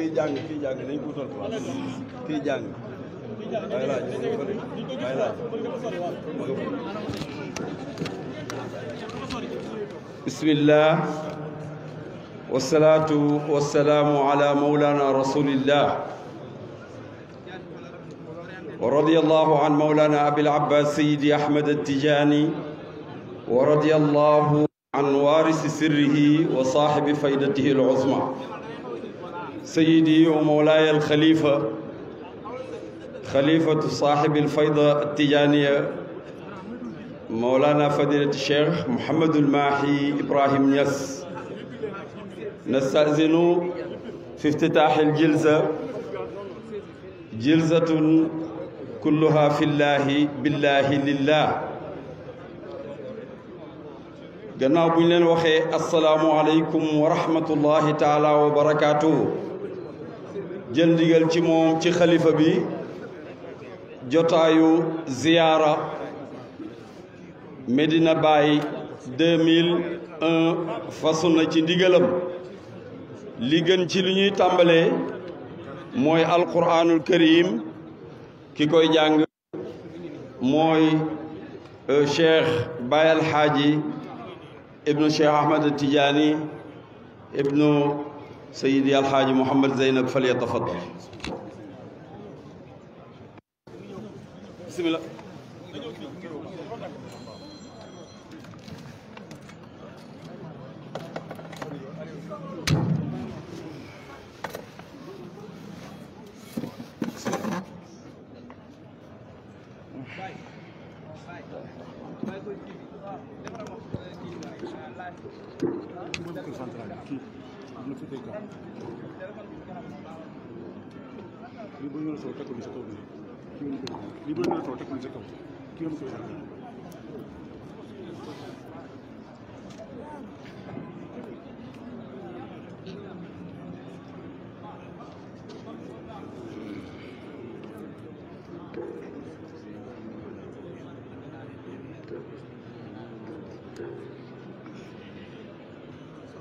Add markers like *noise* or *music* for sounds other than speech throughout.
kuy jàng kii jàng nañ ko wutal place kii jàng bàyyi laaj bàyyi laaj bismillah wasalaatu wasalaamu ala mawlana rasulillah wa radiyallahu an mawlana abil abbas sayidi ahmad attijani wa radiyallahu an warisi sirrihi wa saahibi faydatihi al uzma سيدي ومولاي الخليفة خليفة صاحب الفيضة التجانية مولانا فضيلة الشيخ محمد الماحي إبراهيم يس نستأذن في افتتاح الجلسة جلسة كلها في الله بالله لله gannaaw bu ñu leen waxee asalaamualeykum wa rahmatullahi taala wa barakaatu. jël ndigal ci moom ci xalifa bi jotaayu ziyaara Medina Baye 2001 fasu na ci ndigalam li gën ci li ñuy tàmbalee mooy alquranul karim ki koy jàng mooy euh, cheikh Baye Alhaaji ibnu cheikh Ahmad Tijaani ibnu sayidi alxaaji Mouhamed Zeynab fal yatafaddal bismillah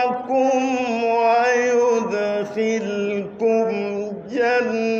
يرزقكم ويدخلكم جنات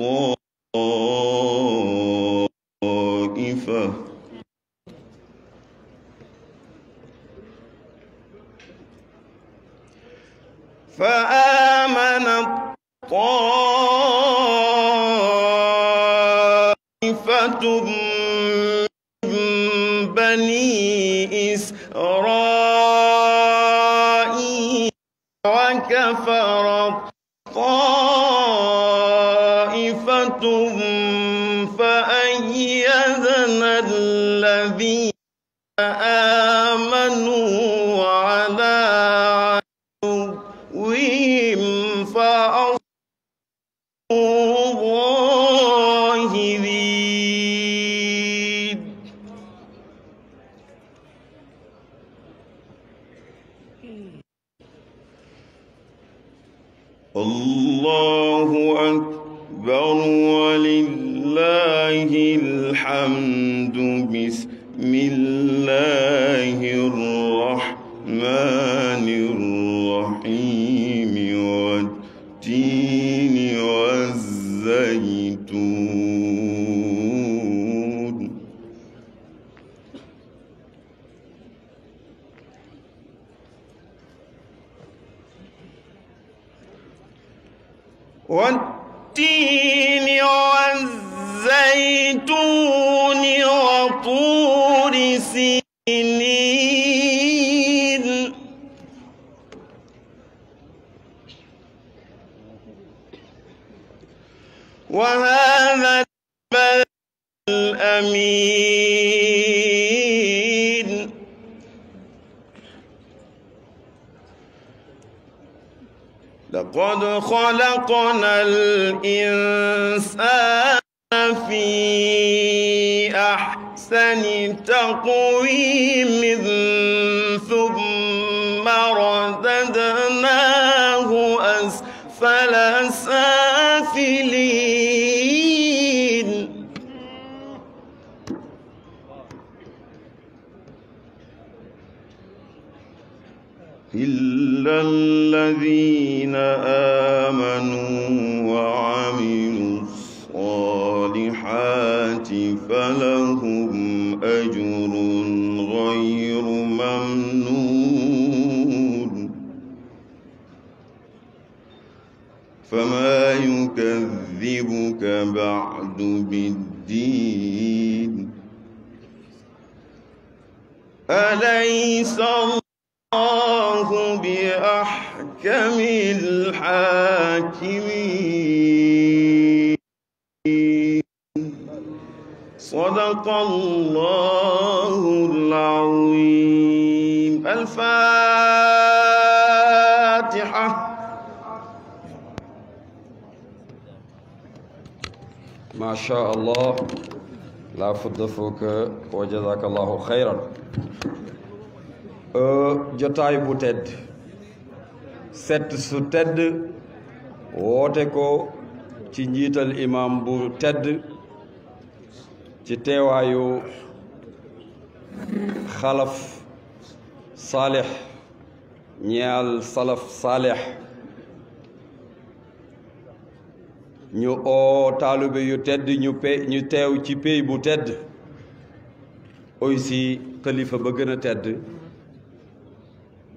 يقول yahfizuka euh, jotaay bu tedd set su tedd woote ko ci njiital imam bu tedd ci teewaayu xalaf saalix ñaal salaf saalix ñu oo taalibe yu tedd ñu teew ci pey bu tedd oysi xalifa ba gën a tedd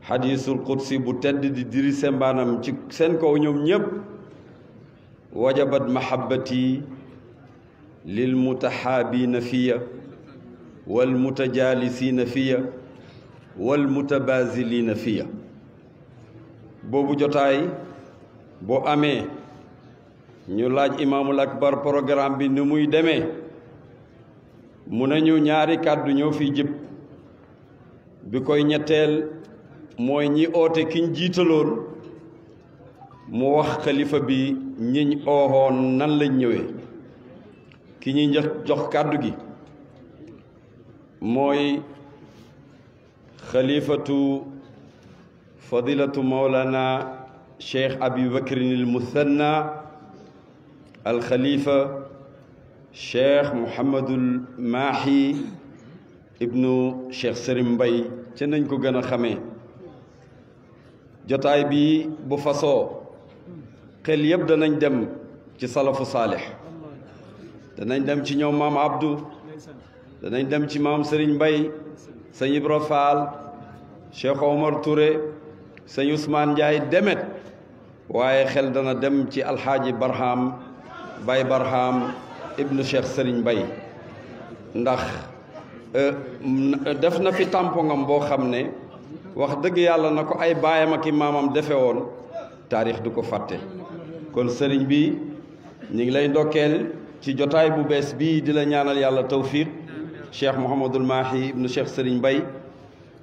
xadiisul qudsi bu tedd di diri sembaanam ci seen kaw ñoom ñépp wajabat mahabbati lil mutaxaabiina fiya wal mutajaalisiina fiya wal mutabaasiliina fiya boobu jotaay boo amee ñu laaj imaamul akbar programme bi ni muy demee mu nañu ñaari kàddu ñoo fi jëpp bi koy ñetteel mooy ñi oote kiñ jiitaloon mu wax xalifa bi ñiñ ooxoon nan lañ ñëwee ki ñuy jox kàddu gi mooy xalifatu fadilatu mawlana cheikh abi bakrin al muthanna cheikh Mouhamadul Mahi ibnu cheikh sëriñ Mbay ca nañ ko gën a xamee jotaay bii bu fasoo xel yëpp danañ dem ci salafu saalix danañ dem ci ñoom maam Abdou danañ dem ci maam Sëriñ Mbay sëñ Ibra Faal cheikh Omar Touré sëñ Ousmane Ndiaye demet waaye xel dana dem ci alxaaji Barham Bay Barham ibnu Cheikh Serigne Mbaye ndax euh, def na fi tampongam boo xam ne wax dëgg yàlla na ko ay baayam ak i maamam defe woon taarix du ko fàtte kon sëriñ bi ñu ngi lay ndokkeel ci jotaay bu bees bii di la ñaanal yàlla tawfiq cheikh Mouhamadul Mahi ibnu cheikh Serigne Mbaye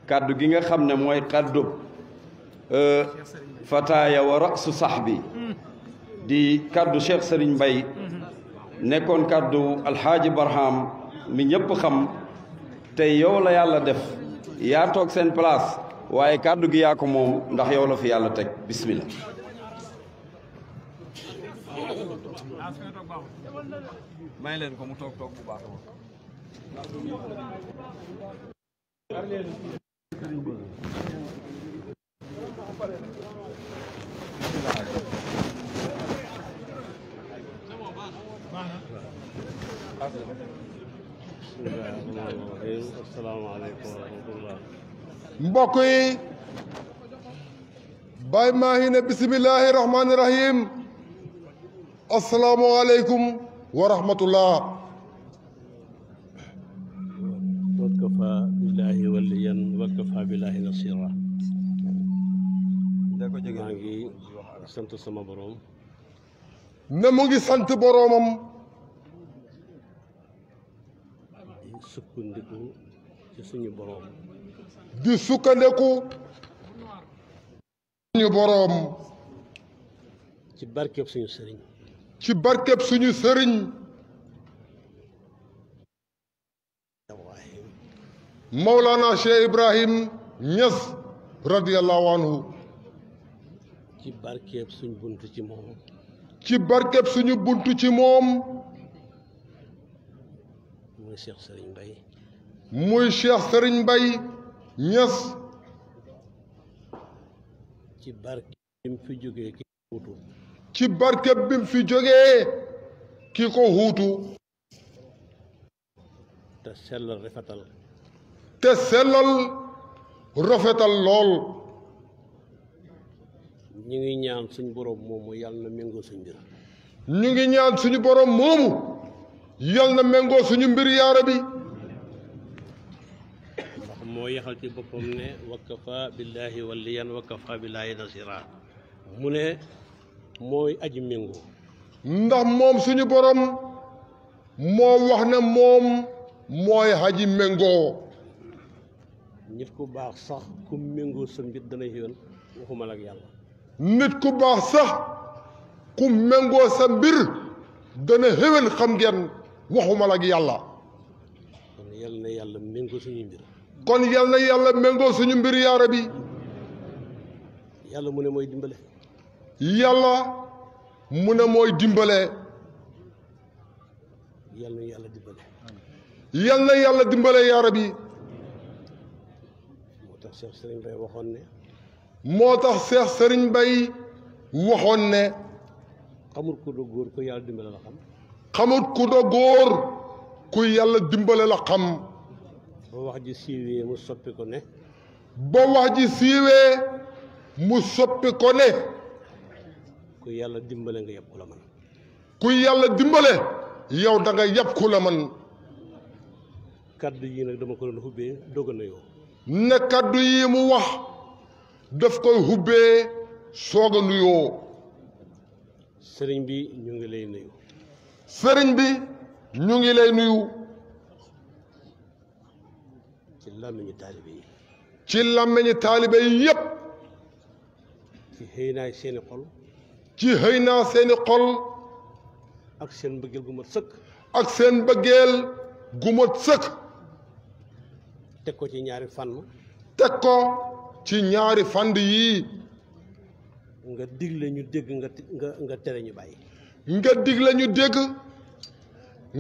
kàddu gi nga xam ne mooy kàddu euh, fataaya wa rasu sax bi di kàddu cheikh sëriñ bay nekkoon kàddu alxaaji barham mi ñëpp xam te yow la yàlla def yaa toog seen place waaye kàddu gi yaa ko moom ndax yow la fi yàlla teg bismillah leen ko mu toog mbokk yi Baye Mahi ne bisimillahi rahmaani rahim asalaamualeykum wa rahmatullah wakafa billahi waliyan wakafa billahi nasira maa ngi sant sama boroom ne mu ngi sant boroomam sukkandiku ci suñu boroom. di sukkandiku. suñu boroom. ci barkeb suñu sëriñ. ci barkeb suñu sëriñ. Mawlana Cheikh Ibrahim Niass radiyallahu anhu. ci barkeb suñu buntu ci moom. ci barkeb suñu buntu ci moom. muy Cheikh Serigne Mbaye. muy Cheikh sëriñ Mbaye Niass. ci barke bi mu fi jógee ki ko huutu. ci barke bi mu fi jógee ki ko huutu. te sellal rafetal. te sellal rafetal lool. ñu ngi ñaan suñu borom moomu yàlla na méngoo suñu mbir. ñu ngi ñaan suñu borom moomu. yal na méngoo suñu mbir yaa rabbi ndax moo yaxal ci boppam ne wakkafa billahi waliyan wakkafa billahi nasira mu ne mooy aji méngoo ndax moom suñu boroom moo wax ne moom mooy aji méngoo nit ku baax sax ku méngoo sa mbir dana yoon waxuma ak yàlla nit ku baax sax ku méngoo sa mbir dana xéwén xam ngeen waxuma la yàlla. kon yal yàlla méngoo suñu mbir. kon yal na yàlla méngoo suñu mbir yaa rabbi. yàlla mu ne mooy dimbale. yàlla mu ne mooy dimbale. yal yàlla dimbale. yal na yàlla dimbale yaa rabbi. moo tax Cheikh Serigne Baye waxoon ne. moo tax Cheikh Serigne Baye waxoon ne. xamul ku góor ko yàlla dimbale la xam. xamut ku do góor ku yàlla dimbale la xam ba wax ji siiwee mu soppi ko ne ba wax ji siiwee mu soppi ko ne ku yàlla dimbale nga yàpp ku la man ku yàlla dimbale yow danga nga yàpp ku la man kaddu yi nag dama ko doon xubbee doog a nuyoo ne kaddu yi mu wax daf koy xubbee soog a nuyoo sëriñ bi ñu ngi lay nuyu sëriñ bi ñu ngi lay nuyu. ci làmmiñu taalibe yi. ci làmmiñu taalibe yi yépp. ci xëy naa seeni xol. ci xëy naa seeni xol. ak seen mbëggeel gu mat sëkk. ak seen mbëggeel gu mat sëkk. teg ko ci ñaari fànn. teg ko ci ñaari fànn yii. nga digle ñu dégg nga nga nga tere ñu bàyyi. nga digle ñu dégg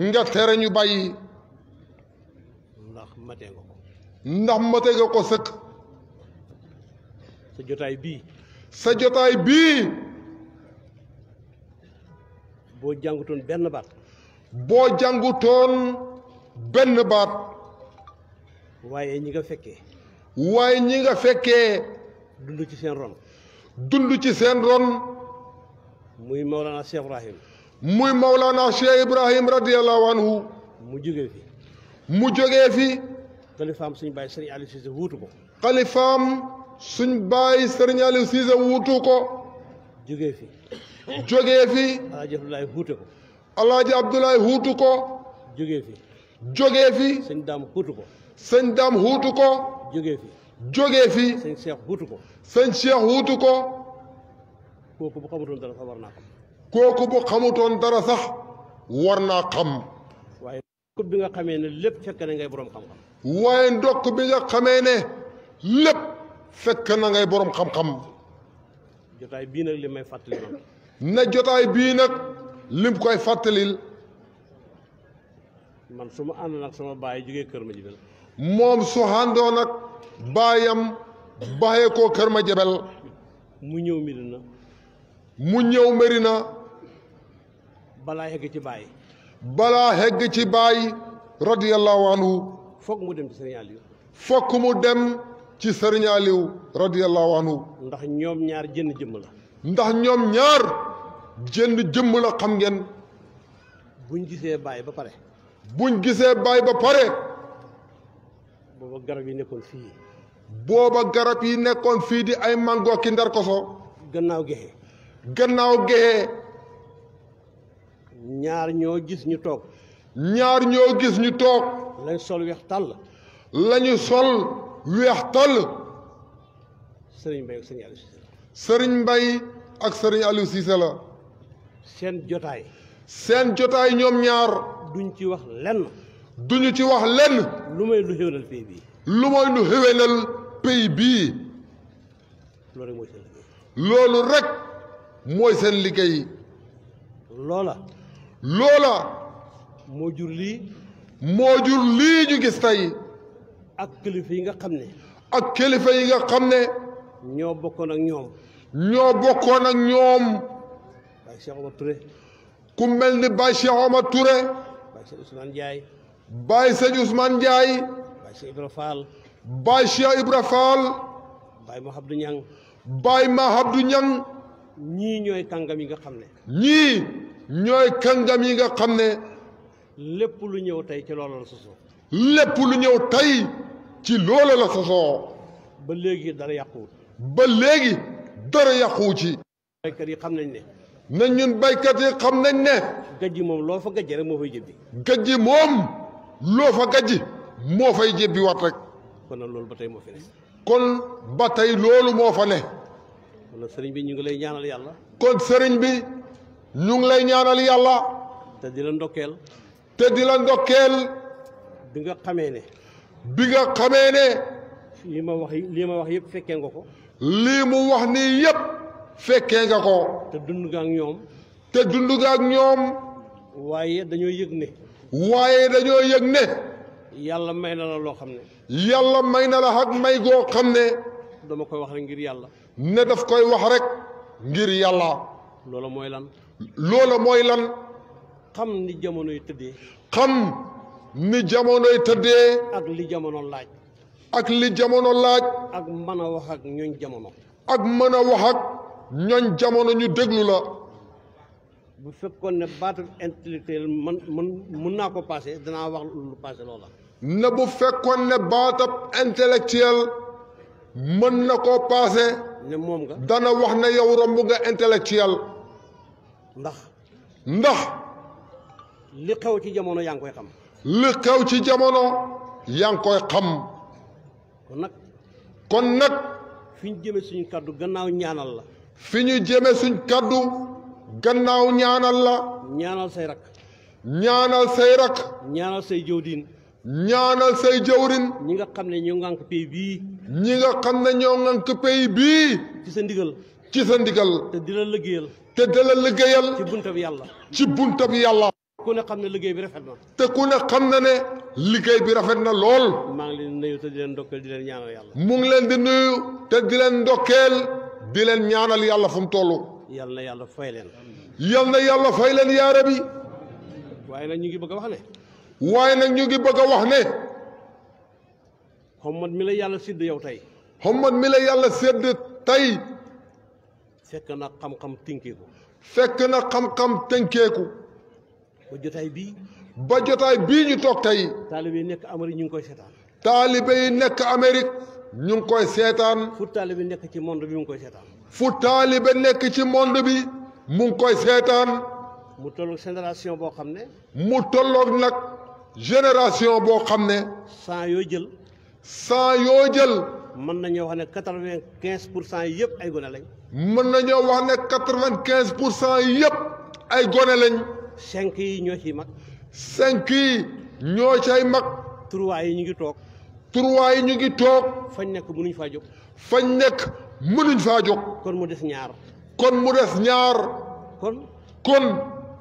nga tere ñu bàyyi ndax mate nga ko ndax mate nga ko sëkk sa jotaay bii sa jotaay bii boo jàngutoon benn baat boo jàngutoon benn baat waaye ñi nga fekkee waaye ñi nga fekkee dund ci seen ron dund ci seen ron muy Mawlana Cheikh Ibrahim. muy Mawlana Cheikh Ibrahim radiyallahu anhu mu jógee fi. mu jógee fi. xalifaam suñu baay Serigne Aliou Cissé wuutu ko. xalifaam suñu baay Serigne Aliou Cissé wuutu ko. jógee fi. jógee fi. Alaaji Abdoulaye wuute ko. wuutu ko. jógee fi. jógee fi. sëñ Daam wuutu ko. sëñ Daam wuutu ko. jógee fi. jógee fi. sëñ Cheikh wuutu ko. sëñ Cheikh wuutu ko. kooku bu xamutoon dara sax war naa xam kooku bu xamutoon dara sax war naa xam waaye ndokk bi nga xamee ne lépp fekk na ngay boroom xam-xam waaye ndokk bi nga xamee ne lépp fekk boroom xam-xam jotaay bii nag li may fàttali na jotaay bii nag lim koy fàttalil man suma ànd na ak sama baay jógee kër ma jibel moom su àndoon ak baayam baaxee koo kër ma jebel mu ñëw Medina mu ñëw na balaa hegg ci baay. balaa hegg ci baay. radiyallahu anhu. fokk mu dem ci Serigne Aliou. fokk mu dem ci Serigne Aliou. ndax ñoom ñaar jënd jëmm la. ndax ñoom ñaar jënd jëmm la xam ngeen. buñ gisee baay ba pare. buñ gisee baay ba pare. booba garab yi nekkoon fii. booba garab yi nekkoon fii di ay mango ki ndar gannaaw gexe. gannaaw gee ñaar ñoo gis ñu toog ñaar ñoo gis ñu toog lañ sol weex tàll lañu sol weex tàll sëriñ Mbay ak sëriñ Aliou Cissé la Mbay ak sëriñ Aliou seen jotaay seen jotaay ñoom ñaar duñ ci wax lenn duñu ci wax lenn lu may lu xéwénal pays bii lu bii loolu rek mooy seen liggéey. loola. loola. moo jur lii. moo jur lii ñu gis tey. ak kilifa yi nga xam ne. ak kilifa yi nga xam ne. ñoo bokkoon ak ñoom. ñoo bokkoon ak ñoom. Baye ku mel ni Baye Cheikh Omar Touré. Baye Cheikh Ousmane Ndiaye. Baye Cheikh Ousmane Ndiaye. Baye Cheikh Ibra Fall. Baye Cheikh Ibra Fall. Baye ñii ñooy kàngam yi nga xam ne ñii ñooy kàngam yi nga xam ne lépp lu ñëw tey ci loola la sosoo lépp lu ñëw tey ci loola la sosoo ba léegi dara yàquwut ba léegi dara yàquwu ci baykat yi xam nañ ne na ñun baykat yi xam nañ ne gajji moom loo fa gajji rek moo fay jébbi gajj moom loo fa gajji moo fay jébbi wat rek loolu ba tey moo fi kon ba tey loolu moo fa ne kon sëriñ bi ñu ngi lay ñaanal yàlla. kon sëriñ bi ñu ngi lay ñaanal yàlla. te di la ndokkeel. te la ndokkeel. bi nga xamee ne. bi nga xamee ne. lii ma wax lii ma wax yëpp fekkee nga ko. lii mu wax nii yëpp. fekkee nga ko. te dund ñoom. te dund ñoom. waaye dañoo yëg ne. waaye dañoo yëg ne. yàlla may na la loo xam ne. yàlla may na la ak may goo xam ne. dama koy wax rek ngir yàlla. ne daf koy wax rek ngir yàlla. loola mooy lan. loola mooy lan. xam ni jamonoy tëddee. xam ni jamonoy tëddee. ak li jamono laaj. ak li jamono laaj. ak mën a wax ak ñooñ jamono. ak mën a jamono ñu déglu la. bu fekkoon ne baatab intellectuel mën naa ko paase danaa wax lu paase loola. ne bu fekkoon ne baatab intellectuel mën na koo paase. ne moom nga. dana wax na yow romb nga intellectuel. ndax. ndax. li xew ci jamono yaa ngi koy xam. li xew ci jamono yaa ngi koy xam. kon nag. kon nag. fi ñu jëmee suñu kàddu gannaaw ñaanal la. fi ñu jëmee suñu kàddu gannaaw ñaanal la. ñaanal say rak. ñaanal say rak. ñaanal say jëwdiin. ñaanal say jawrin ñi nga xam ne ñoo ngànk pays bii ñi nga xam ne ñoo ngànk pays bii ci sa ndigal ci sa ndigal te di la liggéeyal te di la liggéeyal ci buntab yàlla ci buntab yàlla ku ne xam ne liggéey bi rafet na te ku ne xam na ne liggéey bi rafet na lool maa ngi leen di nuyu te di leen ndokkeel di leen ñaanal yàlla mu ngi leen di te di leen ndokkeel di leen ñaanal yàlla fu mu toll yal na yàlla fay leen yàlla fay leen yaare bi waaye nag ñu ngi bëgg a wax ne waaye nag ñu ngi bëgg a wax ne. xommat mi la yàlla sédd yow tey. xommat mi la yàlla sédd tey. fekk na xam-xam tënkeeku. fekk na xam-xam tënkeeku. ba jotaay bii. ba jotaay bii ñu toog tey. taalibe yi nekk Amérique ñu ngi koy seetaan. taalibe yi nekk Amérique ñu ngi koy seetaan. fu taalibe nekk ci monde bi mu ngi koy seetaan. fu taalibe nekk ci monde bi mu ngi koy seetaan. mu tolloog génération boo xam ne. mu tolloog nag. génération boo xam ne. cent yoo jël. cent yoo jël. mën nañoo wax ne quatre vingt quinze pour cent yëpp ay gone lañ. mën na ñoo wax ne quatre vingt quinze pour cent yëpp ay gone lañ. cinq yi ñoo ciy mag. cinq yi ñoo cay mag. trois yi ñu ngi toog. trois yi ñu ngi toog. fañ nekk mënuñ faa jóg. fañ nekk mënuñ faa jóg. kon mu des ñaar. kon mu des ñaar. kon. kon.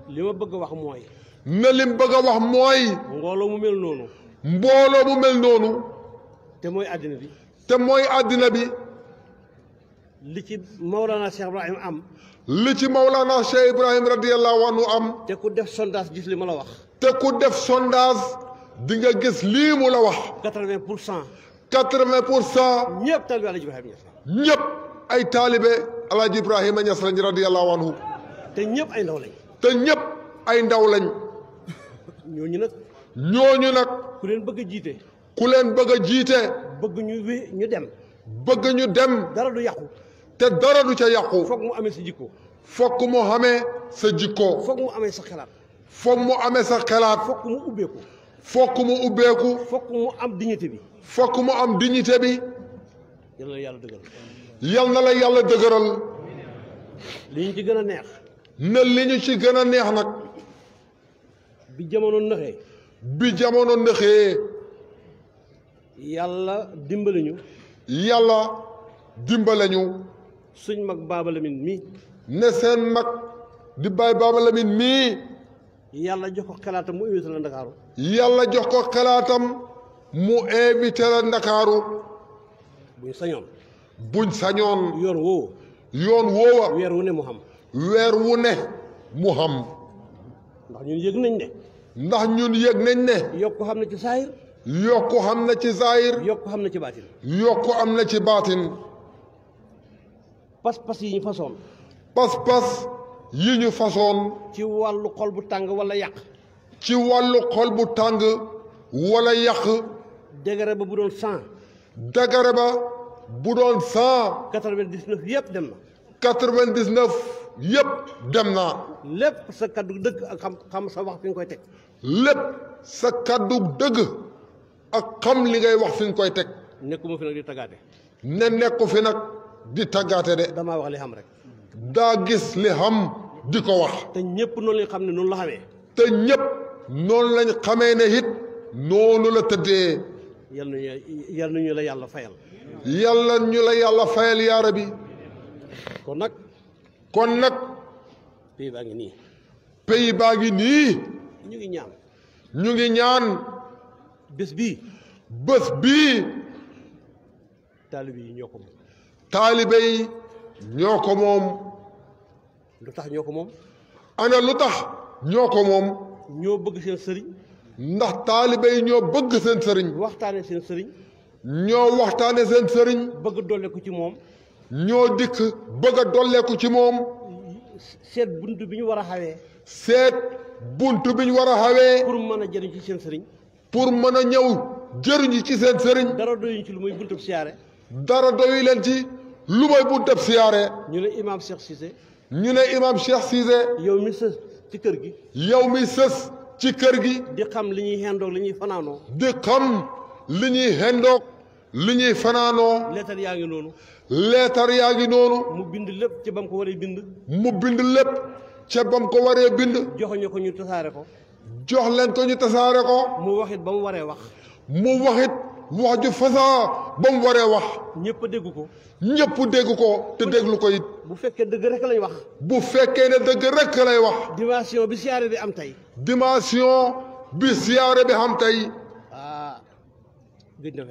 li ma bëgg wax mooy. na lim bëgg a wax mooy. mbooloo mu mel noonu. mbooloo mu mel noonu. te mooy àddina bi. te mooy àddina bi. li ci Mawlana Cheikh Ibrahim am. li ci Mawlana Cheikh Ibrahim radiyallahu am. te ku def sondage gis li ma la wax. te ku def sondage di nga gis lii mu la wax. quatre-vingts pour cent. quatre-vingts pour ay taalibe Alaaji Ibrahima Niass lañ radiyallahu te ñëpp ay ndaw lañ. ay ndaw lañ. ñooñu nag. ñooñu nag. ku leen bëgg a jiite. ku leen bëgg a jiite. bëgg ñu wi dem. bëgg ñu dem. dara du yàqu. te dara du ca yàqu. foog mu amee sa jikko. foog mu amee sa jikko. foog mu amee sa xalaat. foog mu amee sa xalaat. foog mu ubbeeku. foog mu am dignité bi. foog mu am dignité bi. yal na la yàlla dëgëral. la yàlla li ñu ci gën a neex. ne li ñu ci gën a neex nag. bi jamono nëxee bi jamono nëxee yàlla dimbali ñu yàlla dimbali ñu suñ mag Baaba mii ne seen mag di bàyyi Baaba mii yàlla jox ko xalaatam mu invité la Ndakaaru yàlla jox ko xalaatam mu invité la Ndakaaru buñ sañoon buñ sañoon yoon woowu yoon woowa weer wu ne mu xam weer wu ne mu xam ndax ñun yëg nañ ne ndax ñun yëg nañ ne. yokk xam na ci saahir. yokku xam na ci saahir. yokk xam na ci baatin. yokku am na ci baatin. pas-pas yi ñu fasoon. pas-pas yi ñu fasoon. ci wàllu xol bu tàng wala yàq. ci wàllu xol bu tàng walla yàq. dagara ba bu doon cent. dagara ba bu doon cent. quatre vingt dix yëpp dem na. quatre vingt yëpp dem naa. lépp sa kaddu dëgg ak xam xam sa wax fi nga koy teg. lépp sa kaddu dëgg ak xam li ngay wax fi nga koy teg. nekkuma fi nag di taggaate. ne nekku fi nag di taggaate de. damaa wax li xam rek. daa gis li xam di ko wax. te ñëpp noonu lañ xam ne noonu la xamee. te ñëpp noonu lañ xamee ne it noonu la tëddee. yal nañu yal nañu la yàlla fayal. yal nañu la yàlla fayal yaa rabbi. kon nag. kon nag. pays baa ngi nii. pays baa ngi nii. ñu ngi ñaan. ñu ngi ñaan. bés bii. bés bii. taalibe yi ñoo ko moom. taalibe yi ñoo ko moom. lu tax ñoo ko moom. ana lu tax ñoo ko moom. ñoo bëgg seen sëriñ. ndax taalibe yi ñoo bëgg seen sëriñ. waxtaane seen sëriñ. ñoo waxtaane seen sëriñ. bëgg dolle ko ci moom. ñoo dikk bëgg a dolleeku ci moom. seet bunt bi ñu war a xawee. seet buntu bi ñu war a xawee. pour mën a jëriñ ci seen sëriñ. pour mën a ñëw jëriñ ci seen sëriñ. dara doyuñ ci lu muy buntab siyaare. dara doyu leen ci lu muy buntab siyaare. ñu ne imaam Cheikh Cissé. ñu ne imaam Cheikh Cissé. yow mi sës ci kër gi. yow mi sës ci kër gi. di xam li ñuy hendoog li ñuy fanaanoo. di xam li ñuy hendoog li ñuy fanaanoo. leetar yaa ngi noonu. leetar yaa ngi noonu. mu bind lépp ca bam ko waree bind. mu bind lépp ca bam ko waree bind. joxuñu ko ñu tasaare ko. jox leen ko ñu tasaare ko. mu waxit ba mu waree wax. mu waxit wax ju fasaa ba mu waree wax. ñépp dégg ko. ñëpp dégg ko te déglu ko it. bu fekkee dëgg rek wax. bu fekkee ne dëgg rek lay wax. dimension bi siyaare bi am tey. dimension bi siyaare bi am tay ah gëj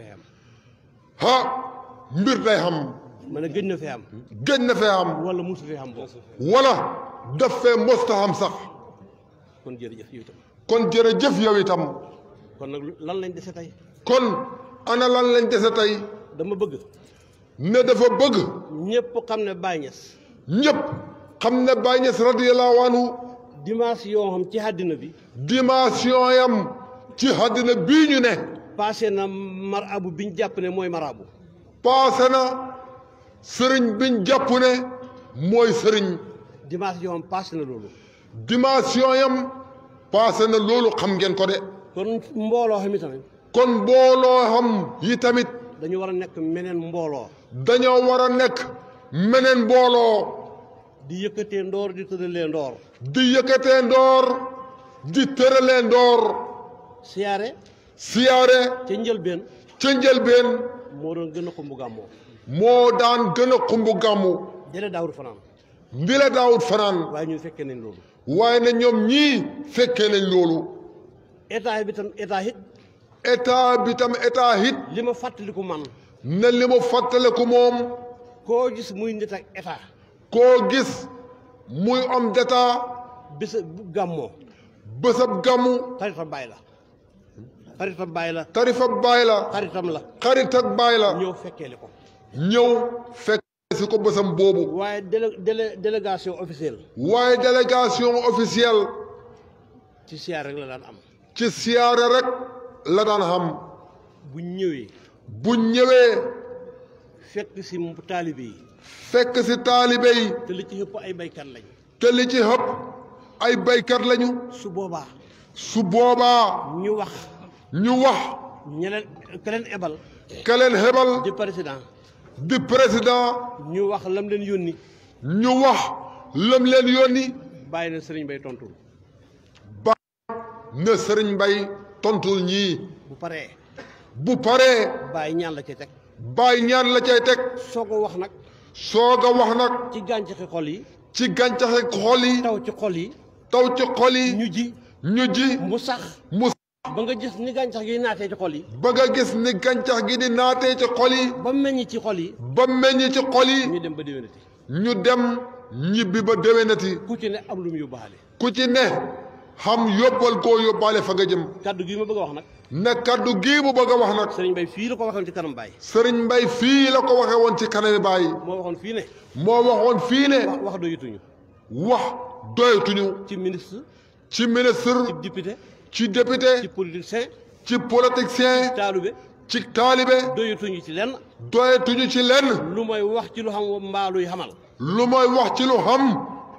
mbir day xam. ma ne na fee am. gëj na fee am. wala musu fee am boobu. wala daf fee mosta am sax. kon jërëjëf yow itam. kon yow itam. kon nag lan lañ dese tey. kon ana lan lañ dese tey. dama bëgg. ne dafa bëgg. ñëpp xam ne Baye Niass. ñëpp xam ne Baye Niass radiyallahu anhu. dimension am ci àddina bi. dimension yam ci àddina bi ñu ne. passé na marabu bi ñu jàpp ne mooy marabu. passé na. sëriñ biñ jàpp ne mooy sëriñ. dimension yam paase na loolu. dimension yam paase na loolu xam ngeen ko de. kon mbooloo xam yi tamit. kon mbooloo xam tamit. dañu war a nekk meneen mbooloo. dañoo war a nekk meneen mbooloo. di yëkkatee ndoor di tëralee ndoor. di yëkkatee ndoor di tëralee ndoor. siyaare. siyaare. ca njëlbeen. ca njëlbeen. moo doon gën a xumb gàmmoo. moo daan gën a xumb gàmmu. jële daawut fanaan. ndile daawut fanaan. waaye ñun fekkee nañ loolu. waaye na ñoom ñii fekkee nañ loolu. état bi tam état hit. état bi tam état hit. li ma fàttaliku man. na li ma fàttaliku moom. koo gis muy nit ak koo gis muy homme d'état. bésab gàmmoo. bésab gàmmu. tarifa bàyyi la. tarifa bàyyi la. tarifa la. xaritam la. xarit ak bàyyi la. ñëw fekkee li ko. ñëw fekk si ko bësam boobu. waaye délé délégation officielle. waaye délégation officielle. ci siyaar rek la daan am. ci siyaare rek la daan am. bu ñëwee. bu ñëwee. fekk si taalibe yi. fekk si taalibe yi. li ci ëpp ay baykat lañu. te ci ëpp ay baykat lañu. su boobaa. su boobaa. ñu wax. ñu wax. ñeneen ka leen ebal. ka ebal. di président. di président. ñu wax lam leen yónni. ñu wax lam leen yónni. bàyyi na sëriñ bay tontul. bàyyi na sëriñ Mbaye tontul ñii. bu paree. bu pare bàyyi ñaan la cay teg. bàyyi ñaan la cay teg. soog a wax nag. soog a wax nag. ci gàncaxi xol yi. ci gàncaxi xol yi. taw ci xol yi. taw ci xol yi. ñu ji. ñu ji. mu sax mu. ba nga gis ni gàncax gi naatee ci xol yi. ba nga gis ni gàncax gi di naatee ci xol yi. ba meññ ci xol yi. ba meññ ci xol yi. ñu dem ba déwénati. ñu dem ñibbi ba déwénati. ku ci ne am lu mu yóbbaale. ku ci ne xam yóbbal koo yóbbaale fa nga jëm. kàddu gi ma bëgg a wax nag. ne kàddu gii mu bëgg a wax nag. Serigne Mbaye fii la ko waxoon ci kanam Baye. Serigne Mbaye fii la ko waxee woon ci kanam Baye. moo waxoon fii ne. moo waxoon fii ne. wax doyatuñu. wax doyatuñu. ci ministre. ci ministre. ci député. ci député. ci politicien. ci politicien. ci taalibe. ci taalibe. doyatuñu ci lenn. doyatuñu ci lenn. lu mooy wax ci lu xam mbaaluy xamal. lu mooy wax ci lu xam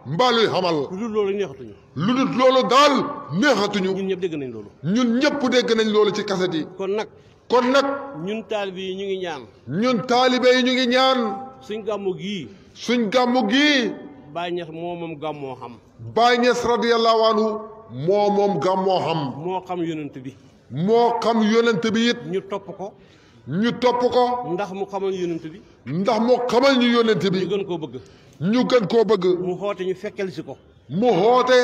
mbaaluy xamal. lu dul loolu neexatuñu. lu dul loolu daal neexatuñu. ñun ñëpp dégg nañ loolu. ñun ñëpp dégg nañ loolu ci kaset yi. kon nag. kon nag. ñun taalibe yi ñu ngi ñaan. ñun taalibe yi ñu ngi ñaan. suñ gàmmu gi suñ gàmmu gii. Baay Ñas moomam gàmmoo xam. Baay Ñas moo moom gàmmoo moo xam. moo xam yonent bi. moo xam yonent bi it. ñu topp ko. ñu topp ko. ndax mu xamal yonent bi. ndax mu xamal ñu yonent bi. ñu gën koo bëgg. ñu gën koo bëgg. mu xoote ñu fekkal si ko. mu xoote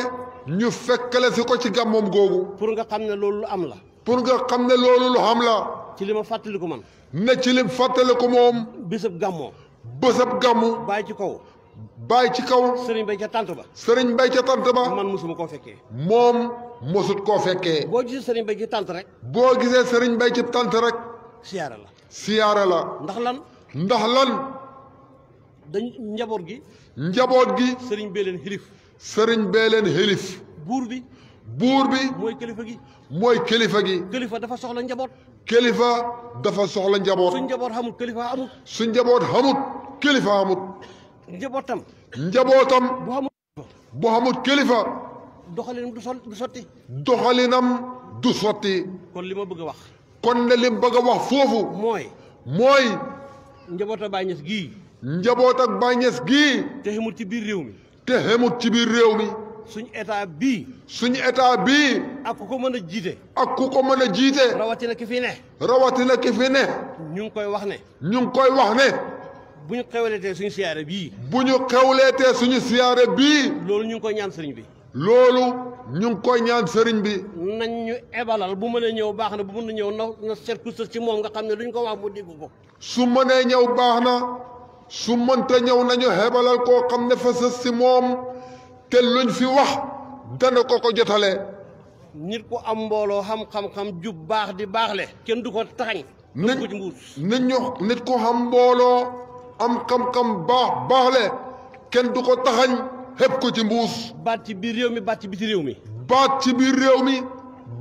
ñu fekkale si ko ci gàmmoom googu. pour nga xam ne loolu lu am la. pour nga xam ne loolu lu am la. ci li ma ko man. ne ci lim ko moom. bésab gàmmoo. bésab gàmmu. bàyyi ci kaw. bàyyi ci kaw. sëriñ bay ca tant ba. sëriñ bay ca tant man mosuma koo fekkee. moom mosut koo fekkee. boo gisee sëriñ bay ci tant rek. boo gisee sëriñ bay ci tant rek. siyaara la. siyaara ndax lan. ndax lan. dañ njaboot gi. njaboot gi. sëriñ bee leen xilif. sëriñ bee leen xilif. buur bi. buur bi. mooy kilifa gi. mooy kilifa gi. kilifa dafa soxla njaboot. kilifa dafa soxla njaboot. suñ njaboot xamut kilifa amut. suñ njaboot xamut kilifa amut. njabootam. njabootam. bu xamul bu kilifa. doxalinam du sol du sotti. doxalinam du sotti. kon li ma bëgg a wax. kon ne li bëgg a wax foofu. mooy. mooy. njaboot ak bàññees gii. njaboot ak bàññees gii. te xamut ci biir réew mi. te xamut ci biir réew mi. suñu état bii. suñu état bii. ak ku ko mën a jiite. ak ku ko mën a jiite. rawatina ki fi ne. rawatina ki fi ne. ñu ngi koy wax ne. ñu ngi koy wax ne. bu ñu xewleetee suñu siyaare bii. bu ñu xewleetee suñu siyaare bii. loolu ñu ngi koy ñaan sëriñ bi. loolu ñu ngi koy ñaan sëriñ bi. nañ ñu ebalal bu mënee ñëw baax na bu mën a ñëw na na seet ku sës moom nga xam ne duñ ko wax mu dégg ko. su mënee ñëw baax na su mënta ñëw nañu ebalal koo xam ne fa sës ci moom kenn luñ fi wax dana ko ko jotale nit ku am mbooloo xam-xam-xam jub baax di baax le kenn du ko taxañ. nit nit ñu nit ku xam mbooloo. am xam-xam baax baax kenn du ko taxañ xëpp ko ci mbuus. baat ci biir réew mi baat ci réew mi. baat ci biir réew mi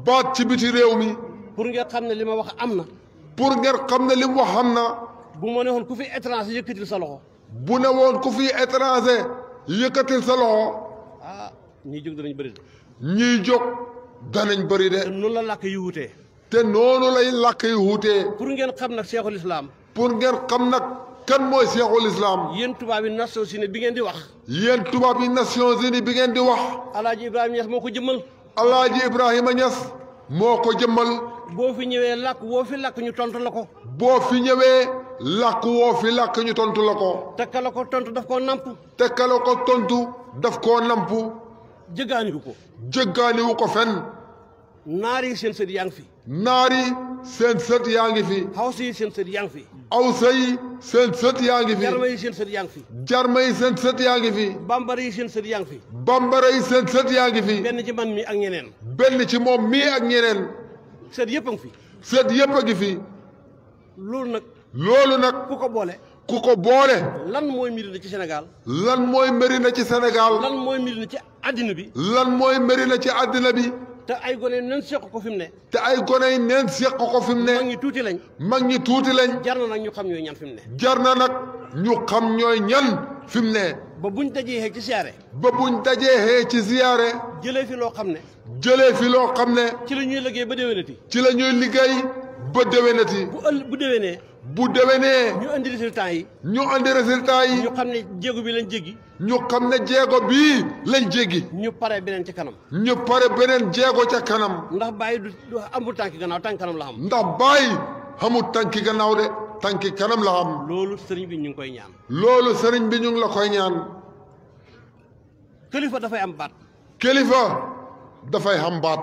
baat ci biti réew mi. pour ngeen xam ne li ma wax am na. pour ngeen xam ne li wax am na. bu ma ne woon ku fi étranger yëkkatil sa loxo. bu ne woon ku fi étranger yëkkatil sa loxo. ah ñiy jóg danañ bëri de. ñiy jóg danañ bëri de. te la làkk yi wutee. te noonu lay làkk yi wutee. pour ngeen xam nag cheikhul islam. pour ngeen xam nag. kan mooy seexul islam. yéen tubaab yi Nations Unies bi ngeen di wax. yéen tubaab yi Nations Unies bi ngeen di wax. El Hadj Ibrahima Niass moo ko jëmmal. El Hadj Ibrahima Niass. moo ko jëmmal. boo fi ñëwee làkk woo fi làkk ñu tontu la ko. boo fi ñëwee làkk woo fi làkk ñu tontu la ko. tekkala ko tontu daf koo namp. tekkala ko tontu daf koo namp. jëggaaniwu ko. jëggaaniwu ko fenn. naar yi seen sët yaa ngi fi. naar yi seen sët yaa ngi fi. hawsa yi seen sët yaa ngi fi. awsa yi seen sët yaa ngi fi. jarma yi seen sët yaa ngi fi. jarma yi seen sët yaa ngi fi. bambara yi seen sët yaa ngi fi. bambara yi seen sët benn ci man mi ak ñeneen. benn ci moom mii ak ñeneen. sët yëpp a ngi fi. sët yëpp a ngi fi. loolu nag. loolu nag ku ko boole. ku ko boole. lan mooy Médina ci Sénégal. lan mooy Médina ci Sénégal. lan mooy ci àddina bi. lan mooy Médina ci àddina bi. te ay gone neen seq ko fi ne te ay gone yi neen seq ko fi mu ne mag ñi tuuti lañ mag ñi tuuti lañ jar na nag ñu xam ñooy ñan fi mu ne jar na nag xam ñooy ñan fi mu ne ba buñ dajeexee ci siyaare ba buñ dajeexee ci siyaare jëlee fi loo xam ne jëlee fi loo xam ne ci la ñuy liggéey ba déwénati ci la ñuy liggéey ba déwénati bu ël bu déwénee bu déwénee. ñu andi résultat yi. ñu andi résultat yi. ñu xam ne jéego bi lañ jéggi. ñu xam ne jéego bii lañ jéggi. ñu pare beneen ca kanam. ñu pare beneen jéego ca kanam. ndax bàyyi du amul tànki gannaaw tànki kanam la am. ndax bàyyi amul tànki gannaaw de tànki kanam la loolu sëriñ bi ñu ngi koy ñaan. loolu sëriñ bi ñu ngi la koy ñaan. kilifa dafay am baat. kilifa dafay am baat.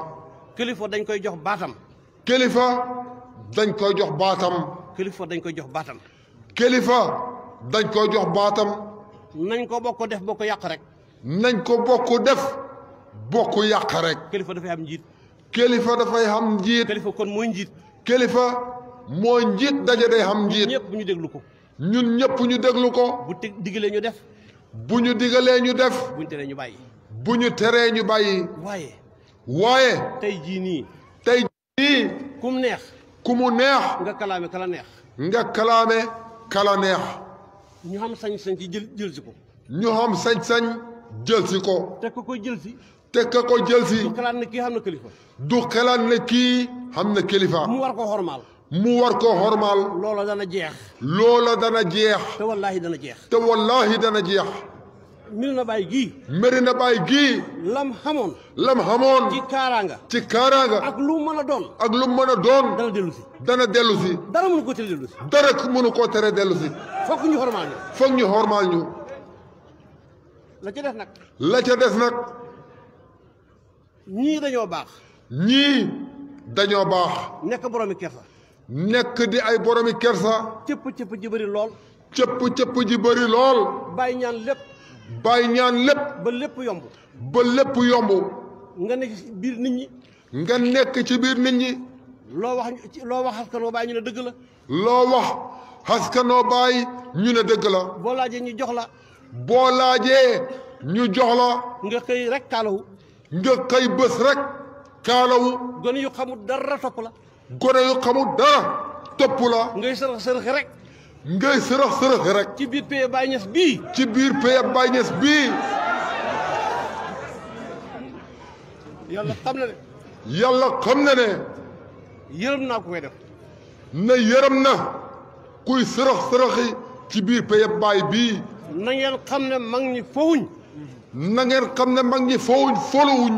kilifa dañ koy jox baatam. kilifa dañ koy jox baatam. kilifa dañ koy jox baatam. kilifa dañ koy jox baatam. nañ ko bokk def bokk yàq rek. nañ ko bokk def bokk yàq rek. kilifa dafay am njiit. kilifa dafay am njiit. kilifa kon mooy njiit. kilifa mooy njiit daje day am njiit. ñëpp ñu déglu ko. ñun ñëpp ñu déglu ko. bu digalee ñu def. bu ñu digalee ñu def. bu ñu teree ñu bàyyi. ñu teree ñu waaye. tey jii nii. tey jii nii. kum neex. ku mu neex. nga kalaame kala neex. nga kalaame kala neex. ñu xam sañ-sañ ci jël si ko. ñu xam sañ-sañ jël ko. te ko koy jël si. te ka jël si. du xalaat ne kii xam na kilifa. du xalaat ne kii xam na kilifa. mu war ko xormaal. mu war ko xormaal. loola dana jeex. loola dana jeex. te wallaahi dana jeex. te wallaahi dana jeex. na Baye gii. na baay gii. lam xamoon. lam xamoon. ci kaaraanga. ci kaaraanga. ak lu mën a doon. ak lu mën a doon. dana dellu si. dana dellu si. dara mënu ko tere dellu si. dara mënu ko tere dellu si. foog ñu xormaal ñu. foog ñu xormaal ñu. la ca des nag. la ca des nag. ñii dañoo baax. ñii dañoo baax. nekk boromi kersa. nekk di ay boromi kersa. cëpp cëpp ji bëri lool. cëpp cëpp ji bëri lool. bàyyi ñaan lépp. bàyyi ñaan lépp. ba lépp yomb. ba lépp yomb. nga nekk ci biir nit ñi. nga nekk ci biir nit ñi. loo wax loo wax askan wi bàyyi ñu ne dëgg la. loo wax askanoo bàyyi ñu ne dëgg la. boo laajee ñu jox la. boo laajee ñu jox la. nga xëy rek kaalawu. nga xëy bés rek kaalawu. gone yu xamut dara topp la. gone yu xamul dara topp la. ngay sërëx sërëx rek. ngay sërëx sërëx rek. ci biir pay e Baye bii. ci biir pay e Baye Niass bii. yàlla xam na ne. yàlla xam na ne. yërëm naa ku koy def. ne yërëm na kuy sërëx sërëxi ci biir pay e Baye bii. na ngeen xam ne mag ñi fowuñ. na ngeen xam ne mag ñi fowuñ foluwuñ.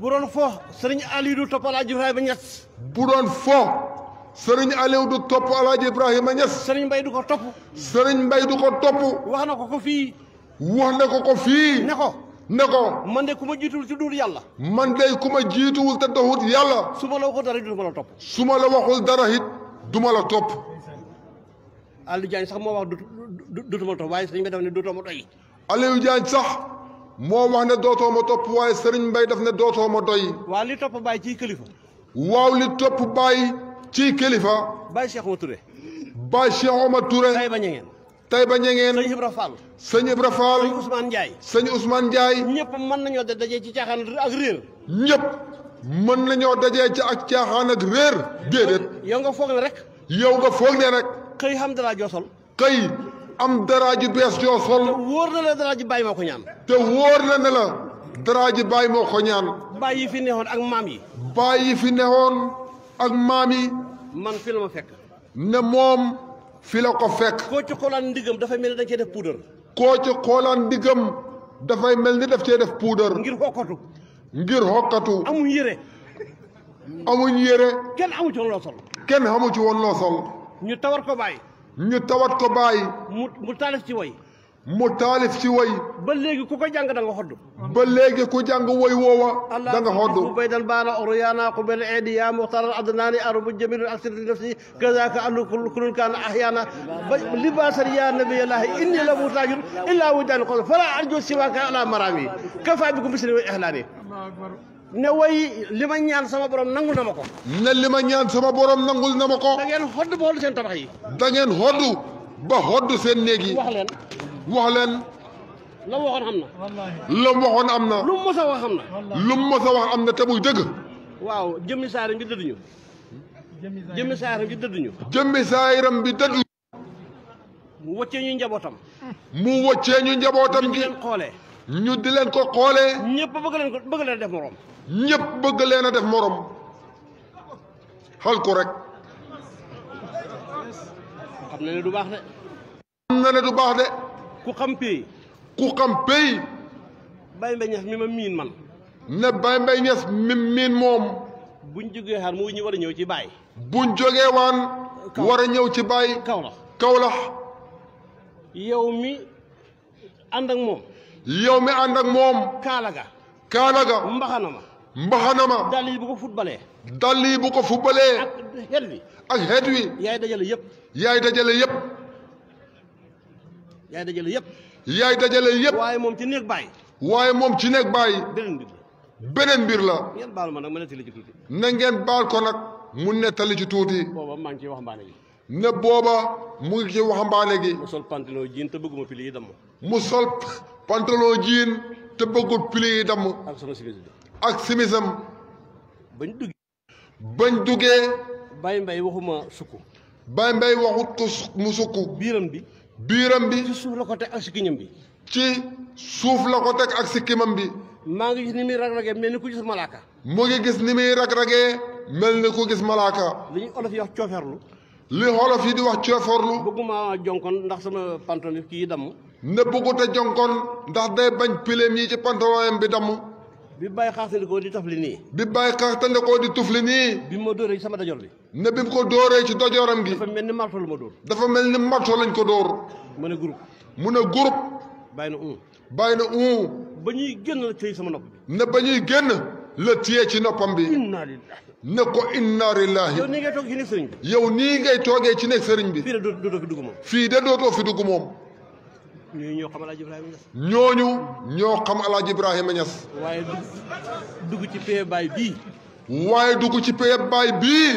bu doon fo sëriñ Aliou du toppal Ibrahima Niass. bu doon fo. sëriñ Aliou du topp alaaj Alaaji a Niass. sëriñ Mbaye du ko topp. sëriñ mbay du ko topp. wax na ko ko fii. wax na ko ko fii. ne ko. ne ko. man de ku ma jiituwul si duul yàlla. man de ku ma jiituwul te doxut yàlla. su ma la waxul dara it du ma la topp. su ma la waxul dara it du ma la topp. Aliou Diagne sax moo wax du du du waaye sëriñ Mbaye daf ne dootoo ma doy. Aliou Diagne sax moo wax ne dootoo ma topp waaye sëriñ mbay daf ne dootoo ma doy. waaw li topp bàyyi ci kilifa. waaw li topp bàyyi. ci kilifa. Baye Cheikh Oumar Touré. Baye Cheikh Oumar ba Taïba Niangeen. Taïba Niangeen. sëñ Ibra Fall. sëñ Ibra Ndiaye. sëñ Ousmane Ndiaye. ñëpp mën nañoo dajee ci caaxaan ak réer. ñëpp mën nañoo dajee ci ak caaxaan ak réer. déedéet. yow nga foog ne rek. yow nga foog na rek. xëy xam dara joosol. xëy am dara ju bees joo sol. te wóor na la dara ji bàyyi moo ko ñaan. te wóor na ne dara ji bàyyi moo ko ñaan. bàyyi fi neexoon ak maam yi. bàyyi fi neexoon. ak maam yi. man fi la fekk. ne moom fi la ko fekk. koo ci xoolaan ndigam dafay mel ni da cee def puudar. koo ci xoolaan ndigam dafay mel ni daf cee def puudar. ngir xokkatu. ngir xokkatu. amuñ yére. amuñ yére. kenn amu ci kenn amu ci woon loo ñu tawat ko bàyyi. ñu tawat ko bàyyi. mu mu taalif ci way mu taalif ci way ba léegi ku ko jàng da nga ba léegi ku jàng way woowa da nga xodd bu baydal baana oryaana ku bel eedi yaa muxtaral adnaani arubu jamilun aksirti nafsi kazaka allu kulul kaan ahyaana libaasan yaa nabiyallahi inni la muhtaajun illaa wujdaani xos fala arjo siwaaka ala maraami kafa bi ko bisri way ihlaani ne way li ma ñaan sama borom nangul na ma ko na li ma ñaan sama borom nangul na ma ko da ngeen xodd ba xodd seen tabax yi da ngeen ba wax leen. la mu waxoon am na. la mu waxoon am na. lu mu wax am na. lu mu wax am na te muy dëgg. waaw jëmmi saaram bi dëdd ñu. jëmmi saaram bi dëdd ñu. jëmmi saaram bi mu wëccee ñu njabootam. mu wëccee ñu njabootam gi. di leen xoolee. ñu di leen ko xoolee. ñëpp bëgg leen ko bëgg leen a def morom. ñëpp bëgg leen a def morom. xal ko rek. xam na baax de. xam na ne du baax de. ku xam pay ku xam pay Baye Mbaye Niass mi ma miin man ne Baye Mbaye Niass mi miin moom buñ jógee xaar mu ñu war a ñëw ci Baye buñ jógee waan war a ñëw ci Baye Kawlax Kawlax yow mi ànd ak moom yow mi ànd ak moom kaalaga kaalaga mbaxana ma mbaxana ma dàll yi bu ko futbalee dàll yi bu ko futbalee ak xet wi ak xet wi yaay dajale yëpp yaay dajale yëpp yaay dajale yëpp. yaay dajale yëpp. waaye moom ci néeg bàyyi. waaye moom ci néeg bàyyi. beneen mbir la. beneen mbir la. ngeen baal ma nag ma nettali ci tuuti. na ngeen baal ko nag mu nettali ci tuuti. booba maa ngi ciy waxambaane gi. ne booba mu ngi ci waxambaane gi. mu sol pantalon jean te bëgguma pili yi damm. mu sol pantalon jean te bëggul pili yi damm. ak bi. ak simisam. bañ duggee. bañ mbay Baye Mbaye waxuma sukk. Baye Mbaye waxut ko mu sukk. bi. biiram bi. ci suuf la ko teg ak sikkiñam bi. ci suuf la ko teg ak sikkimam bi. maa ngi gis ni muy rag-ragee mel ni ku gis malaaka. mu ngi gis ni muy rag-ragee mel ni ku gis malaaka. li ñu olof yi wax cooferlu. li xolof yi di wax cooforlu. bëgguma jonkon ndax sama pantalon kii damm. ne bëggu te jonkon ndax day bañ pileem yi ci pantalon bi damm. bi bàyyi xaaxtandikoo di tafli nii bi bàyyi xaaxtandikoo di tufli nii bi mu ma dóoree ci sama dajoor bi ne bi mu ko dóoree ci dajooram gi dafa mel ni marto la ma dóor dafa mel ni marto lañ ko door mu ne groupe mu ne groupe bàyyi na un bàyyi na un ba ñuy génn la téye sama nopp bi ne ba ñuy génn la téye ci noppam bi inna lillahi ne ko inna lillahi yow nii ngay toogee ci nekk sëriñ bi yow nii ngay toogee ci nekk sëriñ bi fii de dootoo fi dugg moom fii de dootoo fi dugg moom ñooñu ñoo xam El Hadj Ibrahima Niass. ñooñu xam El Hadj Ibrahima waaye dugg ci pay e baay bii. waaye dugg ci pay e baay bii.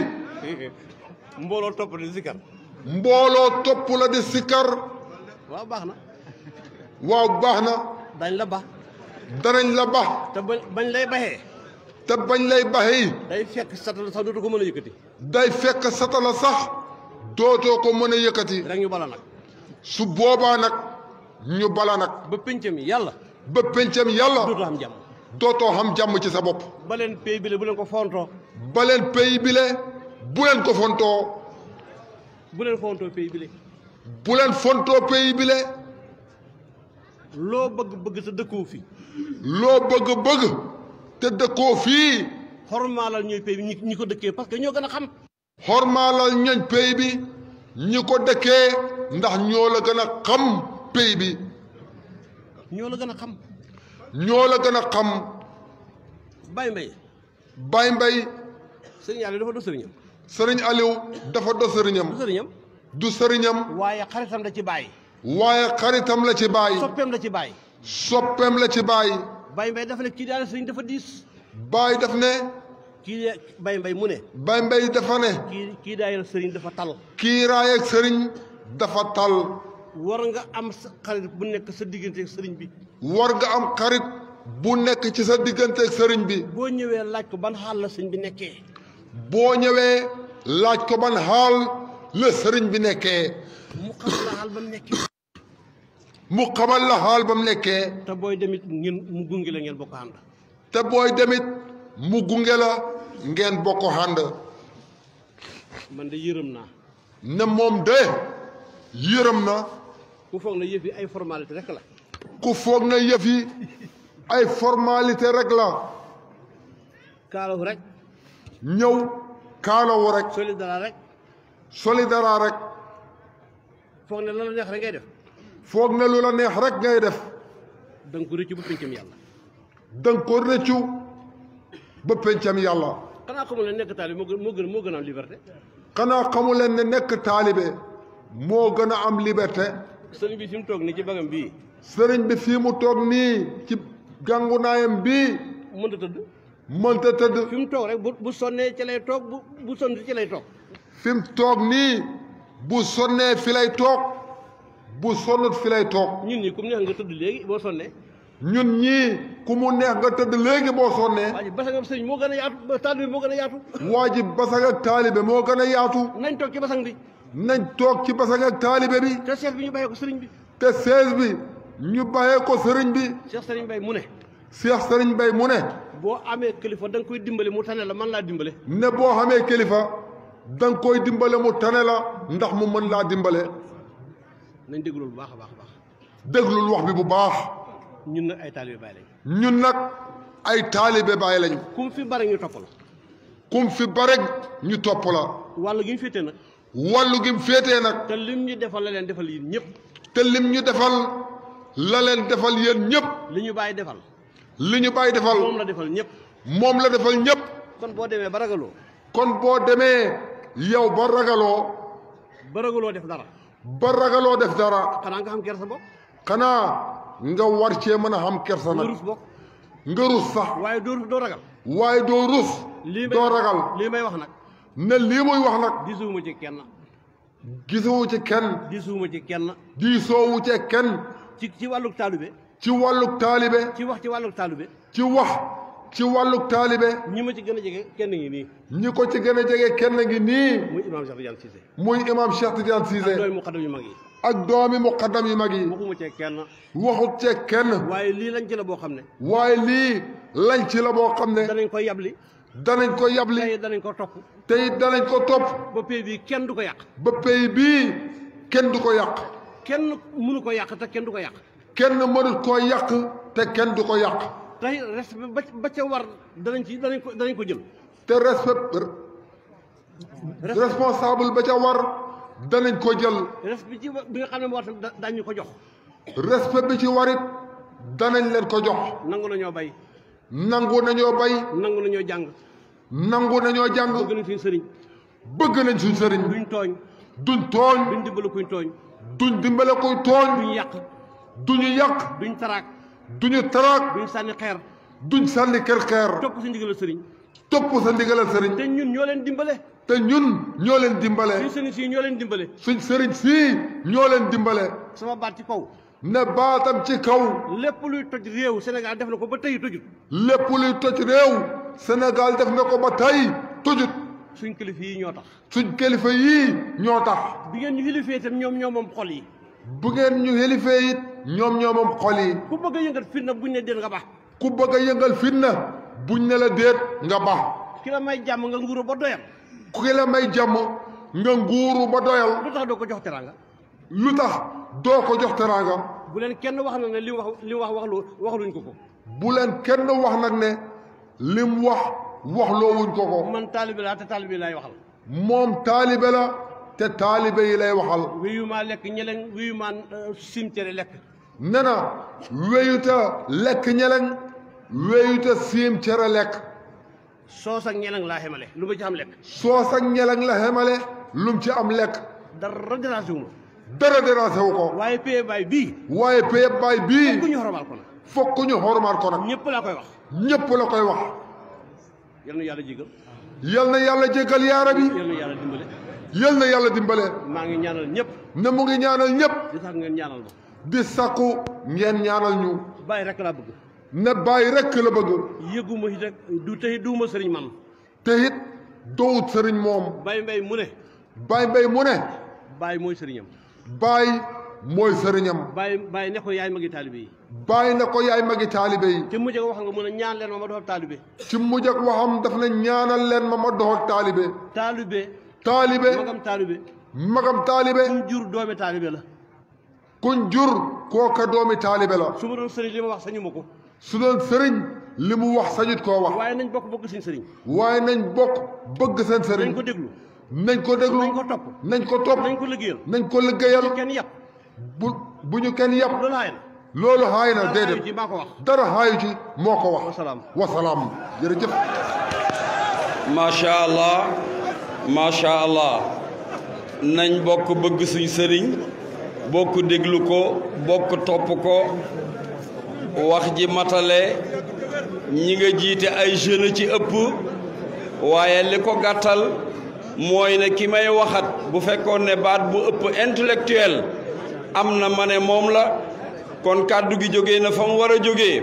*laughs* mbooloo topp la di sikkar. mbooloo topp la di sikkar. waaw baax na. waaw baax na. dañ la ba. danañ la ba te bañ lay baxee. te bañ lay baxee. day fekk satala sax dootoo ko mën a yëkkati. day fekk satala sax dootoo ko mën a yëkkati. rek ñu bala nag. su boobaa nag. ñu bala nag. ba pencam yàlla. ba pencam yàlla. dootoo am jàmm. dootoo am jàmm ci sa bopp. ba leen pay bile bu ko fontoo. ba leen pay bile bu leen ko fontoo. bu leen bile. bu fontoo pay bile. loo bëgg bëgg te dëkkoo fii. loo bëgg bëgg te dëkkoo fii. xormaalal ñooy pay bi ñi ñi ko dëkkee parce que ñoo gën a xam. xormaalal ñooñ pay bi ñu ko dëkkee ndax ñoo la gën a xam. pays bi. ñoo la gën a xam. ñoo la gën a xam. bay Mbaye. bay Mbaye. Serigne Aliou dafa do sëriñam. Serigne Aliou dafa do sëriñam. du sëriñam. du sëriñam. waaye xaritam la ci bay waaye xaritam la ci Baye. soppeem la ci Baye. soppeem la ci bay bay Mbaye dafa ne kii daal sëriñ dafa diis. Baye daf ne. kii de mu ne. Baye Mbaye dafa ne. kii sëriñ dafa tal. kii sëriñ dafa tal. war nga am xarit bu nekk sa diggante sëriñ bi. war nga am xarit bu nekk ci sa diggante sëriñ bi. boo ñëwee laaj ko ban xaal la bi nekkee. boo ñëwee laaj ko ban xaal la sëriñ bi nekkee. mu xamal la xaal ba mu nekkee. te booy demit mu gunge la ngeen bokk ànd. te booy demit mu gunge la ngeen bokk ànd. man de yërëm naa. ne moom de yërëm na. ku foog na yëf ay formalité rek la. ku foog na yëf ay formalite rek la. kaalawu rek. ñëw kaalawu rek. soli dara rek. soli dara rek. foog na lu neex rek ngay def. foog ne lu neex rek ngay def. da nga ko rëccu ba pencam yàlla. da nga ko rëccu ba pencam yàlla. xanaa nekk taalibe moo gën moo gën moo gën a am liberté. xanaa xamul leen ne nekk gën a am liberté. sëriñ bi fi mu toog nii ci bagam bii. sëriñ bi fii mu toog nii ci gàngunaayam bii. mënta tëdd. mënta tëdd. fi mu toog rek bu bu sonnee ci lay toog bu bu ci lay toog. fi mu toog nii bu sonnee fi lay toog bu sonnut fi lay toog. ñun ñi ku mu nga tëdd léegi boo sonnee. ñun ñii ku mu neex nga tëdd léegi boo sonnee. waa ji basang ak sëriñ moo gën a yaatu taalibe moo gën a yaatu. waa ji ak taalibe moo gën a yaatu. nañ toog ci basang bi. nañ toog ci basang ak taalibe bi. te sees bi ñu bàyyee ko sëriñ bi. te sees bi ñu bàyyee ko sëriñ bi. Cheikh Sëriñ Bay mu ne. Cheikh Sëriñ Bay mu ne. boo amee kilifa da koy dimbale mu tane la man laa dimbale. ne boo amee kilifa da koy dimbale mu tane la ndax mu mën laa dimbale. nañ déglul bu baax a baax a baax. déglul wax bi bu baax. ñun nag ay taalibe Baay lañ. ñun nag ay taalibe Baay lañ. kum fi bare ñu topp la. kum fi bare ñu topp la. wàll gi ñu féete nag. wàllu gi mu féetee nag. te lim ñu defal la defal yéen ñëpp. te lim ñu defal la leen defal yéen ñëpp. li ñu bàyyi defal. li ñu bàyyi defal moom la defal ñëpp. moom la defal ñëpp. kon boo demee ba ragaloo. kon boo demee yow ba ragaloo. ba ragaloo def dara. ba ragaloo def dara. xanaa nga xam kersa bopp. xanaa nga war cee mën a xam kersa nag. nga rus sax. waaye doo doo ragal. waaye doo rus. doo ragal may wax nag. ne lii muy wax nag. disuuma ci kenn. gisuwu ci kenn. disuuma ci kenn. diisoowu ci kenn. ci ci wàllug taalibe. ci wàllug taalibe. ci wax ci wàllug taalibe. ci wax ci wàllug taalibe. ñi ma ci gën a jege kenn ngi nii. ñi ko ci gën a jege kenn ngi nii. muy imaam Cheikh Tidiane Cissé. muy imaam Cheikh Tidiane Cissé. ak doomi muqaddam yu mag yi. ak doomi muqaddam yu mag yi. waxuma cee kenn. waxut cee kenn. waaye lii lañ ci la boo xam ne. waaye lii lañ ci la boo xam ne. danañ koy yabli. danañ ko yable danañ ko topp. tey danañ ko topp. ba pay bii kenn du ko yàq. ba pay bii kenn du ko yàq. kenn mënu ko yàq te kenn du ko yàq. kenn mënut koo yàq te kenn du ko yàq. tey respect ba ba ca war danañ ci danañ ko danañ ko jël. te respect. responsable ba ca war danañ ko jël. respect ci bi nga xam ne moo war daañu ko jox. respect bi ci warit danañ leen ko jox. nangu nañoo bay. nangu nañoo bay. nangu nañoo jàng. nangu nañoo jàng. bëgg nañ suñu sëriñ. bëgg nañ suñu sëriñ. duñ tooñ. duñ tooñ. duñ dimbale kuy tooñ. duñ dimbale kuy tooñ. duñ yàq. duñu yàq. duñ taraak. duñu taraak. duñ sànni xeer. duñ sànni kër xeer. topp sa ndigalal sëriñ. topp sa ndigalal sëriñ. te ñun ñoo leen dimbale. te ñun ñoo leen dimbale. suñ sëriñ ñoo leen dimbale. suñ sëriñ sii ñoo leen dimbale. sama baat ci kaw. ne baatam ci kaw. lépp luy toj réew Sénégal def na ko ba tey tojut. lépp luy toj réew. Sénégal def na ko ba tey tujut. suñ kilifa yii ñoo tax. suñ kilifa yii ñoo tax. bi ngeen ñu xilifee itam ñoom ñoo moom xol yi. bu ngeen ñu xilifee ñoom ñoo moom xol yi. ku bëgg a yëngal fitna buñ ne déet nga ba. ku bëgg a yëngal fitna buñ ne la déet nga ba. ki la may jàmm nga nguuru ba doyal. ki la may jàmm nga nguuru ba doyal. lu tax doo ko jox teraanga. lu tax doo ko jox teraanga. bu leen kenn wax nag ne li wax li wax wax lu ko ko. bu leen kenn wax nag ne. lim wax wax loowuñ ko ko. man taalibe laa te taalibe yi lay waxal. moom taalibe la te taalibe yi lay waxal. wéyu maa lekk ñeleñ wéyu maa euh, sim cere lekk. nee na wéyuta lekk ñeleñ wéyuta siim cere lekk. soos ak lu ma ci am la xemale lu mu ci am lekk. dara dérangé ma. dara dérangé ko. waaye paye baay bii. waaye paye baay bii. fokk ñu xormaal ko nag. ñëpp la koy wax. ñëpp la koy wax. yal na yàlla jégal. yal na yàlla jégal yaara bi. yal na yàlla dimbale. yal maa ngi ñaanal ñëpp. ne mu ngi ñaanal ñëpp. di sakku ngeen ñaanal ma. ñaanal ñu. bàyyi rek laa bëgg. ne bàyyi rek la bëgg. yëguma it rek du du duuma sëriñ man. te it dowut sëriñ moom. bay mbay mu ne. bay mbay mu ne. mooy sëriñam. bay. mooy sëriñam. bàyyi bàyyi ne ko yaay magi taalibe yi. bàyyi ne ko yaay magi taalibe yi. ci mujj ak mu ne ñaan leen ma ma dox ak taalibe. ci mujj ak waxam daf ne ñaanal leen ma ma dox ak taalibe. taalibe. taalibe magam taalibe. magam taalibe. kuñ jur doomi taalibe la. kuñ jur kooka doomi taalibe la. su ma doon sëriñ li ma wax sañu ma ko. su doon sëriñ li mu wax sañut koo wax. waaye nañ bokk bëgg seen sëriñ. waaye nañ bokk bëgg seen sëriñ. nañ ko déglu. nañ ko déglu nañ ko topp. nañ ko topp nañ ko liggéeyal. nañ koo liggéeyal. bu ci kenn yàpp. bu bu ñu kenn yab loolu xaay na déedéet dara xaayu ci moo ko wax wasalaam jërëjëf macha allah macha allah nañ bokk bëgg suñ sëriñ bokk déglu ko bokk topp ko wax ji matale ñi nga jiite ay jeunes ci ëpp waaye li ko gàttal mooy ne ki may waxat bu fekkoon ne baat bu ëpp intellectuel am na ma ne moom la kon kàddu gi jóge na fa mu war a jógee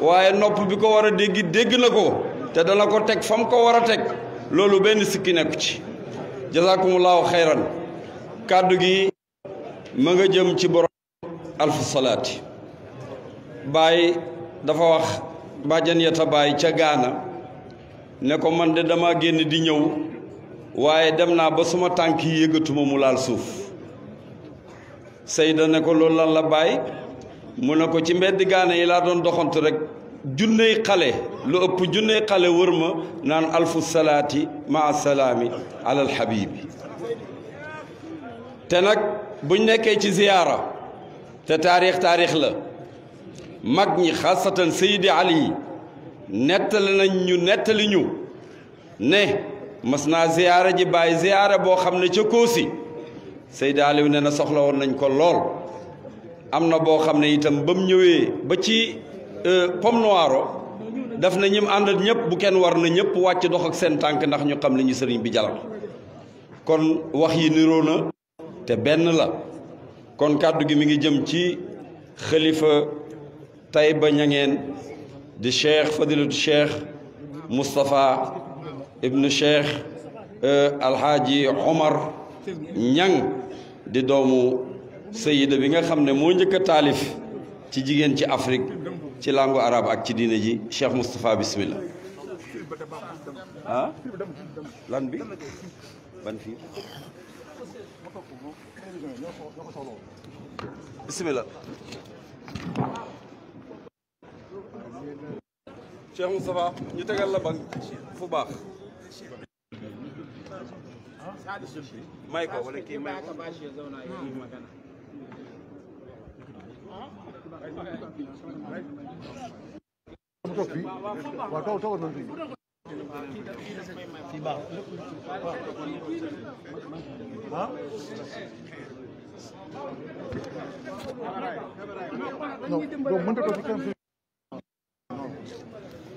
waaye nopp bi ko war a dégg dégg na ko te dana ko teg fa mu ko war a teg loolu benn sikki nekku ci jazakumullahu xayran kàddu gi ma nga jëm ci borom alfu salaati bàyyi dafa wax bàjjan yata bàyyi ca gaana ne ko man de dama génn di ñëw waaye dem naa ba suma tànk yi yëgatuma mu laal suuf sayda ne ko loolu lan la bàyyi mu ne ko ci mbedd gaane yi laa doon doxantu rek junney xale lu ëpp junney xale wër naan alfu salaati maa salaami alal habibi te nag bu nekkee ci ziyaara te taarix taarix la mag ñi xasatan sayidi ali nettali nañ ñu nettali ne mas naa ziyaara ji bàyyi ziyaara boo xam ne ca kóosi Seydi Aliou ne na soxla woon nañ ko lool am na boo xam ne itam ba mu ñëwee ba ci euh, Pomme Noiro daf na ñim àndal ñëpp bu kenn war na ñëpp wàcc dox ak seen tànk ndax ñu xam ne ñu sëriñ bi jalal kon wax yi niroo na te benn la kon kàddu gi mi ngi jëm ci xalifa Taïba Niangène di cheikh fadilatu cheikh Moustapha ibnu cheikh euh, alhaaji Omar ñang di doomu sayida bi nga xam ne moo njëkk a taalif ci jigéen ci Afrique ci langue arabe ak ci diine ji Cheikh Moustapha bismillah ah lan may ko wala kii may ko waaw taw taw nañ fi fii baax non donc mënta toog fi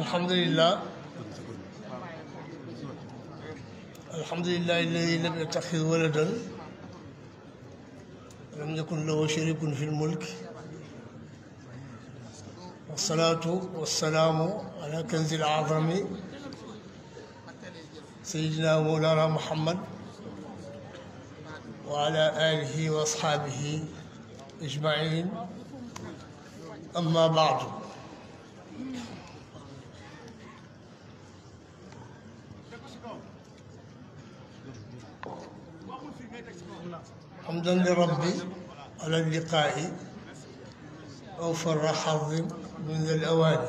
alhamdulillah alhamdulillah alladi lam yattaxid waladan lam yakun lahu sharikun fi lmulk wasalaatu wasalaamu ala kanzi lazami sayidina mawlana muhammad wa ala alihi wa asxaabihi ajmain amma baadu حمدا لربي على اللقاء أوفر حظ من الأواني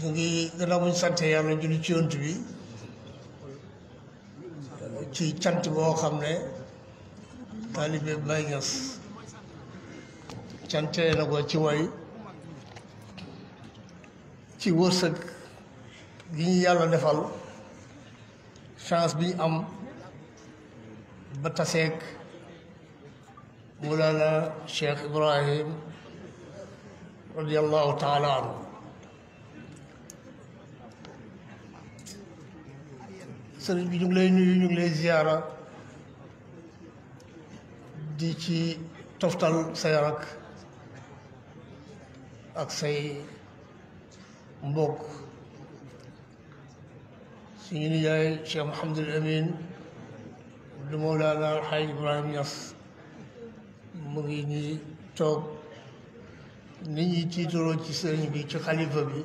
ñu ngi gannaaw bu ñu sant yàlla julli ci yont bi ci cant boo xam ne taalibe Baay Ñas cante na ko ci way ci wërsëg gi ñu yàlla defal chance bi ñu am ba taseeg Mawlana Cheikh Ibrahim radiyallahu taala anhu sëriñ bi ñu ngi lay nuyu ñu ngi lay ziyaara di ci toftal say rak ak say mbokk suñu nijaay Cheikh Mouhamadul Amin du Mawlana Alxaaj Ibrahima Ñas mu ngi nii toog nit ñi tiitaroo ci sëriñ bi ci xalifa bi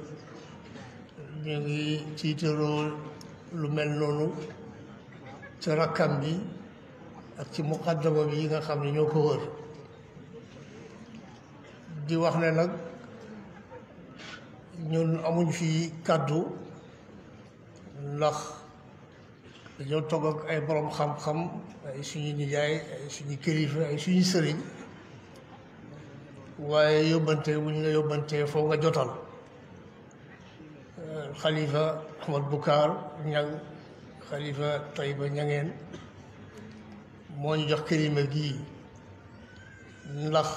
ñu ngi tiitaroo lu mel noonu ci rakkam bi ak ci muqaddama bi yi nga xam ne ñoo ko wër di wax ne nag ñun amuñ fi kàddu ndax dañoo togg ak ay borom xam-xam ay suñu nijaay ay suñu kilifa ay suñu sëriñ waaye yóbbante bu ñu la yóbbantee foo nga jotal xalifa euh, Ahmad Bukaar ñang xalifa Tayba ñangeen moo jox kërima gii ndax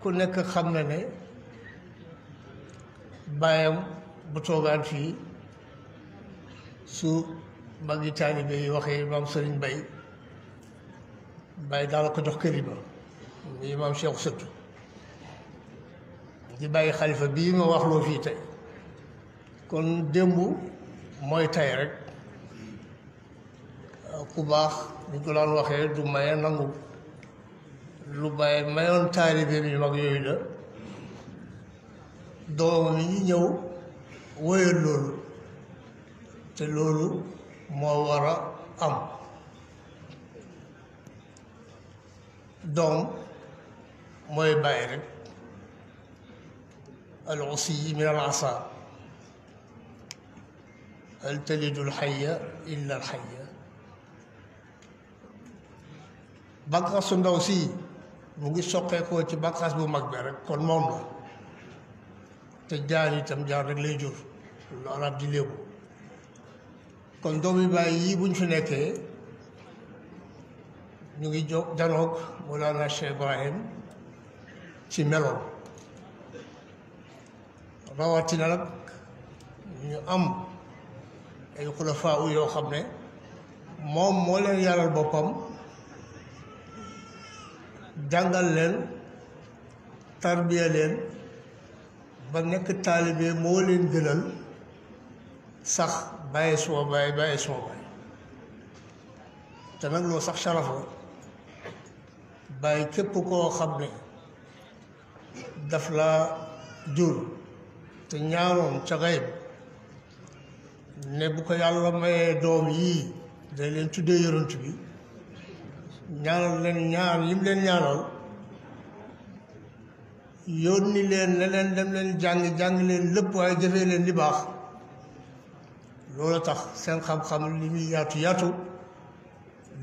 ku nekk xam na ne baayam bu toogaan fii su mag yi taalibe yi waxee maam Serigne Bay Bay daal ko jox këriba muy maam Cheikh Sëttu di bàyyi xalifa bii nga wax loo fii tey kon démb mooy tay rek ku baax ñu ko waxee du a nangu lu bàyyi mayoon taalibe bi mag yooyu la doom yi ñëw wóyal loolu te loolu moo war am doom mooy bàyyi rek al usiy na al asa hal talidu alxaya illa alxaya bànqaas su ndaw sii mu ngi soqeekoo ci bànqaas bu mag bi kon moom la te jaan itam jaan rek lay kon doomi bàyyi yii buñ fi nekkee ñu ngi jo janoog Mawlana Cheikh Ibrahim ci meloon rawatina nag ñu am ay xulafaa u yoo xam ne moom moo leen yaral boppam jàngal leen tarbiya leen ba nekk taalibe moo leen gënal sax bàyyi suma bàyyi bàyyi suma bàyyi te nag loolu sax sharaf la bàyyi képp koo xam ne daf la jur te ñaaroon ca gayb ne bu ko yàlla maye doom yii day leen tuddee yonent bi ñaanal leen ñaan yim leen ñaanal yónni leen ne leen dem leen jàng jàng leen lépp waaye jëfee leen li baax loolu tax seen xam-xam li muy yaatu yaatu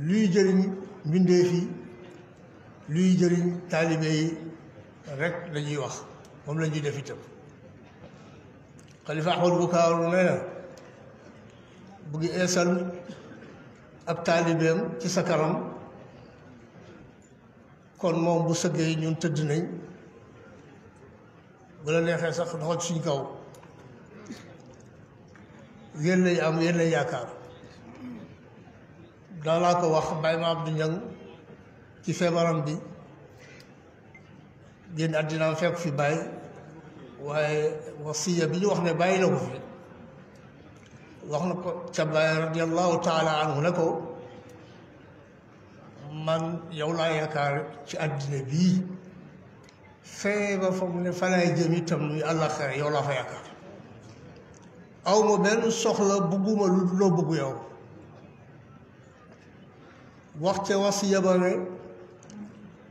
luy jëriñ mbindeef yi luy jëriñ taalibe rekk lañuy wax moom lañuy ñuy def itam xalifa Ahmad Bukaaru nee na bu ngi eesal ab taalibeem ci sa kon moom bu sëggee ñu tëdd nañ bu la neexee sax doxal suñ kaw yéen lañ am yéen yaakaar daanaa ko wax Baye ma Abdou Niang ci feebaram bi génn àddina fekk fi Baye waaye wasiya bi wax ne bàyyi na ko fi wax na ko ca Baye radiallahu taala anhu ne ko man yow laa ci àddina bii fee ba foog ne fa laay jëm itam luy àllaxira yow fa yaakaar awma benn soxla bugguma lu loo bëgg yow waxte wax si yaba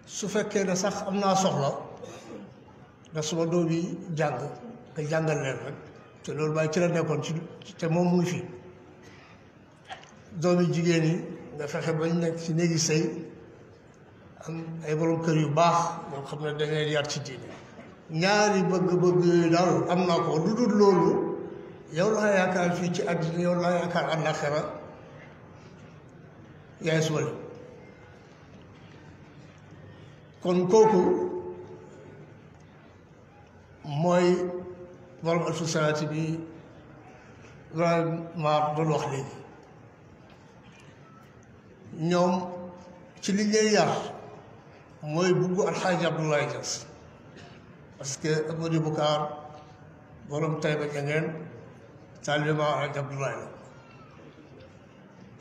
su fekkee ne sax am naa soxla da suma doom yi jàng nga jàngal rek te loolu bàyyi ci la nekkoon ci te moom muy fi doomi jigéen yi nga fexe bañ nekk ci néegi sëy am ay boroom kër yu baax ñoo xam ne da ngay yar ci diine ñaari bëgg-bëgg daal am naa ko lu dul loolu yow laa yaakaar fii ci àddina yow laa yaakaar àllaaxira yaay suba kon kooku mooy borom alfu salaati bi loolu maa doon wax léegi ñoom ci li ñuy yar mooy buggu alxaaji Abdoulaye Niass parce que Amadou Boucar borom Taïba Niangène taalibe maam Alaaji Abdoulaye la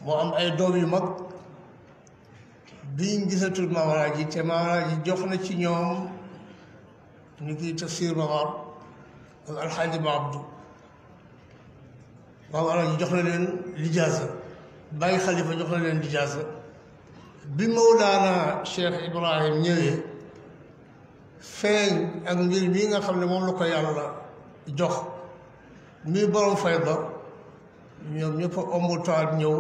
moo am ay doom yu mag biñ gisatul maam Alaaji te maam Alaaji jox na ci ñoom ñu ngi tafsir Mamar ak alxaaji ma Abdu maam Alaaji jox na leen lijaasa bàyyi xalifa jox na leen lijaasa bi Mawlaana Cheikh Ibrahim ñëwee feeñ ak mbir mi nga xam ne moom la ko yàlla jox nuy borom fay ba ñoom ñëpp omb taat ñëw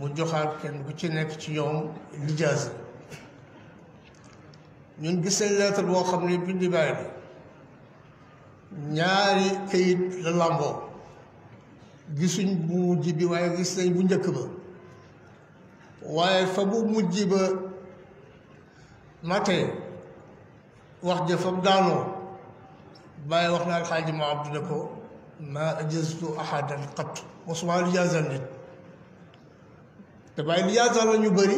mu joxaat kenn ku ci nekk ci ñoom lijaasa ñun gis nañ lettre boo xam ne bindi baay bi ñaari kayit la gisuñ bu mujj bi waaye gis nañ bu njëkk ba waaye fa bu mujj ba mate wax ja fa mu daanoo bàyyi wax naa alxaaji ma abdu ko maa ajaztu ahadan qat mosuma lijaasal nit damay lijaasal ñu bëri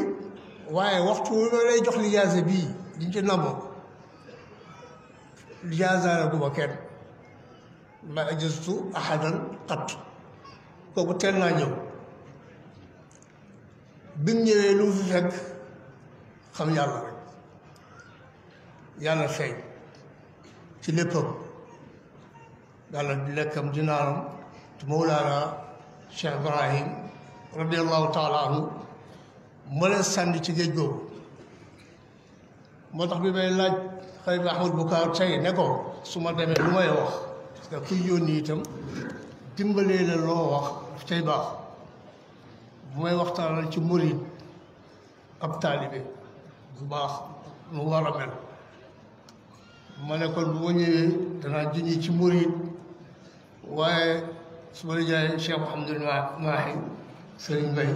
waaye waxtu wu ma lay jox lijaasa bii diñ ci namoo lijaasa la kenn maa ajaztu ahadan qat kooku teel naa ñëw bi mu ñëwee lu mu fi fekk xam yàlla rek yàlla feeñ ci léppam lallekkam dinaaram te mawlaana Cheikh Ibrahim radiallahu taala anhu ma leen sànni ci géej googu moo tax bi may laaj xarit Ahmad Bukaar tey ne ko su ma demee lu may wax parce que kuy yónni itam dimbalee la loo wax daf cay baax bu may waxtaanal ci murid ab taalibe bu baax mu war a mel ma ne kon bu ma ñëwee danaa junj ci murid waaye su ma la jaayee Cheikh Mouhamadul Mahi Serigne Mbaye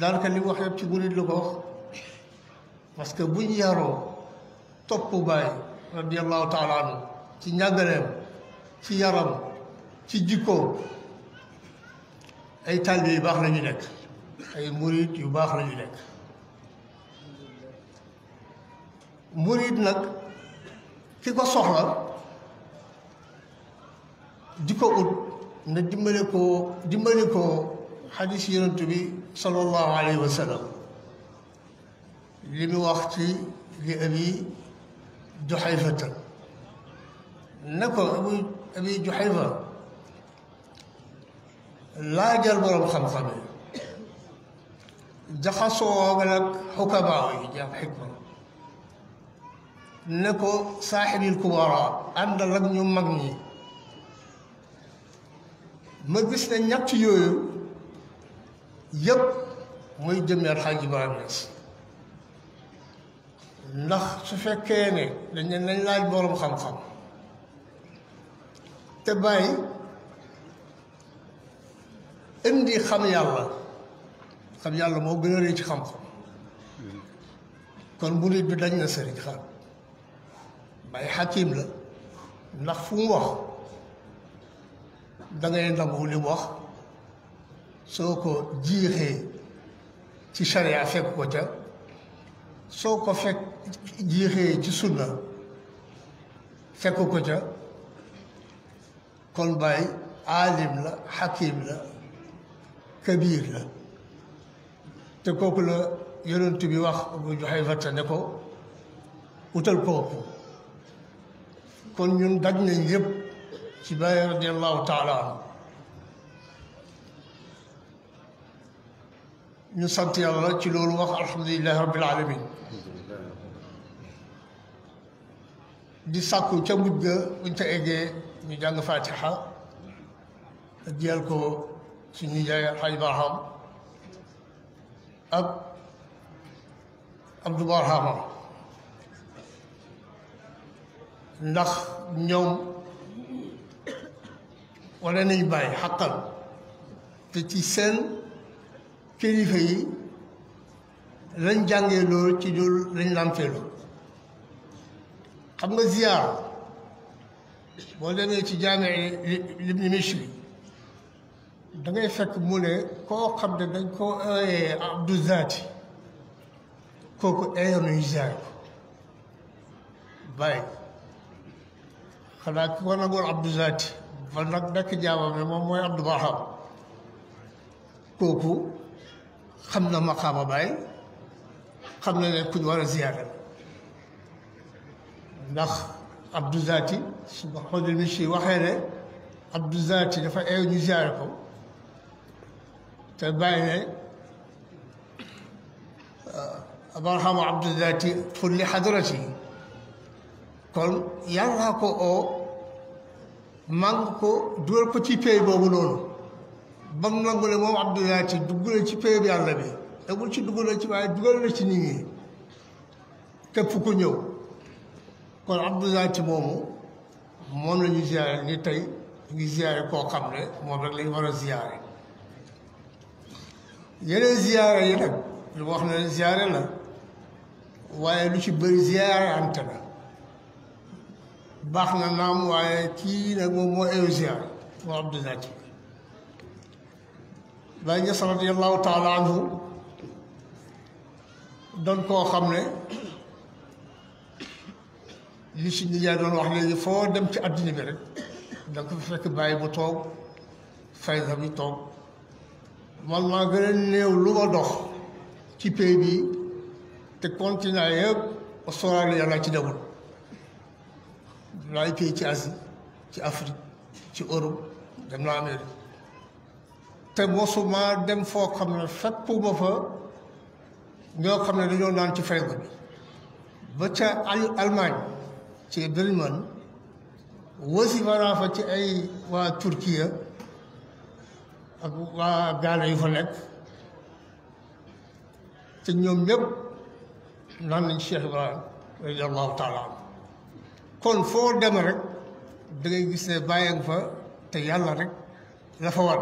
daanaka li mu wax yëpp ci murid la ko wax parce que buñ yaroo topp Baay radiyallahu taala anhu ci njàngaleem ci yaram ci jikko ay taalibe yu baax la ñu nekk ay murid yu baax la ñu nekk murid nag ki ko soxla di ko ut na dimbali koo dimbali koo xadis yonent bi sallallahu alayhi wa sallam li mu wax ci li abi Juhayfata ne ko abi abi Juhayfa laajal borom xam-xam yi jaxasoo nga nag xukabaaw yi jaam xikma ne ko saaxibil kubara àndal ak ñu mag ñi ma gis na ñett yooyu yépp mooy jëmmi Alxaaji Ibrahima Niass ndax su fekkee ne dañ ne nañ laaj boroom xam-xam te bàyyi indi xam yàlla xam yàlla moo gën a rëy ci xam-xam kon murid bi dañ na sëriñ xam bàyyi xakim la ndax fu wax da ngay nangu li wax soo ko jiixee ci charia fekk ko ca soo ko fekk jiixee ci sunna fekk ko ca kon bàyyi aalim la xakim la kabiir la te kooku la yonent bi wax bu joxee fata ne ko utal kooku kon ñun daj nañ yëpp ci Baay radiyallahu taala anhu ñu sant yàlla ci loolu wax alhamdulilahi rabbil alamin di sàkku ca mujj ga buñ ca eggee ñu jàng fatiha jiyal ko ci nijaay Alxaaj Barham ak Abdou Barhama ndax ñoom wala nañ bàyyi xaqal te ci seen kilifa lañ jàngee loolu ci loolu lañ làmpee loolu xam nga ziyaar boo demee ci jaamee Ibn Mishri fekk mu ne koo xam ne dañ koo ooyee Abdu Zaati kooku eyonuñu ziyaar ko bàyyi ko xanaa ki ko Zaati man nag nekk jaamam ne moom mooy Abdou Barham kooku xam na maqaama baay xam na ne kuñ war a ziyaare ndax Abdou Zati su Mahmadul Misri waxee ne Abdou Zati dafa eew ñu ziyaare ko te bàyyi ne ah, Barham Abdou Zati pour li xadarati kon yàlla ko oo man ko dugal ko ci pay boobu noonu ba mu ne moom Abdoulaye ci dugg na ci pay bi yàlla bi dagul ci dugg na ci waaye dugal na ci nit ñi képp ku ñëw kon Abdoulaye ci moomu moom la ñuy ziare ni tey ngi ziare koo xam ne moom rek lañ war a ziare yeneen ziare yi nag lu wax ne ziare la waaye lu ci bëri ziare ante na baax na naam waaye kii nag moom moo eew moo abdu naati Baay Ñas radiyallaahu taala anhu doon koo xam ne li si nit ñaa doon wax léegi foo dem ci àddina bi rek da ko fekk bàyyi bu toog fay nga bi toog man maa gën a néew lu ma dox ci pays bi te continent yëpp Australie yàlla ci demul dem naa ay ci Asie ci Afrique ci Europe dem naa Amérique te mosuma dem foo xam ne fekkuma fa ñoo xam ne dañoo naan ci fengo bi ba ca Allemagne ci Berlin wasifa naa fa ci ay waa Turquie ak waa gaana yu fa nekk te ñoom ñëpp naan nañ Cheikh Ibrahim radiallahu taala kon foo dem rek da gis ne bàyyi fa te yàlla rek la fa war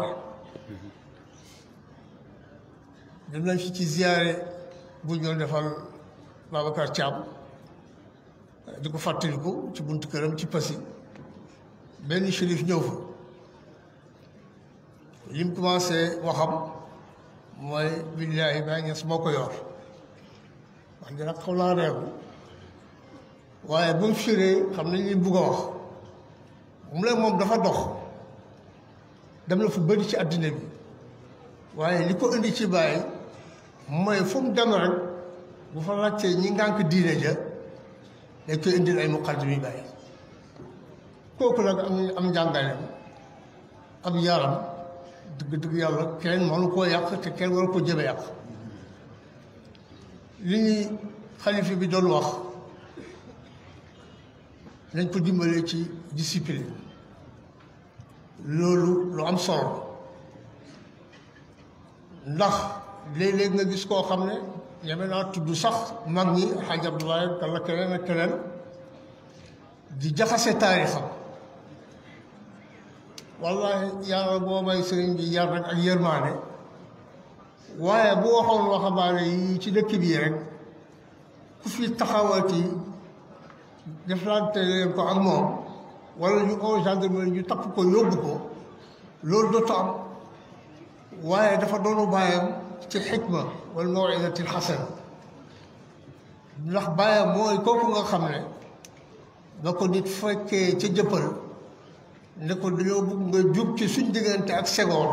dem nañ ci ci ziyaare bu ñu doon defal Babacar Thiam di ko fàttaliku ci buntu këram ci Passy benn shérif ñëw fa li mu commencé waxam mooy billaahi Baay Ñas moo ko yor wax dëgg nag xaw naa reeku waaye bu mu firee xam nañ li bugg a wax moom la moom dafa dox dem na fu bëri ci àddina bi waaye ni ko indi ci bàyyi mooy fu dem rek bu fa laajtee ñi ngànk diine ja dañ koy indil ay muqaddim yi bàyyi kooku nag am am njàngaleem am yaram dëgg-dëgg yàlla kenn mënu koo yàq te kenn waru ko jëme yàq li ñuy xalifa bi doon wax nañ ko dimbalee ci discipline loolu lu am solo ndax léeg nga gis koo xam ne ñeme naa tudd sax mag ñi xaaj Abdoulaye wala keneen ak keneen di jaxase taarixam wallahi yàlla boo may sëriñ bi yar rek ak yërmaane waaye bu waxoon waxambaane yi ci dëkk bii rek ku fi taxawati jëflante ko ak moom wala ñu oo ñu tapp ko yóbbu ko loolu dootu am waaye dafa doonu bàyyam ci xikma wala mawidatil xasana ndax baayam mooy kooku nga xam ne ba ko nit fekkee ca jëppal ne ko dañoo bëgg nga jub ci suñ diggante ak segoor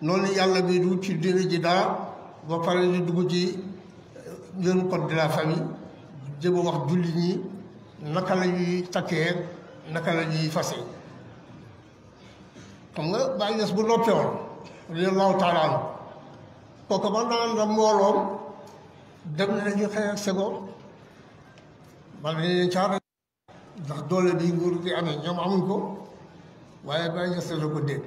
noonu yàlla bi du ci dina ji dara ba pare di dugg ci njëriñ code de la famille jéem a wax julli ñi naka la ñuy takkee naka la ñuy fase xam nga bàyyi des bu noppewoon radiyallaahu taalaa anhu kooku man naan la mbooloom dem nañu xëy ak sego man dañu leen caara doole bi nguur bi amee ñoom amuñ ko waaye bàyyi des la ko dégg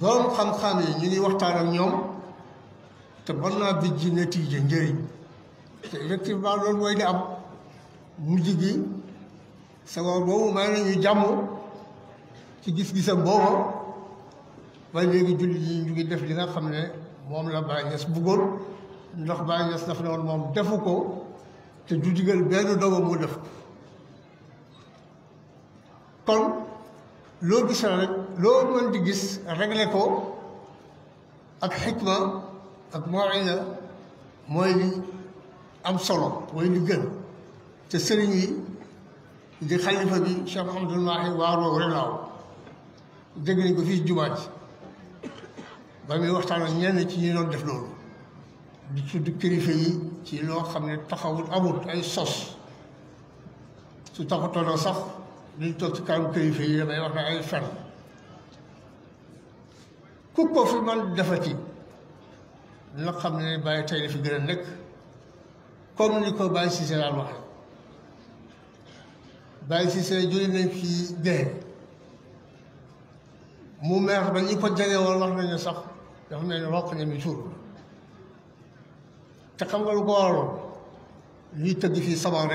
borom xam-xam yi ñu ngi waxtaan ak ñoom te mën naa bijji netiija njëriñ te effectivement loolu mooy di am mujj gi sagoor boobu may nañu jàmm ci gis-gisam booba waaye léegi jullit yi ñu ngi def li nga xam ne moom la Baay Ñas bëggoon ndax Baay Ñas daf ne woon moom defu ko te du digal benn mu def ko kon loo gis la rek loo di gis réglé ko ak xikma ak moyna mooy li am solo mooy li gën te sëriñ di xalifa bi Cheikh Mouhamadul Mahi waaroo relaaw dégg nañ ko fii jumaa ji ba muy waxtaan ak ñenn ci ñi doon def loolo di tudd kilifa yi ci loo xam ne taxawul amul ay sos su taxutoonoo sax duñ toog ci kanam kilifa yi damay wax ne ay fen ku ko fi man defati na xam ne bàyyi tey la fi gën a nekk comme ni ko Baye Cissé daan wax Baye fi dee mu meex ba ñi ko jege woon wax nañu sax dafa mel ni rokk na mi tur te xam nga lu ko waroon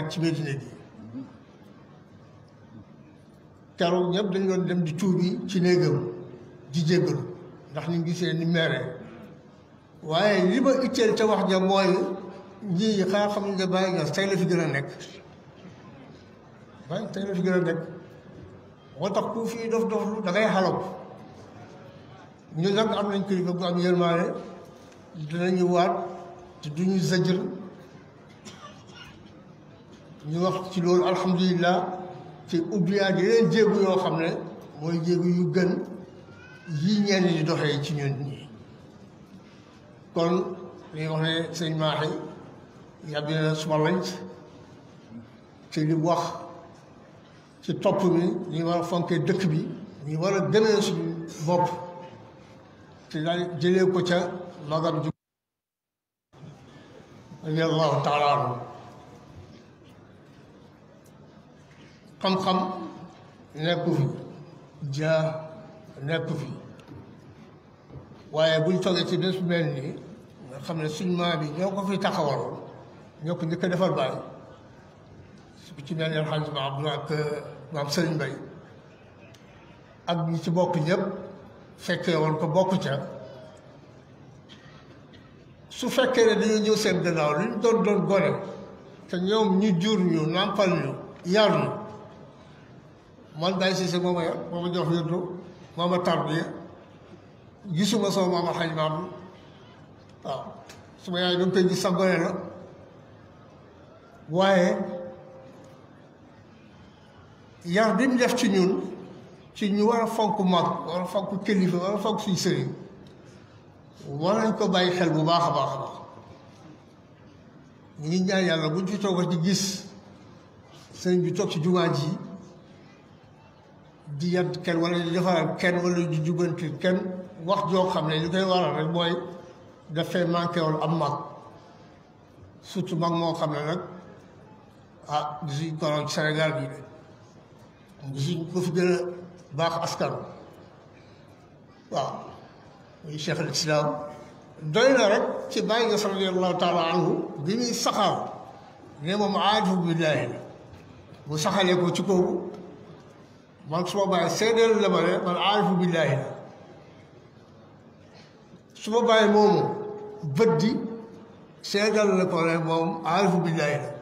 ci Medina bi keroog ñëpp dañ doon dem di tuubi ci néegam di jéggalu ndax ñu gisee ni meeree waaye li ma ca wax ja mooy ji yi xaa xam nga Baye Niass tey la fi gën a nekk Baye tey fi gën a nekk moo tax ku fii dof dof lu da ñu nag am nañ kilifa gu am yërmaane dinañu waat te duñu zajër ñu wax ci loolu alhamdulilah te ubbiyaat yeneen jéegu yoo xam ne mooy jéegu yu gën yi ñenn di doxee ci ñun ñi kon li wax ne sëñ Maaxi yàbbi na suma lañ ci li wax ci topp bi ñu war a fonkee dëkk bi ñu war a gënee suñu bopp ci la jëlee ko ca magam ji radiallahu taala anhu xam-xam nekku fi jaa nekku fi waaye buñ toogee ci bés mel nii nga xam ne suñu maam bi ñoo ko fi taxawaloon ñoo njëkk a defar baay su ci mel ne alhamdulilah Abdoulaye ak maam euh, Serigne Mbaye ak ñi ci bokk ñëpp fekkee woon ko bokk ca su fekkee ne dañoo ñëw seen gannaaw lu ñu doon doon gone te ñoom ñu jur ñu nàmpal ñu yar ñu man daay Cissé moo ma yar moo ma jox wirdu moo ma tarbiya gisuma sama maama xaj maam waaw su ma yaay doon koy gis sa gone la waaye yar bi mu def ci ñun ci ñu war a fonk mag war a fonk kilifa war a fonk suñu sëriñ war nañ ko bàyyi xel bu baax a baax a baax ñu ngi ñaan yàlla buñ ci toog di gis sëriñ bi toog ci jumaa ji di yàdd kenn wala di kenn wala di jubanti kenn wax joo xam ne li koy waral rek mooy dafay manqué woon am mag surtout mag moo xam ne nag ah gisuñ ko noonu ci Sénégal bii de gisuñ ko fi gën a baax askan waaw muy cheikh al islam doy na rek ci bàyyi nga radiallahu taala anhu bi muy saxaw ne moom aarifu billaahi la bu saxalee ko ci kooku man su ma bàyyi seedeel la ma ne man aarifu billaahi la su ma bàyyi moomu bët di seedeel la ko ne moom aarifu billaahi la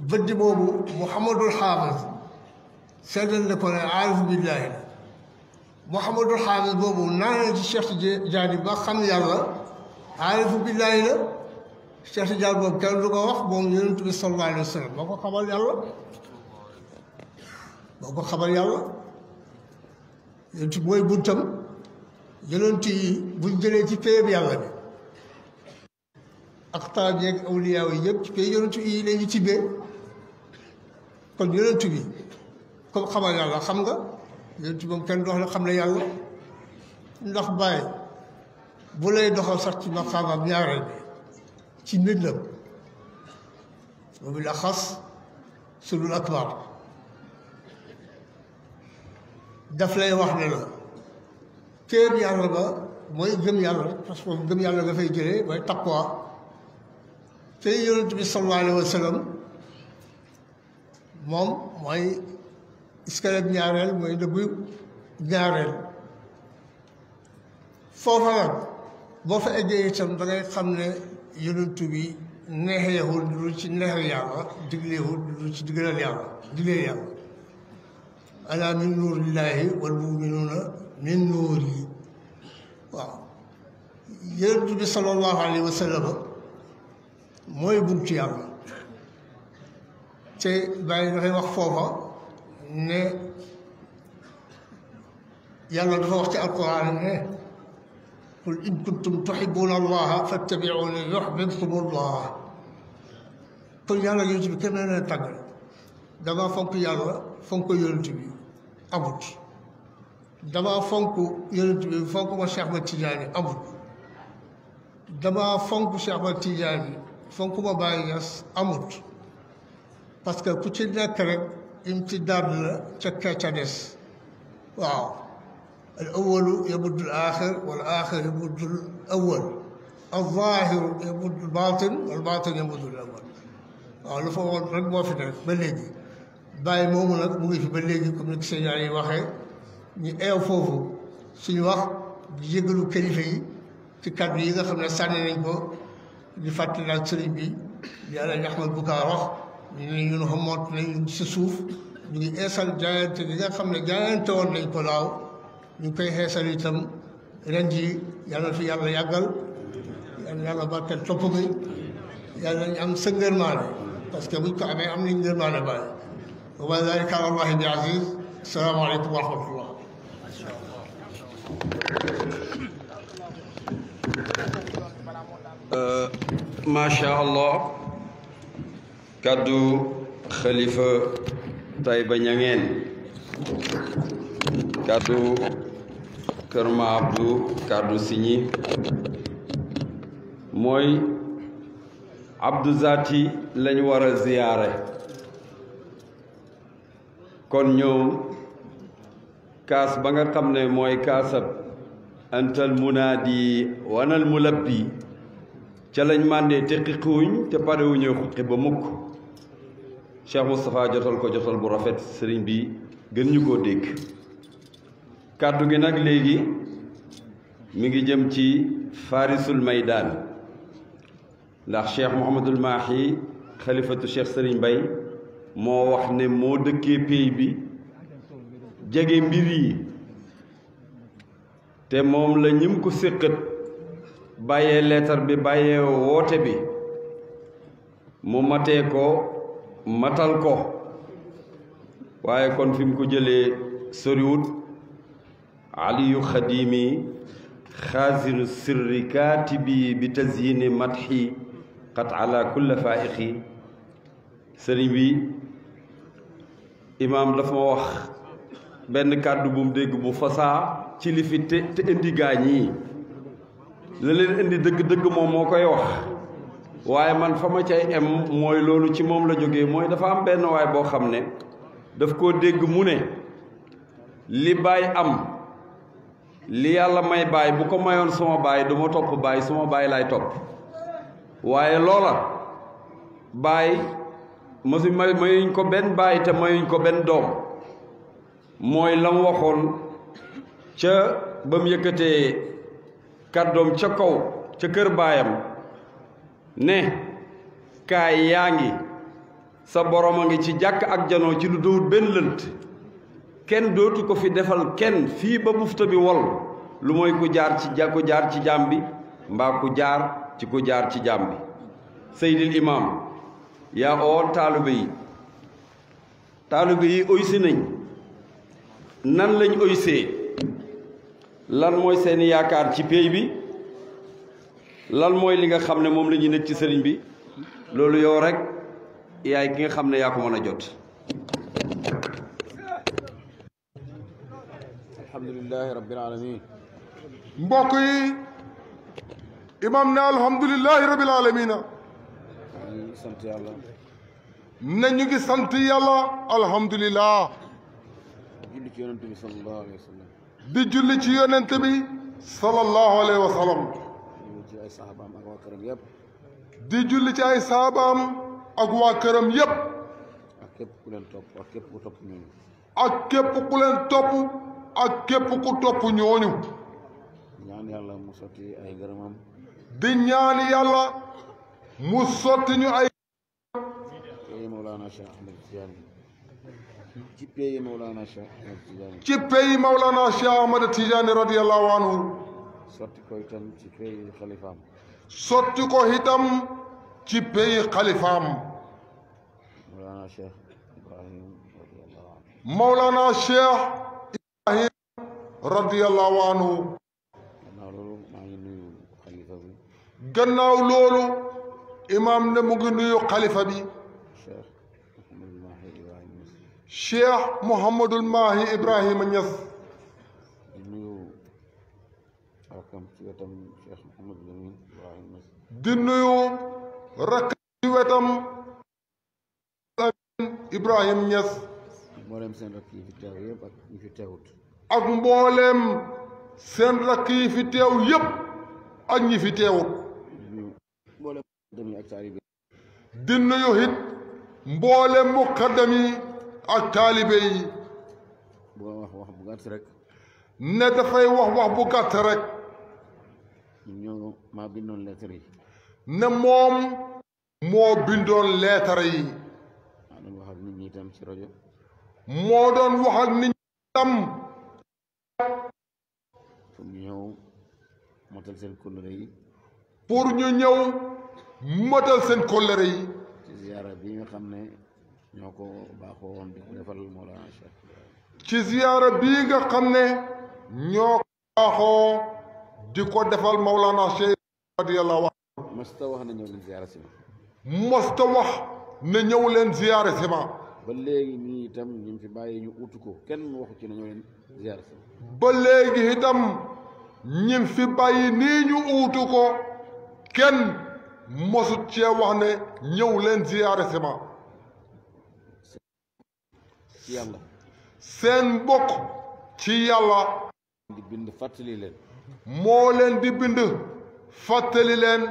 bëdd boobu Mouhamadul Xaafis seedal na ko ne aarif billaahi la boobu naan na ci Cheikh Tidiane ba xam yàlla aarif billaahi la Cheikh boobu kenn du ko wax moom yonent bi sallallahu buntam yonent yi buñ jëlee ci péyeb yàlla bi ak taab yi yëpp ci pay yonent yi kon yonent bi comme xamal yàlla xam nga yonent bi moom kenn dox la xam ne yàlla ndax bàyyi bu lay doxal sax ci maqaamam ñaareel bi ci mbindam wa bil axas sulul akbar daf lay wax ne la téer yàlla ba mooy gëm yàlla rek parce que gëm yàlla nga fay jëlee mooy taqwa te yonent bi sallallahu alayhi wa moom mooy squelette ñaareel mooy dëggu ñaareel foofa nag boo fa eggee itam da ngay xam ne yonent bi neexeewul lu dul ci neexal yàlla alaa min nuurillaahi wal muminuuna min nuur yi waaw yonent bi sallallahu alayhi wa sallam mooy buntu yàlla te bàyyi dafay wax foofa ne yàlla dafa wax ci alquran ne qul in kuntum tuhibbuna allaha fattabi'uni yuhbibkum allah kon yàlla yonent bi kenn nee na tàggal damaa fonk yàlla fonk yonent bi amut damaa fonk yonent bi fonk ma Cheikh Ahmad amut damaa fonk Cheikh Ahmad Tidiane ma Baye Niass amut parce que ku ci nekk rek imtidaad la ca kee ca des waaw al awalu yamuddu al axir wal axir yamuddu al awal al zaahiru yamuddu al baatin wal baatin yamuddu al awal waaw lu fa woon mu ngi fi ba léegi comme ni seen eew foofu suñu wax di yëgalu kilifa yi ci kàddu yi nga xam ne sànni nañ ko di fàttali bi di àlla ñax ma wax ñu ñun xamoot nañ ñu ngi si suuf ñu ngi eesal jaayante gi nga xam ne jaayante woon nañ ko daaw ñu ngi koy xeesal itam ren ji yàlla fi yàlla yàggal yàlla yàlla barkeel topp gi yàlla nañ am sa ngërmaane parce que buñ ko amee am nañ ngërmaane bàyyi wa ma dalika ala allahi bi aziz salaamaaleykum wa rahmatullah euh, macha allah kaddu xalifa Taïba Niangène kaddu Kër Ma Abdou kaddu siñi mooy Abdou Zati lañu war a ziyaare kon ñoom kaas ba nga xam ne mooy kaasab antal munaadi wanal mulabbi ca lañ màndee te xiqiwuñ te parewuñoo xiqi ba mukk Cheikh Moustapha jotal ko jotal bu rafet sëriñ bi gën ñu koo dégg kàddu gi nag léegi mu ngi jëm ci farisul maydaan ndax Cheikh Mouhamadul Mahi xalifatu Cheikh Serigne Bay moo wax ne moo dëkkee pey bi jege mbir yi te moom la ñim ko séqat bàyyee leetar bi bàyyee woote bi mu matee ko matal ko waaye kon fi mu ko jëlee soriwut aliyu xadimi xaasiru sirri kaatibi bi tasyini matxi xat ala kulla faixi sëriñ bi imaam dafa ma wax benn kàddu bu mu dégg bu fasaa ci li fi te te indi gaañ yi la dëgg-dëgg moom moo koy wax waaye man fa ma cay em mooy loolu ci moom la jóge mooy dafa am benn waay boo xam ne daf koo dégg mu ne li baay am li yàlla may baay bu ko mayoon sama baay du ma topp baay suma baay laay topp waaye loola baay masu may mayuñ ko benn baay te mayuñ ko benn doom mooy la waxoon ca bam mu yëkkatee kàddoom ca kaw ca kër baayam ne kaay yaa ngi sa borom a ngi ci jàkk ak janoo ci lu dowut benn lënt kenn dootu ko fi defal kenn fii ba bufta bi wol lu moy ku jaar ci ku jaar ci jaam bi mbaa ku jaar ci ku jaar ci jaam bi seydil imaam yaa oo taalibe yi taalibe nañ nan lañ oysee lan moy seeni yaakaar ci pey bi lal mooy li nga xam ne moom la ñuy nekk ci sëriñ bi loolu yow rek yaay ki nga xam ne yaa ko mën a jot alhamdulilahi rabbil alamin mbokk yi imam ne alhamdulilahi rabbil alamin ñu ngi sant yàlla ne ñu ngi sant yàlla alhamdulilah di julli ci yonent bi sallallahu alayhi wa sallam di julli ci yonent bi sallallahu alayhi wa sallam ay sahabaam ak yëpp di julli ci ay sahabaam ak waa këram yëpp ak képp ku leen topp ak képp ku topp ñooñu ak képp ku leen topp ak képp ku topp ñooñu ay ngërëmam di ñaan yàlla mu sotti ñu ay pay Mawlana Cheikh Ahmed Tidiane ci pay Mawlana Cheikh sotti ko itam ci pay xalifaam. sotti ko itam ci pay xalifaam. Mawlana Cheikh Ibrahim radiyallahu anhu. Mawlana Cheikh Ibrahim radiyallahu anhu. gannaaw loolu maa ngi nuyu xalifa bi. gannaaw loolu imaam ne mu ngi nuyu xalifa bi. Cheikh Mouhamadul Mahi Ibrahima Niass. Cheikh Mouhamadul Mahi Ibrahima Niass. di nuyu rakk ci wetam Ibrahim Niass mboolem seen rakk yi fi teew yëpp ak ñu fi teewut ak mbooleem seen rakk yi fi teew yëpp ak ñi fi teewut di nuyu it mbooleem muqaddam yi ak taalibe yi wax wax bu gàtt rek ne dafay wax wax bu gàtt rek ñoo maa bindoon lettre yi ne moom moo bindoon leetara yi moo doon wax ak nit ñi itam ci rajo moo doon wax ak nit ñi itam pour ñu ñëw motal seen kóllëre yi pour ñu ñëw motal seen kóllëre yi ci ziyaara bi nga xam ne ñoo ko baaxoo woon di ko defal Mawlana Cheikh ci ziyaara bii nga xam ne ñoo ko baaxoo mosta wax na ñëw leen ziyaara si ma mosta wax ne ñëw leen ziyaara si ma ba léegi nii itam ñu fi bàyyi ñu utu ko kenn waxu ci ne ñëw leen ziyaara si ma ba fi bàyyi nii ñu uutu ko kenn mosut cee wax ne ñëw leen ziyaare si ma ci yàlla seen bokk ci yàlla bind fàttali moo leen di bind fàttali leen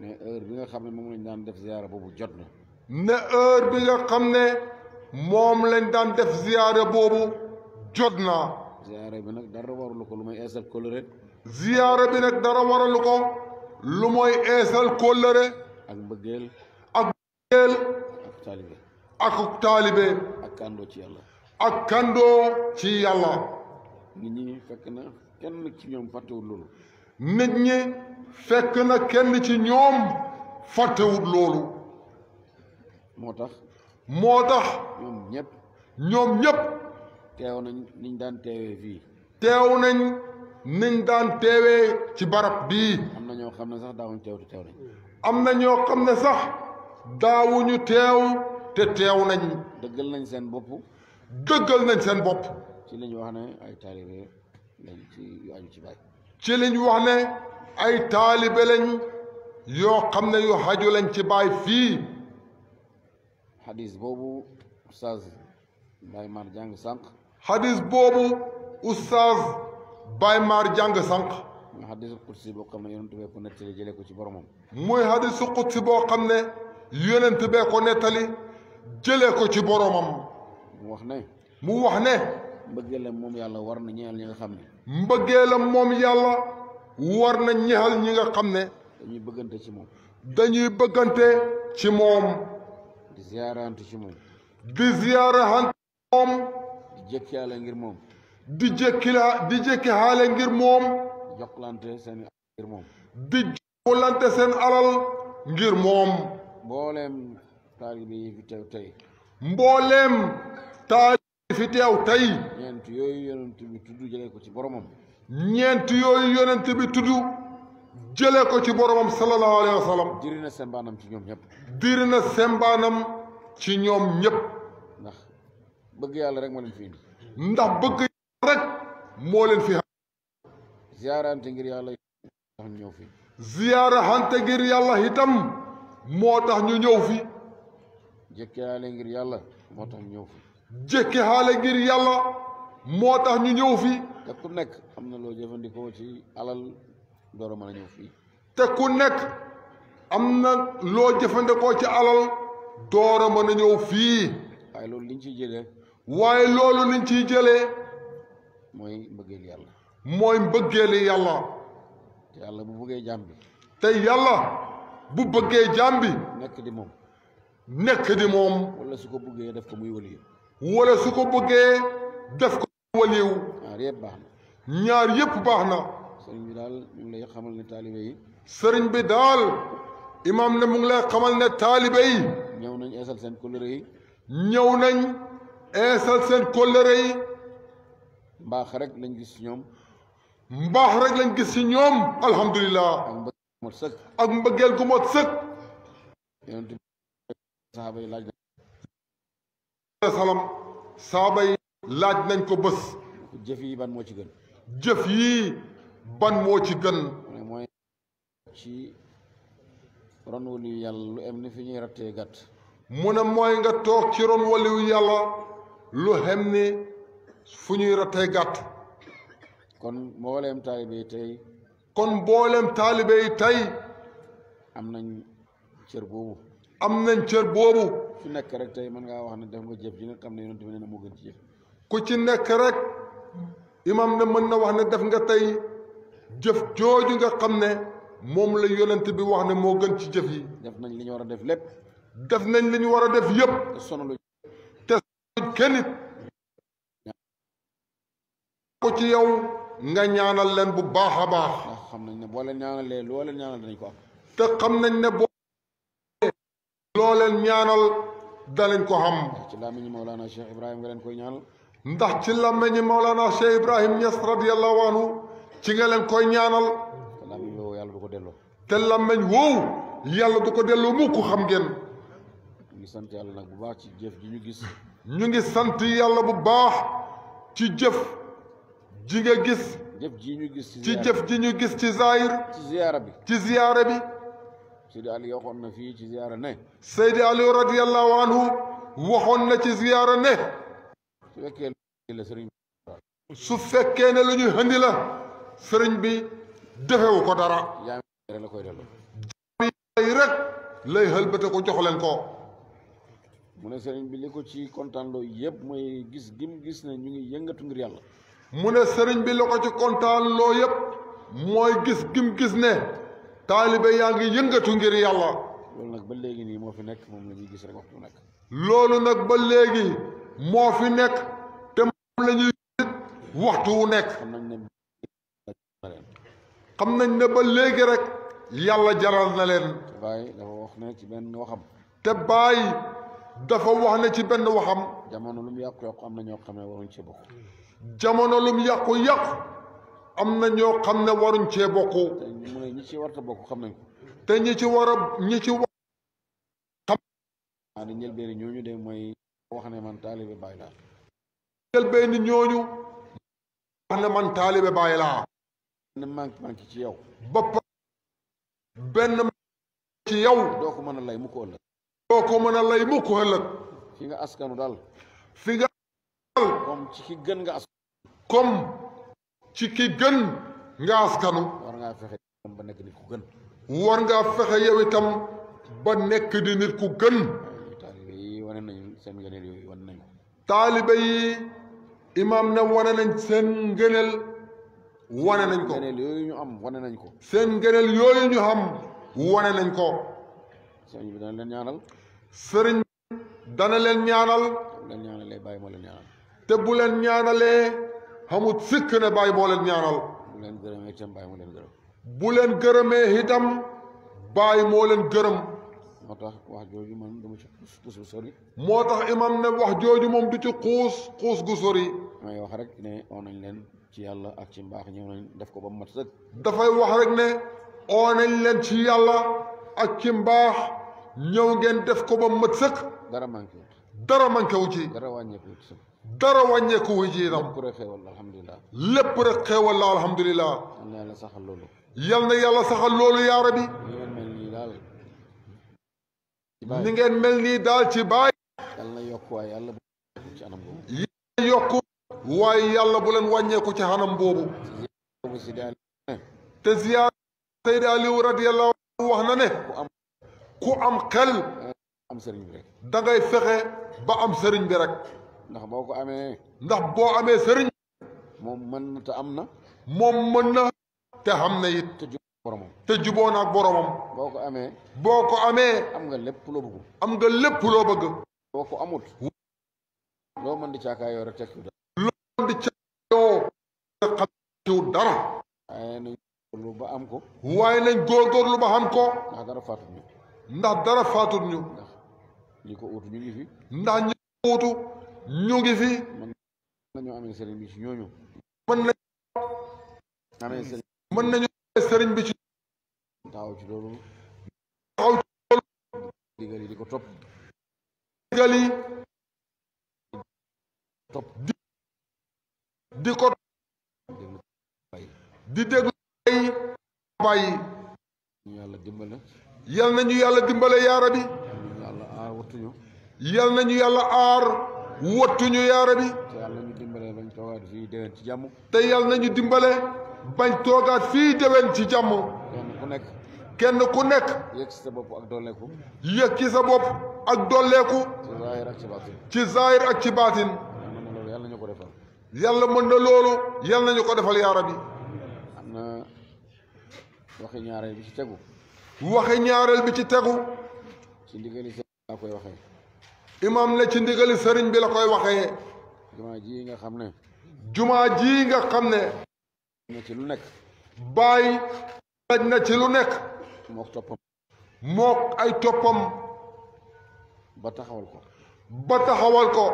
ne heure bi nga xam ne moom lañ daan def ziyaara boobu jot na. ne heure bi nga xam ne moom lañ daan def ziyaara boobu jot na. ziyaara bi nag dara waralu ko lu may eesal kóllëre. ziyaara dara waralu ko lu mooy eesal kóllëre. ak mbëggeel. ak mbëggeel. ak taalibe. ak taalibe. ak kandoo ci yàlla. ak kandoo ci yàlla. nit ñi fekk na kenn ci ñoom fàttewul loolu. nit ñi. fekk na kenn ci ñoom fàttewut loolu moo tax moo tax ñoom ñëpp ñoom ñépp teew nañ niñ daan teewee fii teew nañ niñ daan teewee ci barab bii am na ñoo xam ne sax daawuñu teew te teew nañ am na ñoo xam ne sax daawuñu teew te nañ dëggal nañ seen bopp dëggal nañ seen bopp ci liñ wax ne ay taalibe lañ ci aju ci baay ci liñ wax ne ay taalibe lañ yoo xam ne yu xaju lañ ci baay fii xadis boobu oustaz Baye Mar jàng sànq xadis boobu oustaz Baye Mar jàng sànq muy xadisu qudsi boo xam ne yonent bee ko nettali jëlee ko ci boromam muy xadisu qudsi boo xam ne yonent bee ko nettali jële ko ci boromam mu wax ne mu wax ne mbëggeelam moom yàlla war na ñeel ñi nga xam ne mbëggeelam moom yàlla war na ñexal ñi nga xam ne dañuy bëggante ci moom dañuy bëggante ci moom di ziyaarante ci moom di ziyaarante moom di ngir moom di jëkki la di ngir moom di jokkalante seen ngir moom seen alal ngir moom mboolem taalibe yi fi teew tey mbooleem tey ñeent yooyu yonent bi tudd jëlee ko ci boromam ñeent yooyu yonent bi tudd jële ko ci boromam sallallahu alayhi wa sallam. diri na sembaanam ci ñoom ñëpp. diri na sembaanam ci ñoom ñëpp. ndax bëgg yàlla rek moo leen fi ndax bëgg yàlla rek moo leen fi. ziyaarante ngir yàlla tax ñu ñëw fi. ziyaarante ngir yàlla itam moo tax ñu ñëw fi. jékki xaale ngir yàlla moo tax ñu ñëw fi. jékki xaale ngir yàlla. moo tax ñu ñëw fii. te ku nekk am na loo jëfandikoo ci alal door a mën a ñëw fii. te ku nekk am na loo jëfandikoo ci alal door a ñëw fii. waaye loolu liñ ciy jële waaye loolu liñ ciy jëlee. mooy mbëggeeli yàlla. mooy mbëggeeli yàlla. te yàlla bu bëggee jaam bi. te yàlla bu bëggee jaam bi. nekk di moom. nekk di moom. wala su ko bëggee def ko muy wëli. wala su ko bëggee def ko. waliwu ñaar yëpp baax na ñaar yëpp baax na sëriñ bi daal mu ngi lay xamal ne taalibe yi sëriñ bi daal imaam ne mu ngi lay xamal ne taalibe yi ñëw nañ eesal seen kóllëre yi ñëw nañ eesal seen kóllëre yi mbaax lañ gis si ñoom mbaax rek lañ gis si ñoom alhamdulilah ak mbëggeel gu mot sëkk saxaaba yi laaj laaj nañ ko bës jëf yi ban moo ci gën. jëf yi ban moo ci gën. ci ron waliyu yàlla lu em ni ñuy rattee gàtt. mu ne mooy nga toog ci ron waliyu yàlla lu xem fu ñuy rattee gàtt. kon mbooleem taalibe yi tey. kon mbooleem taalibe yi tey. am nañ cër boobu. am nañ cër boobu. su nekk rek tey mën ngaa wax ne def nga jëf ji nga xam ne yonent bi nee na moo gën ci jëf. ku ci nekk rek imam ne mën na wax ne def nga tey jëf jooju nga xam ne moom la yonent bi wax ne moo gën ci jëf yi. def nañ li ñu war a def lépp. def nañ li ñu war a def yëpp. te sonaluñ te ko ci yow nga leen bu baax a baax. xam nañ ne boo leen ñaanalee loo leen ñaanal danañ ko am. te xam nañ ne boo loo leen ñaanal danañ ko xam. ci làmmiñu Mawlana Cheikh Ibrahima nga koy ñaanal. ndax ci làmmeñi Mawlana Cheikh Ibrahim Niass radiyallahu anhu ci nga leen koy ñaanal te làmmeñ woowu yàlla du ko delloo mu ko xam ngeen ñu ngi sant yàlla nag bu baax ci jëf ji ñu gis ñu ngi sant yàlla bu baax ci jëf ji nga gis ji ñu gis ci jëf ji ñu gis ci zaahir ci ziyaara bi ci bi Seydi Ali waxoon na fii ci ziyaara ne Seydi Ali radiyallahu waxoon na ci ziyaara ne su fekkee ne lu ñu xëndi la sëriñ bi defewu ko dara jaay rek lay xëlbate ko jox leen ko mu ne sëriñ bi li ko ci kontaanloo yëpp mooy gis gim gis ne ñu ngi yëngatu ngir yàlla mu ne sëriñ bi li ko ci kontaanloo yëpp mooy gis gim gis ne taalibe yaa ngi yëngatu ngir yàlla loolu nag ba léegi nii moo fi nekk moom la ñuy gis rek waxtu nekk loolu nag ba léegi moo fi nekk waxtu wu nekk xam nañ ne ba léegi rek yàlla jaral na leen bàyyi dafa wax ne ci benn waxam te bàyyi dafa wax ne ci benn waxam jamono lu mu yàqu-yàqu am na ñoo xam ne waruñ cee bokk jamono lu mu yàqu-yàqu am na ñoo xam ne waruñ cee bokk mu ne ñi ci war a bokk xam nañ ko te ñi ci war ñi ci war xam naa de mooy wax ne man taalibe jël benn ñooñu wax ne man taalibe Baay laa benn manque manque ci yow boppa benn ci yow doo ko mën a lay mukk ëllëg doo ko mën a lay mukk ëllëg fi nga askanu daal fi nga daal comme ci ki gën nga askanu comme ci ki gën nga askanu war ngaa fexe ba nekk nit ku war ngaa fexe yow itam ba nekk di nit ku gën taalibe yi wane nañu seen gëneel yooyu wane nañu taalibe yi imaam na wane nañ seen ngëneel wane nañ ko ngëneel yooyu ñu am wane nañ ko seen ngëneel yooyu ñu am wane nañ ko sëriñ bi dana leen ñaanal sëriñ dana leen ñaanal leen ñaanalee bàyyi moo leen ñaanal te bu leen ñaanalee xamut sikk ne bàyyi moo leen ñaanal bu leen gërëmee itam bàyyi moo leen gërëm bu leen gërëmee itam bàyyi moo leen gërëm moo tax wax jooju man du ma ci xuus xuus bu sori. moo tax imam ne wax jooju moom du ci xuus xuus gu sori. may wax rek ne oo nañ leen ci yàlla ak ci mbaax ñëw nañ def ko ba mat sëkk. dafay wax rek ne oo nañ leen ci yàlla ak ci mbaax ñëw ngeen def ko ba mat sëkk. dara manqué wu ci. dara manqué wu ci. dara wàññeeku wu ci. dara wàññeeku wu ci itam. lépp rek xéewal la alhamdulilah. lépp rek xéewal la alhamdulilah. yal na yàlla saxal loolu. yal na yàlla saxal loolu yaa rabbi. ni ngeen mel nii daal ci baay. yàlla na yokk yàlla bu leen ci anam boobu. yéen yàlla bu leen wàññeeku ci anam boobu. te ziyaar Seydi Aliou radiyallahu wax na ne. ku am xel. am bi rek. da ngay fexe ba am sëriñ bi rek. ndax boo ko amee. ndax boo amee sëriñ. moom mën na te am na. moom mën na te xam na it. boromam te juboo naag boromam. boo ko amee. boo ko amee. am nga lépp loo bëgg. am nga lépp loo bëgg. boo ko amul. loo mën di caakaayoo rek tekkiwul dara. loo mën di caakaayoo rek dara. waaye nañ góorgóorlu ba am ko. waaye nañ góorgóorlu ba am ko. ndax dara faatut ñu. ndax dara faatut ñu. ndax ko uutu ñu ngi fi. ndax ñi ñu ngi fi. mën nañoo amee sëriñ bi ci ñooñu. mën nañu. amee sëriñ. mën taxaw ci loolu taxaw ci loolu digal yi di ko topp digal yi topp di di ko di déglu bàyyi bàyyi yàlla dimbale yal nañu yàlla dimbale yaara bi yàlla aar wattuñu yal nañu yàlla aar wattuñu yaara bi te yàlla nañu dimbale bañ toogaat fii déwén ci jàmm te yàlla nañu dimbale bañ toogaat fii déwén ci jàmm kenn ku nekk kenn ku nekk. yëg ci sa bopp ak dolleeku. yëg ci sa bopp ak dolleeku. ci zaahir ak ci baatin. ak ci baatin. yàlla mën na loolu yàlla nañu ko defal. yàlla mën na loolu yàlla nañu ko defal yaa na waxi ñaareel bi ci tegu. waxi ñaareel bi ci tegu. ci ndigali sëriñ bi la koy waxee. imaam ne ci ndigali sëriñ bi la koy waxee. jumaa ji nga xam ne. jumaa ji nga xam ne. na ci lu nekk. bàyyi. daj na ci lu nekk. mook toppam mook ay toppam ba taxawal ko ba taxawal ko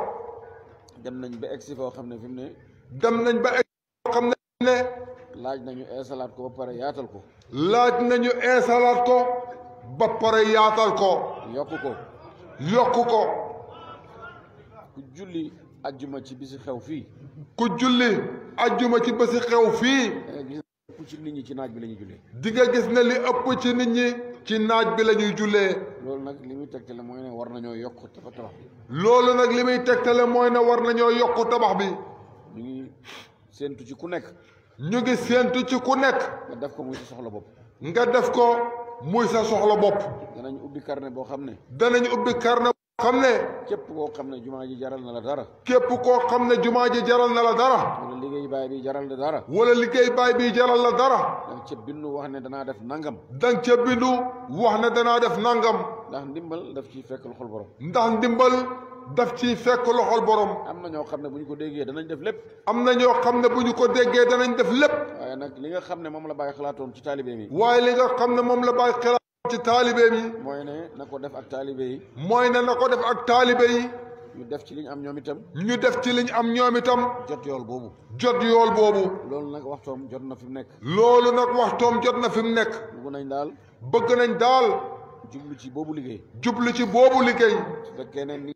dem nañ ba egsi foo xam ne fi mu ne dem nañ ba egsi foo xam ne fi ne laaj nañu eesalaat ko ba pare yaatal ko laaj nañu eesalaat ko ba pare yaatal ko yokku ko yokku ko ku julli ajjuma ci bisi xew fii ku julli ajjuma ci bisi xew fii eh, ëpp ci nit ñi ci naaj bi la jullee. di nga gis ne li ëpp ci nit ñi ci naaj bi la ñuy jullee. loolu nag li muy tegtale mooy ne war nañoo yokk tabax bi. nag li muy tegtale mooy ne war nañoo yokk tabax bi. ñu ngi séentu ci ku nekk. ñu ngi séentu ci ku nekk. nga def ko muy sa soxla bopp. nga def ko muy sa soxla bopp. danañ ubbi carnet boo xam ne. danañ ubbi carnet. xam ne. képp koo xam ne jumaa ji jaral na la dara. képp koo xam ne jumaa ji jaral na la dara. wala liggéey baay bi jaral la dara. wala liggéey baay bi jaral la dara. dang ca bindu wax ne danaa def nangam. dang ca bindu wax ne danaa def nangam. ndax ndimbal daf ci fekk loxol borom. ndax ndimbal daf ci fekk loxol borom. am na ñoo xam ne bu ñu ko déggee danañ def lépp. am na ñoo xam ne bu ñu ko déggee danañ def lépp. waaye nag li nga xam ne moom la bàyyi xalaatoon ci taalibe mi. waaye li nga xam ne moom la bàyyi xalaat. ci taalibeem yi. mooy ne na ko def ak taalibe yi. mooy ne na ko def ak taalibe yi. ñu def ci liñ am ñoom itam. ñu def ci liñ am ñoom itam. jot yool boobu. jot yool boobu. loolu nag waxtoom jot na fi mu nekk. loolu nag waxtoom jot na fi mu nekk. bëgg nañ daal. bëgg nañ daal. jublu ci boobu liggéey. jublu ci boobu liggéey. su fekkee ne ni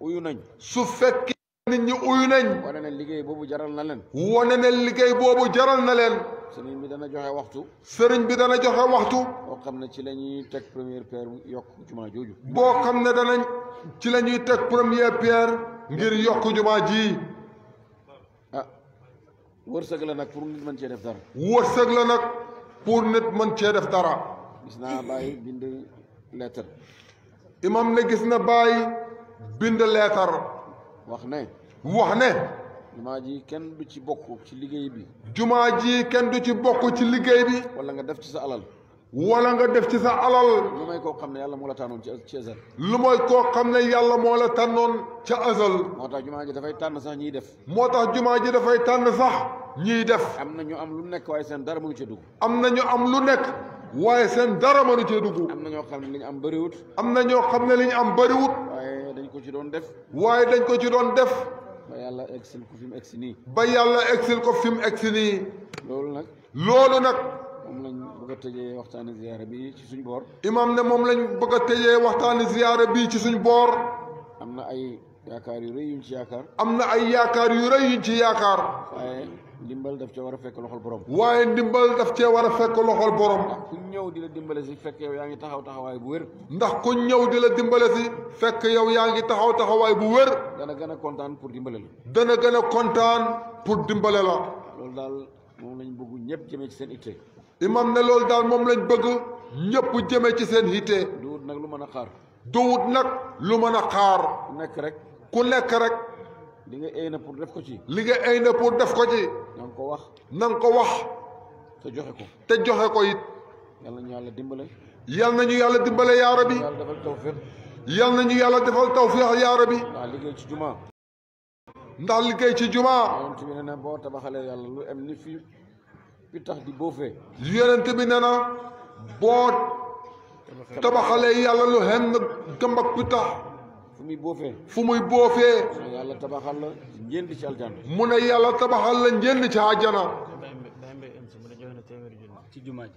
uyu nañ. su fekkee nit ñi uyu nañ. wane na liggéey boobu jaral na leen. wane na liggéey boobu jaral na leen. sëriñ bi dana joxe waxtu. sëriñ bi dana joxe waxtu. boo xam ne ci lañuy teg première pierre yokk jumaa jooju. boo xam ne danañ ci la ñuy teg première pierre ngir yokk jumaa ji. wër ah, wërsëg la nag pour nit mën cee def dara. wërsëg la nag pour nit mën cee def dara. gis naa bàyyi bind leetar. imam ne gis na bàyyi bind leetar. wax ne. wax ne. jumaa ji kenn du ci bokk ci liggéey bi. jumaa ji kenn du ci bokk ci liggéey bi. wala nga def ci sa alal. wala nga def ci sa alal. lu may koo xam ne yàlla moo la tànnoon ci azal. lu may koo xam ne yàlla moo la tànnoon ca azal. moo tax jumaa ji dafay tànn sax ñiy def. moo tax jumaa ji dafay tànn sax ñiy def. am na ñu am lu nekk waaye seen dara mënu cee dugg. am na ñu am lu nekk. waaye seen dara mënu cee dugg. am na ñoo xam ne li ñu am bëriwut. am na ñoo xam ne li ñu am bëriwut. waaye dañ ko ci doon def. waaye dañ ko ci doon def. ba yàlla egsil ko fi mu egsi nii. ba yàlla egsil ko fi mu egsi nii. loolu nag. loolu nag. moom lañ bëgg a tëjee waxtaani ziyaara bii ci suñ boor. imam ne moom lañ bëgg a tëjee waxtaani ziyaara bii ci suñ boor. am na ay yaakaar yu rëy yuñ ci yaakaar. am na ay yaakaar yu rëy ci yaakaar. ndimbal daf cee war a fekk loxol borom. waaye ndimbal daf cee war a fekk loxol borom. ndax ku ñëw di la dimbale si fekk yow yaa ngi taxaw taxawaay bu wér. ndax ku ñëw di la dimbale si fekk yow yaa ngi taxaw taxawaay bu wér. dana gën a kontaan pour dimbale la. dana gën a kontaan pour dimbale la. loolu daal moom lañ bëgg ñëpp jëmee ci seen itte. imam ne loolu daal moom lañ bëgg ñëpp jëmee ci seen itte. duwut nag lu mën a xaar. duwut nag lu mën a xaar. ku nekk rek. ku nekk rek. li nga ay na pour def ko ci. li nga ay na pour def ko ci. na ko wax. na ko wax. te joxe ko. te joxe ko it. yal na ñu yàlla dimbale. yal na ñu yàlla dimbale yaa rabbi. yal na ñu yàlla defal tawfiq. yal na ñu yàlla defal tawfiq yaa rabbi. ndax liggéey ci juma. ndax liggéey ci jumaa yonent boo tabaxalee yàlla lu am ni fii bi tax di boofee. yonent bi nee na muy boofee. fu muy boofee. mu ne yàlla tabaxal la njënd ci aljana. mu ne yàlla tabaxal la njënd ci aljana. ci jumaa ji.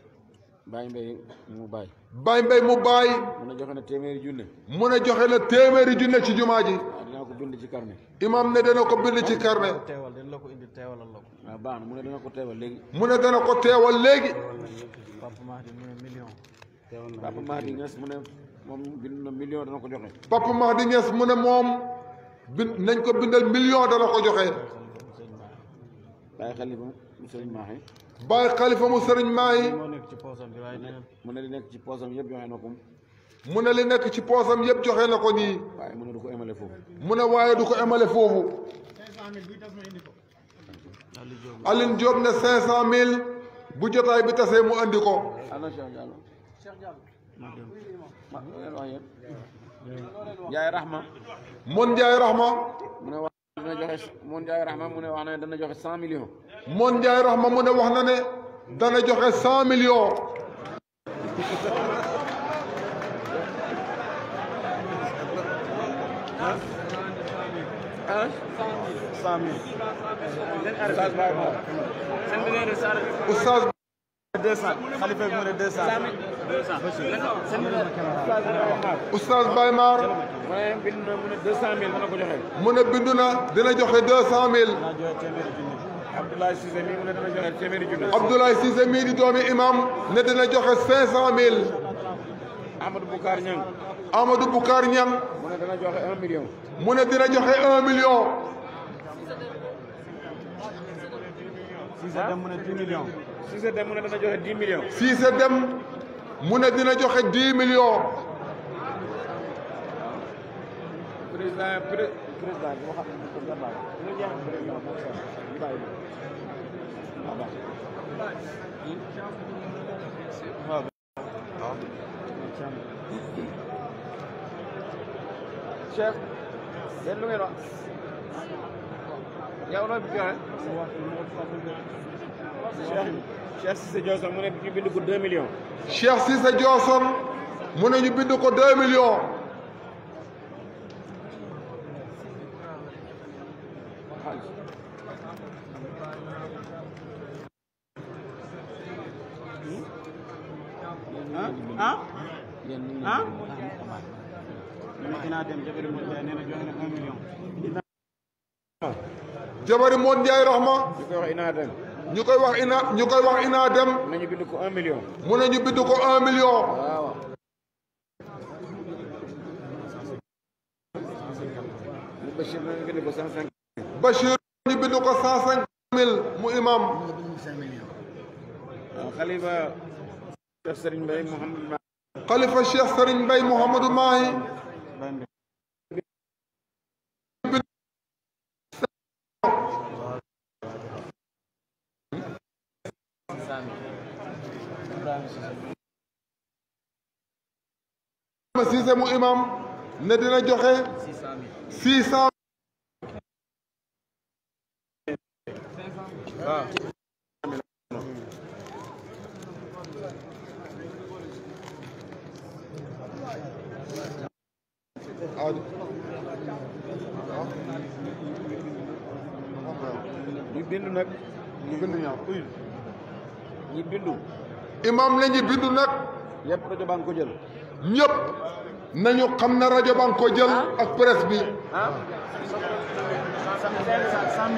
Baye Mbaye mu Baye. Baye Mbaye mu Baye. mu ne joxe na téeméeri junne. mu ne joxe na téeméeri junne ci jumaa ji. dana ko bind ci carnet. imaam ne dana ko bind ci carnet. teewal dana la ko indi teewalal la ko. waaw mu ne dana ko teewal léegi. mu ne dana ko teewal léegi. Papa Mahdi mu moom bind na million dana ko joxe. Papa Mahdi Niass mu ne moom bind nañ ko bindal million dana ko joxe. bàyyi xalifa mu sëriñ Maaxi. bàyyi xalifa mu sëriñ Maaxi. moo nekk ci poosam bi mu ne li nekk ci poosam yëpp joxe na ko. mu ne li nekk ci poosam yëpp joxe na ko nii. mu ne du ko emale foofu. mu ne waaye du ko emale foofu. Aline Diop ne 500000 bu jotaay bi tasee mu andi ko. man loo leen wax yéen. Njaay Rahma. Mon Njaay Rahma. mu ne wax dana joxe Mon Njaay Rahma mu ne wax na ne dana joxe cent millions. Mon Njaay Rahma mu ne wax na ne dana joxe cent millions. ah. cent mille. cent mille. deux cent xalifa bi mu ne deux cent. oustaz Baye Mar. mu ne bind na mu ne deux cent mille dana ko joxe. mu ne bind na dina joxe deux cent mille. Abdoulaye Cissé mii mu ne dana joxe téeméeri junni. Abdoulaye Cissé mii di doomi imam ne dina joxe cinq cent mille. Amadou Boucar Niang. Amadou Boucar Niang. mu ne dana joxe un million. mu ne dina joxe un million. Cissé dem mu ne dix millions. Cissé Deme mu ne dina joxe dix millions. Cissé Deme mu ne dina joxe dix président président Cheikh Cissé Diosone mu ne ñu bind ko 2 millions. Cheikh Cissé Diosone mu ne ñu bind ko 2 million. jabari Modou Ndiaye Rahma. ñu koy wax ina ñu koy wax ina dem. mu ne ñu bind ko un million. mu ne ñu bind ko un million. waaw. Bachir ñu bind ko cinq mille. Bachir ñu bind ko cent cinq mu imam. xalifa Cheikh Serigne Mbaye Mouhamadou Mahi. xalifa Cheikh Serigne Mbaye Mouhamadou Mahi. Ibrahima Cissé mu imam ne dina joxe six cent ñu bind ñi bindu. imam la ñu bindu nag. ñëpp rajo nañu xam na rajo baa ngi ko jël. Ah. ak presse bi. ah. sang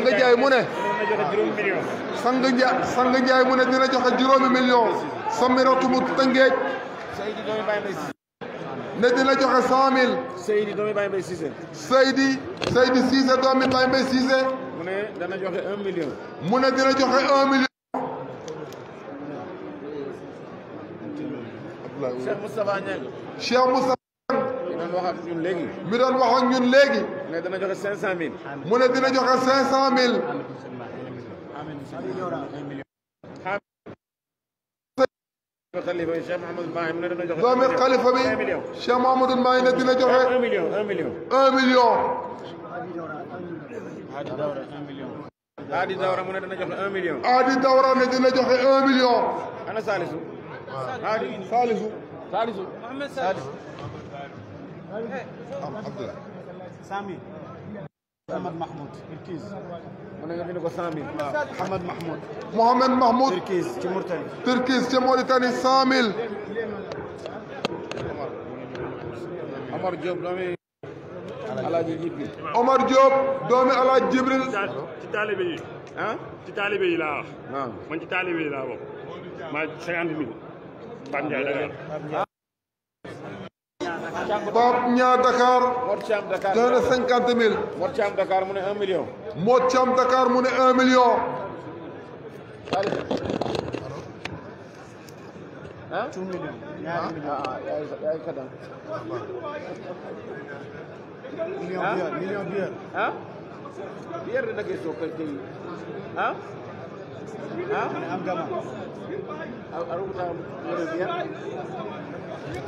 Ndiaye mu ne. sang Ndiaye sang Ndiaye mu ne dina joxe juróomi ne dina jox cent mille. Seydi doomi Baye Mbaye Cissé. Seydi Seydi Cissé doomi Baye Mbaye Cissé. mu ne dana joxe un million. mu ne dina jox un million. Cheikh Moustapha Niang. Cheikh Moustapha Niang. mi doon wax léegi. mi doon wax léegi. mu ne dina joxe cinq cent mille. mu ne dina joxe cinq cent mille. doomi xalifa bi Cheikh Mouhamadou Mahi ne dina joxe un million un million Aadi Dawra mu ne dina joxe un million Aadi Dawra ne dina joxe un million ana Salisu Aadi Salisu Salisu Mohamed Salisu Abdoulaye Ahmad Mahmoud Turquise. mu ne nga bind ko 100000. waaw Ahmad Mahmoud. Mohamed Mahmoud Turquise ci Mauritanie. Turquise ci Mauritanie 100000. Omar Diop doomi Alaaji Jibril. Omar Diop doomi Alaaji Jibril. ci taalibe yi. ah ci taalibe yi laa wax. waaw man ci taalibe yi laa bokk. maa 50000. Pape Ndiaye Pape Niang Dakar. Mor Thiam Dakar nee cinquante mille. Mor Thiam Dakar mu ne un million. Mor Thiam Dakar mu ne un million. ah. million biir ah. biir da ngay soog a jëli ah. ah. am gama.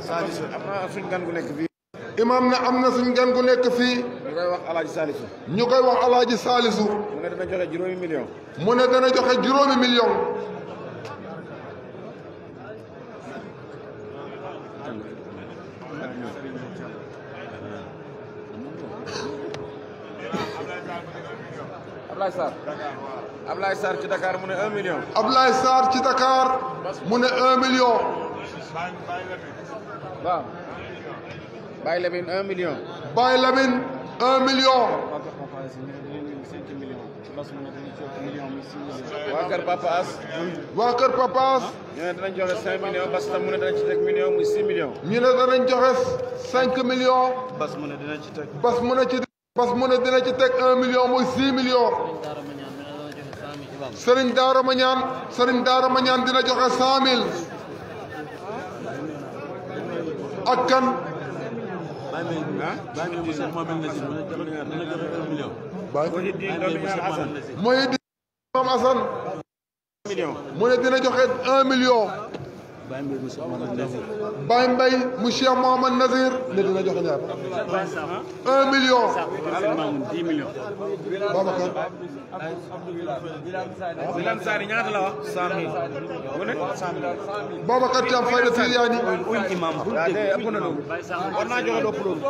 Sadio am na suñ na am na suñ gan nekk fii. ñu koy wax koy wax alaaji Salisu. mu ne dana joxe juróomi million. mu ne juróomi million. ci Dakar mu ne un ci Dakar mu ne waaw. Baye Lamine un million. Baye Lamine un million. waa Kër Papa As. waa Kër Papa As. ñu ne danañ joxe cinq millions parce que mu ne danañ ci teg million muy six millions. ñu ne danañ joxe cinq millions. bas mu ne dina ci teg. bas mu ne ci bas mu ne dina ci teg un million muy six millions. Serigne Daara Mañaan Serigne Daara Mañaan dina joxe cent mille. ak kan. mooy di moom Assane. mu ne dina joxe un million. Baye Mbaye mu Cheikh Mohamed Nazir. Baye Mbaye mu Cheikh Mohamed Nazir ne dina joxe ñaar. un million. dix millions. Babacar. Bilane Sary ñaata la wax. cent mille. bu ne cent mille. Babacar Thiam Fayda Tidiane. uñ imam bu dégg ëpp na loolu. war naa joxe dopp loolu.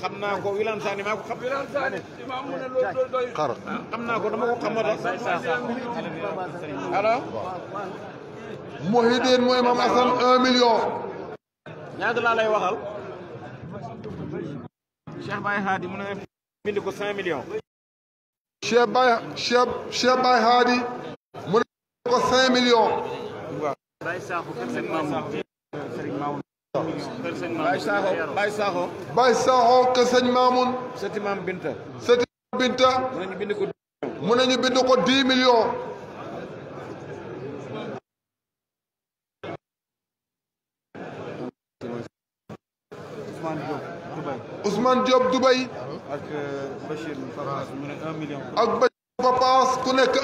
xam naa ko Wilane Sane maa ko xam. xar xam naa ko dama ko xamata. allo. Mouhideen mooy Mame Assane un million. ñaata laa lay waxal. Cheikh Baye Hadi mu ko cinq millions. Cheikh Baye Cheikh Cheikh Baye mu ne ko cinq millions. Baye Sakho kër kër sëñ Mamoun. Binta. Sëti Maam Binta. mu ne ñu bind ko dix millions. Ousmane Diop Dubaï. Ousmane Diop Dubaï. ak euh, Bachir Papaas ah. mu ne ku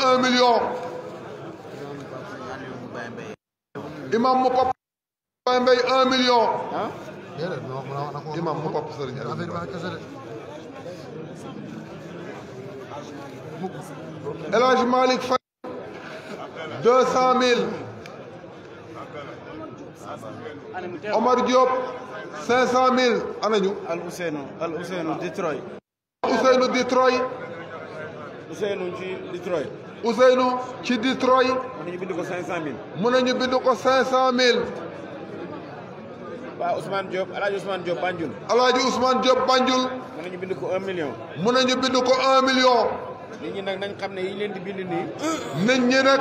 nekk cinq cent mille anañu al Ousseynou al Ousseynou di Troy Ousseynou di ci di Troy Ousseynou ci di Troy mun ñu bind ko cinq cent mille mun nañu bind ko cinq cent mille waa Ousmane Diop El Hadj Ousmane Diop Banjul. El Hadj Ousmane Diop Banjul. mën nañu bind ko un million. mën nañu bind ko un million. nit ñi nag nañ xam ne yi leen di bind nii. nit ñi nag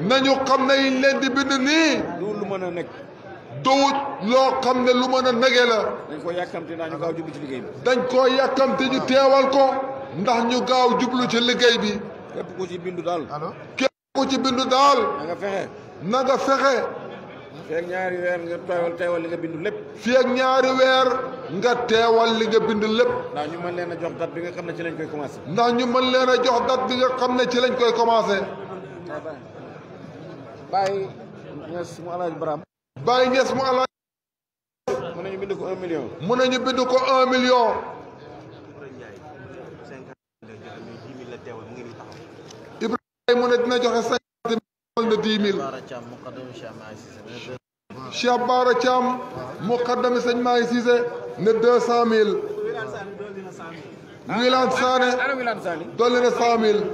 nañu xam ne yi leen di bind nii. lu mën nekk. dowut loo xam ne lu mën a nege la. dañ koo yàkkamte ndax ñu gaaw jublu ci liggéey dañ koo yàkkamte ñu teewal ko ndax ñu gaaw jublu ci liggéey bi. képp ku ci bindu daal. képp ku ci bindu daal. na nga fexe. na nga fexe. fii ñaari weer nga teewal teewal li nga bindu lépp. fii ak ñaari weer nga teewal li nga bindu lépp. ndax ñu mën leen a jox date bi nga xam ne ci lañ koy commencé. ndax ñu mën leen a jox date bi nga xam ne ci lañ koy commencé. bàyyi. Baye Niass mu àll. mën nañu bind ko un million. bind ko un million. Ibrahima mu ne dina joxe cinquante mille na dix mille. Cheikh Bara Thiam muqaddami sëñ Maay Cissé ne deux cent mille. Wilane Sané dolli cent mille.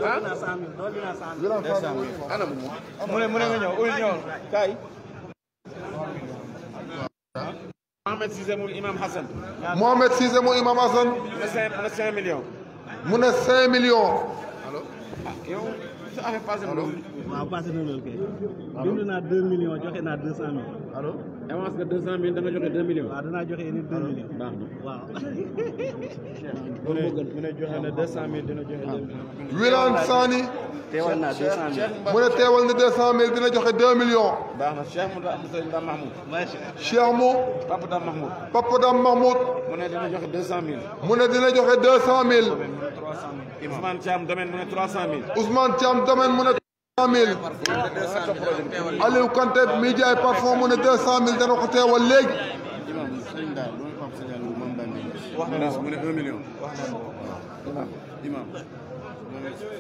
mu ne mu ne nga Mohamed Cissé mu Imam Hassan. Mohamed Cissé mu Imam Hassan. mu ne cinq mu ne cinq millions. mu ne ah yow sa affaire passé na loolu. waaw passé na loolu kay. allo dund naa deux millions joxe naa deux cent mille. allo. avance nga deux cent mille da nga joxe deux millions. waaw danaa joxe yéen deux millions. baax na waaw. mu *laughs* ne joxe na deux cent mille dina joxe deux millions. Wilane Sani. teewal na deux cent mille. mu ne teewal na deux cent mille dina joxe deux millions. baax na Cheikh mu Dame Mahmoud. Cheikh mu. Papa Dame Mahmoud. Papa Dame Mahmoud. mu ne dina joxe deux cent mille. mu ne dina joxe deux cent mille. Ousmane Thiam domaine mu ne trois cent mille. Ousmane Thiam domaine mu ne mille Aliou Kanté mi jaay parfum mu ne deux cent mille dana ko teewal léegi mu ne un million imam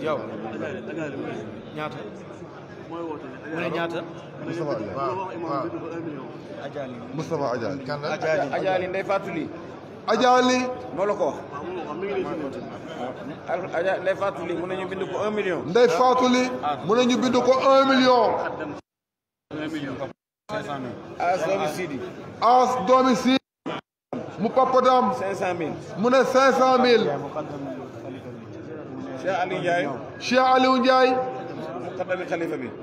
yow ñaata mu ne ñaata Moustapha Adjali Moustapha Adjali Adjali Ndeye Fatou Ly Adja Ly moo la ko bind ko un million. Ndeye Fatou Ly mun nañu bind ko un million. as doomi Sidi. as doomi Sidi. mu Papa Dam. 500000 mu ne 500000. Cheikh Aliou Ndiaye. Cheikh Aliou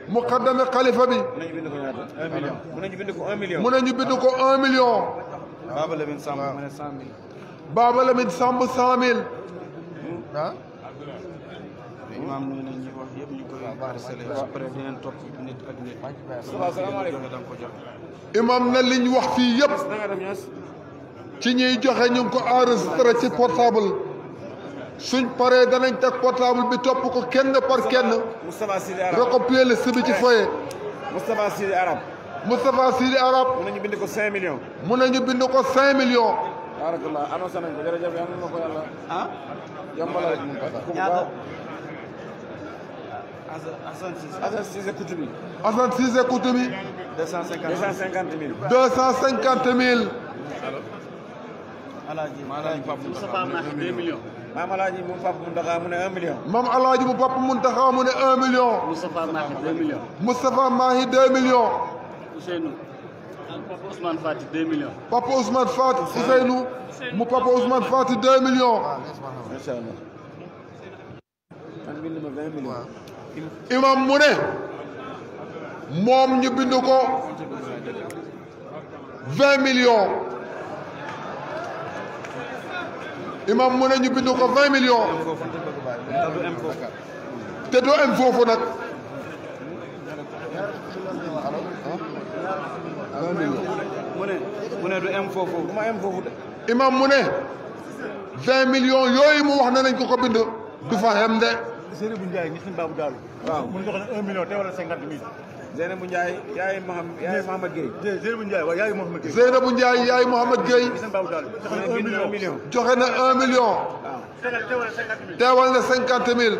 mun nañu bind ko ñaata. un million. mun nañu bind ko un million. Baba Lamine Samb mu ne cent mille. Baba Lamine cent mille. ah. imaam ñu ne ñu wax yëpp ñu koy harcelé su wax fii yëpp. ci ñuy joxe ñu ngi ko portable. suñ paree danañ teg portable bi topp ko kenn par kenn. Moustapha Sidi Arab recopier liste bi ci foyer. Moustapha Sidi Arab. Moustapha Sidi Arab. mun nañu bind ko 5 millions. mun nañu bind ko 5 millions. barakallah annoncé nañ ko jërëjëf yal na ko yàlla. ah yombalal rek mun ko. ñaata Assane Cissé. Assane Cissé Koutoumi. Assane Cissé Koutoumi. 250 000 250 000. alaaji alaaji Pape Moustapha Mahi 2 millions. maam alaaji mu Pape Mountakha mu ne 1 million. maam alaaji mu Pape Mountakha mu ne 1 million. Moustapha Mahi 2 millions. Moustapha Mahi 2 millions. Ousseynou Papa Ousmane Fati 2 millions. mu Papa Ousmane Fati 2 millions. imam mu moom ñu bind ko te doo am foofu nag. mu ne ne du am foofu du ma am foofu de. imam mu ne. vingt millions yooyu mu wax ne nañ ko ko bind. du fa xem de. Seynabou Ndiaye ñu suñu baabu daalu. waaw mu jox la un million te wala cinquante mille. Seynabou Ndiaye yaay Mouhamad yaay Mouhamad Gueye. Seynabou Ndiaye waaw yaay Mouhamad Gueye. Seynabou Ndiaye yaay Mouhamad Gueye. joxe na un million. joxe na un million. waaw teewal na cinquante mille.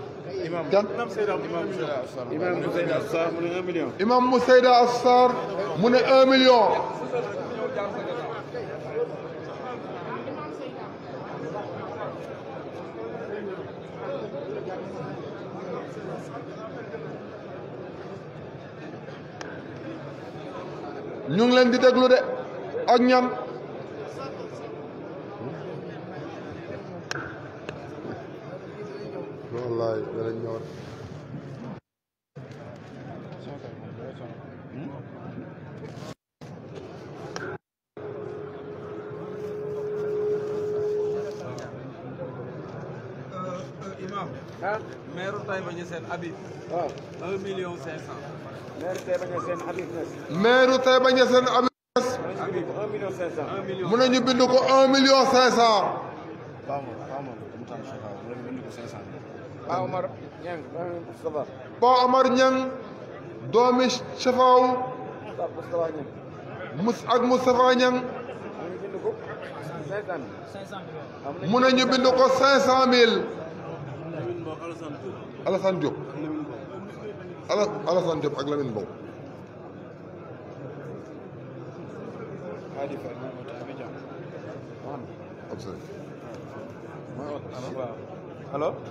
imam kan imam Moussaïda Assar mu ne un million. imam Moussaïda Assar mu ne un million. ñu ngi leen di déglu de ak ñan. allah danañ ñëw rek maire Taïba Niassène Habib. waaw un million cinq cent. maire Taïba Niassène Habib Niass. maire Taïba Niassène Habib Niass. Habib un million cinq cent. mu ne ñu bind ko un million cinq cent. Ba Omar Ñang Ba Omar Ñang doomi Safaaw mus ak Moustapha Ñang mu ne ñu bind ko cinq cent mille Alassane Diop Alassane Diop ak Lamine Mbow allo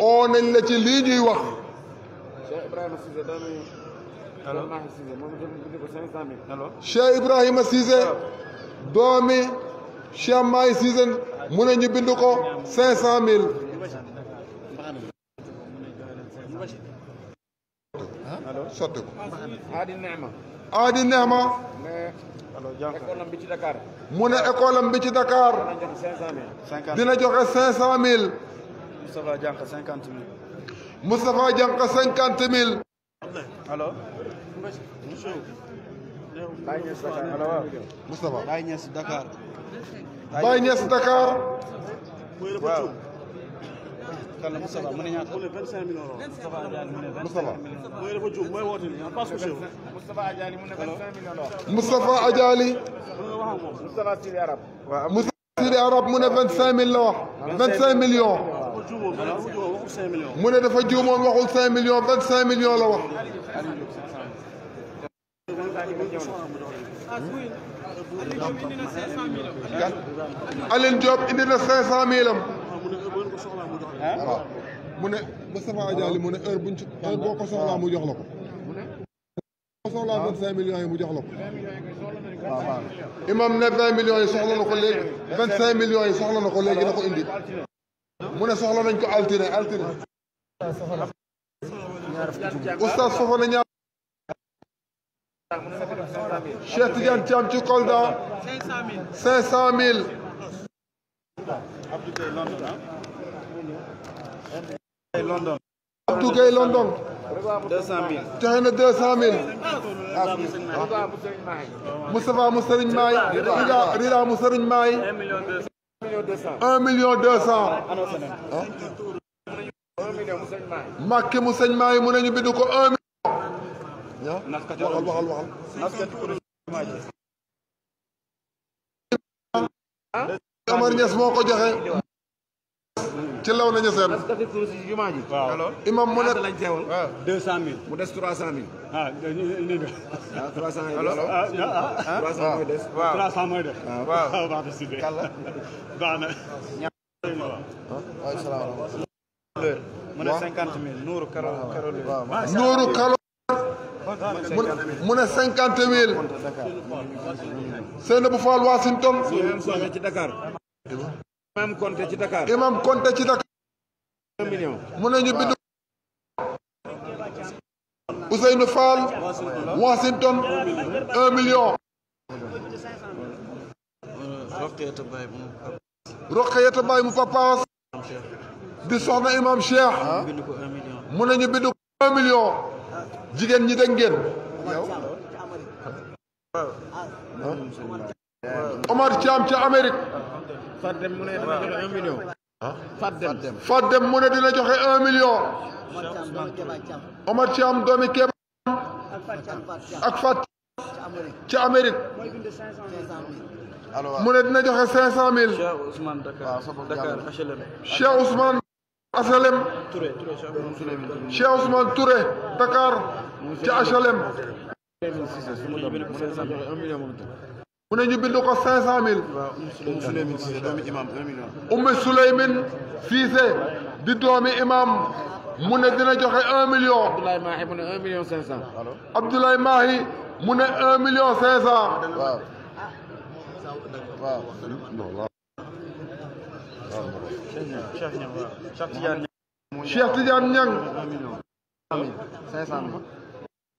oo nañ la ci lii ñuy wax. Cheikh Ibrahima Cissé daa may. Cheikh Ibrahima Cissé. doomi Cheikh Mahi Cissé mu ne ñu bind ko cinq cent mille. sotti ko. Aadi Neema. Aadi Neema. bi ci Dakar. mu ne école am bi ci Dakar. dina joxe cinq cent mille. Moustapha Diankha cinquante mille. Moustapha Diankha cinquante mille. allo. Baye Niass Dakar allo waaw. Moustapha Baye Niass Dakar. Baye Niass Dakar. waaw. kan la Moustapha mu ne ñaata. Moustapha Diagne mu ne vingt cinq millions. Moustapha Diagne mu ne vingt cinq millions. Moustapha Adiali. Moustapha Sidi Arab. waaw Moustapha Sidi Arab mu ne vingt cinq mille la wax. vingt cinq millions. mu ne dafa juumoon waxul cinq millions vingt cinq millions la wax. Aline Diop indi na cinq cent mille am. waaw mu ne Moustapha Diallo mu ne heure buñ ci heure boo ko soxlaa mu jox la ko. boo soxlaa vingt cinq millions yi mu jox la ko. waaw imam ne vingt millions yi soxla na ko léegi vingt cinq millions yi soxla na ko léegi na ko indi. mu ne soxla nañ ko altine altine. oustaz soxla na ñaar. Cheikh Tidiane Thiam ci Kolda. 500000. Abdou Gueye London. London. Abdou Gueye London. 200000. joxe na 200000. Moustapha mu Sëriñ Maay. Rida Rida mu Sëriñ Maay. un million deux cent Macky mu sëñ mu ne ñu bind ko un million waxal waxal waxal Omar Niass moo ko joxe ci law nañu seen. imam mu ne lañ teewal. waaw ah. deux mu des trois cent mille. ah nii de. ah trois cent cinquante mille Nourou Karo Karo. Nourou Washington. imam Konté ci Dakar. imam Konté ci Dakar. mu ne ñu bindu. Ousseynou Fall. Washington. un million. Roqeeta Baye mu Papaas. di soxna imam Cheikh. mu ne ñu bindu un million. jigéen ñi dégg ngeen. Omar ca Amérique. Fat Dem mu ne dina joxe un million. ah Fat Dem Fat Dem mu ne dina joxe un million. Omar Thiam doomi Kéba ak Fat ci Amérique. mu ne dina joxe cinq cent mille. Cheikh Ousmane Dakar Dakar HLM. Cheikh Ousmane HLM. Cheikh Ousmane Touré Dakar ci HLM. mu ne ñu bind ko cinq cent mille. waaw Oumou Souleymane Cissé doomi imam un million. Oumou Souleymane Cissé di doomi imam mu ne dina joxe un million. Abdoulaye Mahi mu ne un million cinq cent. Abdoulaye Mahi mu ne un million cinq cent. waaw. waaw. non waaw. Cheikh Tidiane Niang. cinq cent mille.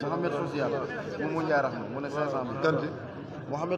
Mohamed Sousial moom moo jaarax ma mu ne cinq cent mille. Mohamed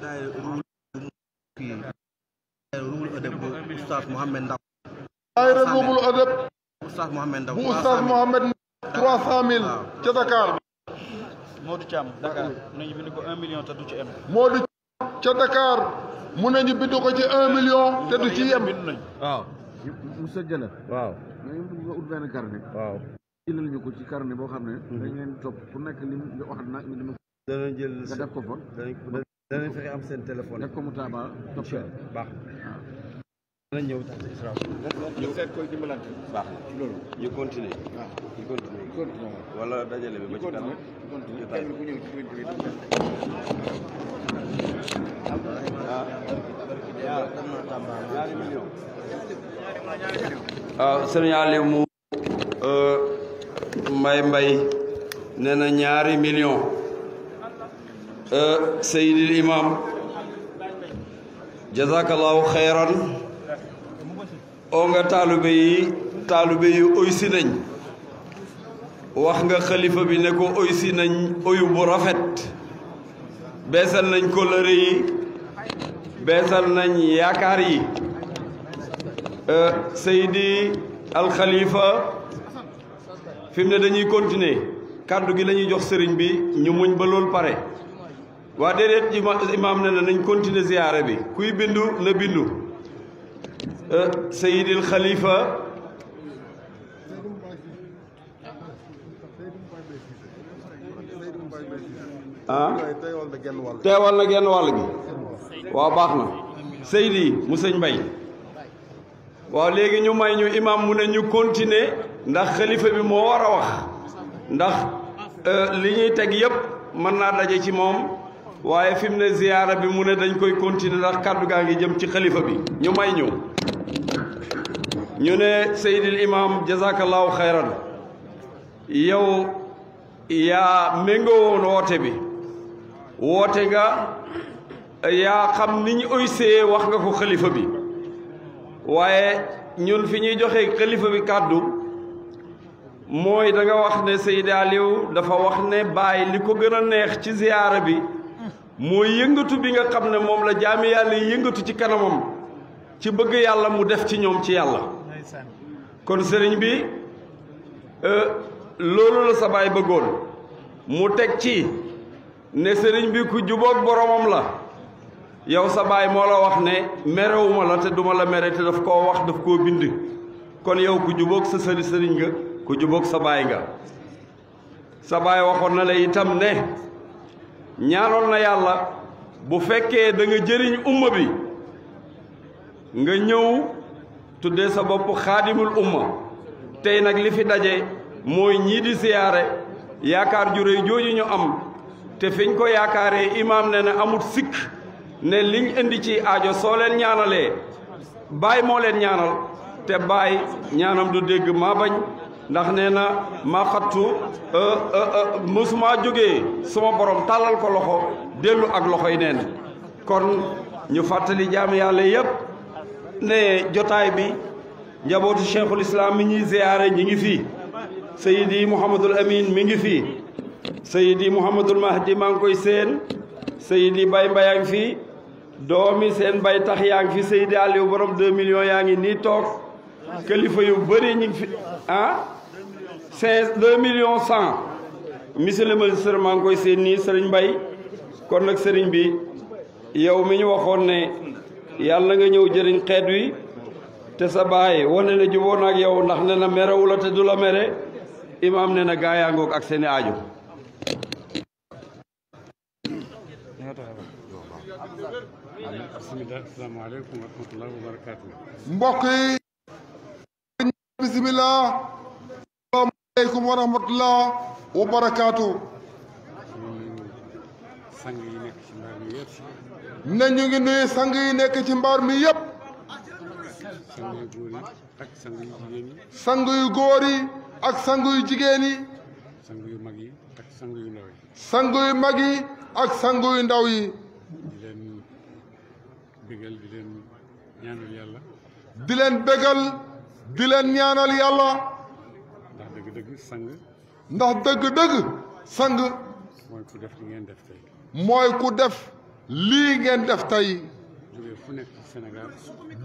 daayira ruhul adab bu oustaz Mohamed Ndaw daayira ruhul adab oustaz Mohamed Ndaw bu oustaz trois cent mille ca Dakar mu ne ñu bind ko un million te ci yem Modou ca Dakar mu ne waaw Moussa Diallo waaw nga ut benn waaw jëlal ñu ko ci carnet boo xam ne dañ topp ku nekk li wax na ñu dama danañ jël nga def danañ fexe am seen téléphone. Ah. def ko ah. dajale bi ba ci kanam. ñu taay ku ah. mu. Euh, Mbaye Mbaye nee ñaari million Euh, Seydil Imam jazakallahu xayran oo nga taalibe yi taalibe yu oysi nañ wax nga xalifa bi ne ko oysi nañ oyu bu rafet beesal nañ kóllëre yi beesal nañ yaakaar yi euh, Seydi alxalifa fi mu ne dañuy continuer kàddu gi lañuy jox sëriñ bi ñu muñ ba loolu pare waa déedéet imaam ne na nañ continuer ziyaare bi kuy bindu na bindu euh, sayidil xalifa ah teewal na genn wàll gi waaw baax na Seydi mu sëñ waaw léegi ñu may ñu imam mu ne ñu continuer ndax xalifa bi moo war a wax ndax euh, li ñuy teg yépp mën naa daje ci moom waaye fi ne ziyaara bi mu ne dañ koy continuer ndax kàddu gaa ngi jëm ci xalifa bi ñu may ñu ñu ne Seydil Imam jazakallahu xayran yow yaa méngoo woon woote bi woote nga yaa xam ni ñu oysee wax nga ko xalifa bi waaye ñun fi ñuy joxe xalifa bi kàddu mooy da nga wax ne Seydi dafa wax ne bàyyi li ko gën a neex ci ziyaara bi mooy yëngatu bi nga xam ne moom la jaami yàlla yëngatu ci kanamam ci bëgg yàlla mu def ci ñoom ci yàlla kon sëriñ bi euh, loolu la sa baay bëggoon mu teg ci ne sëriñ bi ku jubóog boromam la yow sa baay moo la wax ne merewuma la te duma la mere te daf ko wax daf koo bind kon yow ku jubóog sa sëriñ nga ku jubóog sabaay baay nga sa waxoon na la itam ne ñaanoon na yàlla bu fekkee da nga jëriñ umma bi nga ñëw tuddee sa bopp xaadimul umma tey nag li fi daje mooy ñii di siyaare yaakaar ju réy jooju ñu am te fiñ ko yaakaaree imaam ne na amut sikk ne liñ indi ci aajo soo leen ñaanalee baay moo leen ñaanal te baay ñaanam du dégg maa ndax nee na ma xattu euh, euh, euh, mësuma jógee suma borom tàllal ko loxo dellu ak loxoy neen kon ñu fàttali jaam yàlla yëpp ne jotaay bi njabootu cheikhul islam mi ñuy ziyaare ñi ngi fii sayidi mouhamadul amin mi ngi fii sayidi mouhamadul mahdi maa ngi koy seen sayidi bay mbayang fii doomi seen bay tax yaa ngi fi sayidi aliou borom 2 millions yaa ngi nii toog kilifa yu bëri ñi fi ah seize deux millions cent monsieur le ministre maa ngi koy seen nii sëriñ bay kon nag sëriñ bi yow mi ñu waxoon ne yàlla nga ñëw jëriñ xeet wi te sa baay wone ne juboo naag yow ndax ne na merewu la te du la mere imaam ne na gaayaa ngoog ak seeni aajo bismillah asalaamaaleykum wa aleykum wa rahmatullah wa barakaatu. ñu ngi sang yi nekk ci mbaar mi yépp sang yu góor yi ak sang yu jigéen yi. sang yu mag yi ak sang yu ndaw yi. yu mag yi ak sang yu ndaw yi. di leen bégal di leen ñaanal yàlla. sang. ndax dëgg-dëgg sang. mooy ku def li ngeen def tey. mooy ku def lii ngeen def tey.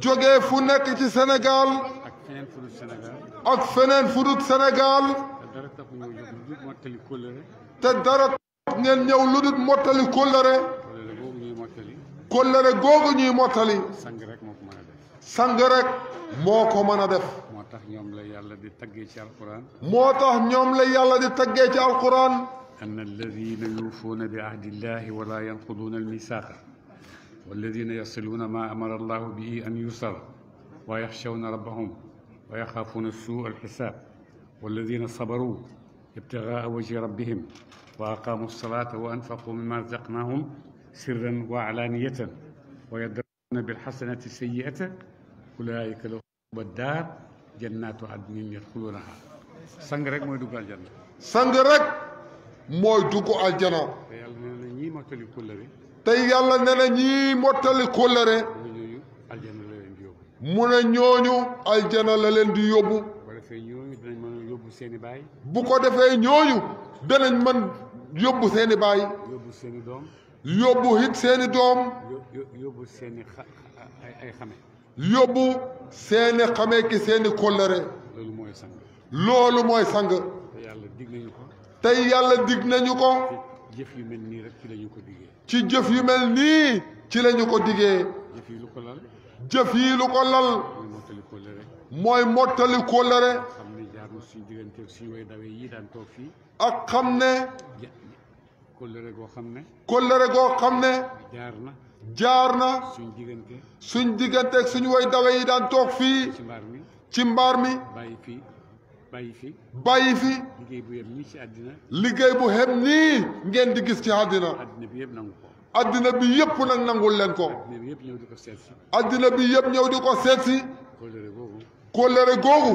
jógee fu nekk ci Sénégal. fu nekk ci Sénégal. ak feneen fu dul Sénégal. ak feneen fu dul Sénégal. te dara tax ngeen ñëw lu dul mottali kóllëre. kóllëre. googu ñuy mottali. sang rek moo ko mën ko mën def. tax ñoom la yàlla di taggee ci alquran. moo tax ñoom la yàlla di taggee ci alquran. anna alladina yuufuuna bi ahdillahi wala yanquduuna almisaaqa walladina yasiluuna ma amara allahu bihi an yusal wa yaxshawna rabbahum wa yaxaafuuna suu alxisaab walladina sabaru ibtigaa wajhi rabbihim wa aqaamu salaata wa anfaqu mimma razaqnahum sirran wa alaaniyatan wa yadrauna bilxasanati sayyi'ata ulaika lahum uqba daar jannaatu adnin yadxuluunahaa sang rek mooy dugg aljanna. sang rek mooy dugg aljanna. te yàlla nee na ñii mottali kóllëre. yàlla nee na ñii mottali kóllëre. mu ne ñooñu aljana la leen di yóbbu. bu ko defee ñooñu danañ mën yóbbu seeni baay. bu ko defee ñooñu danañ mën yóbbu seeni baay. seeni doom. yóbbu it seeni doom. seeni ay xame. yóbbu seeni xamee ki seeni kóllëre loolu mooy sang loolu mooy sang te tey yàlla digg nañu ko ci jëf yu mel nii rek ci lañu ko digee ci jëf yu mel nii ci lañu ko digee jëf yi lu ko lal yi lu ko lal mooy mottali kóllëre xam ne jaar na suñu digganteeg suñu way dawe daan toog fii ak xam ne kóllëre goo xam ne kóllëre goo xam ne jaar na jaar na suñ diggante suñ diggante ak suñu woy dawe yi daan toog fii ci mbaar mi ci mbaar mi bàyyi fii bàyyi fi bàyyi fi liggéey bu yem nii ci àddina liggéey bu xem ngeen di gis ci àddina àddina bi yëpp nangu ko àddina bi yëpp nag nangul leen ko àddina bi yëpp ñëw di ko seet àddina bi yëpp ñëw di ko seet si kóllëre googu kóllëre googu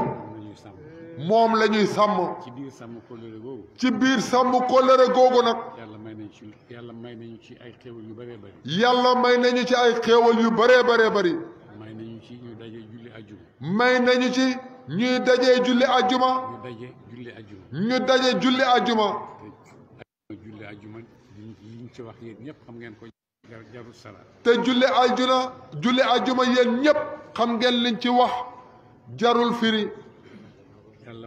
moom lañuy ñuy sàmm. ci biir sàmm kóllëre googu. ci biir sàmm kóllëre googu nag. yàlla may nañu ci yàlla may nañu ci ay xéewal yu bëree bëri. yàlla may nañu ci ay xéewal yu bëree bëree bëri. may nañu ci ñuy daje julli ajjuma. may nañu ci ñuy daje julli ajjuma. ñu daje julli ajjuma. ñu daje julli ajjuma. julli ajjuma liñ ci wax yéen ñëpp xam ngeen ko jarul salaat. te julli ajjuna julli ajjuma yéen ñëpp xam ngeen liñ ci wax jarul firi.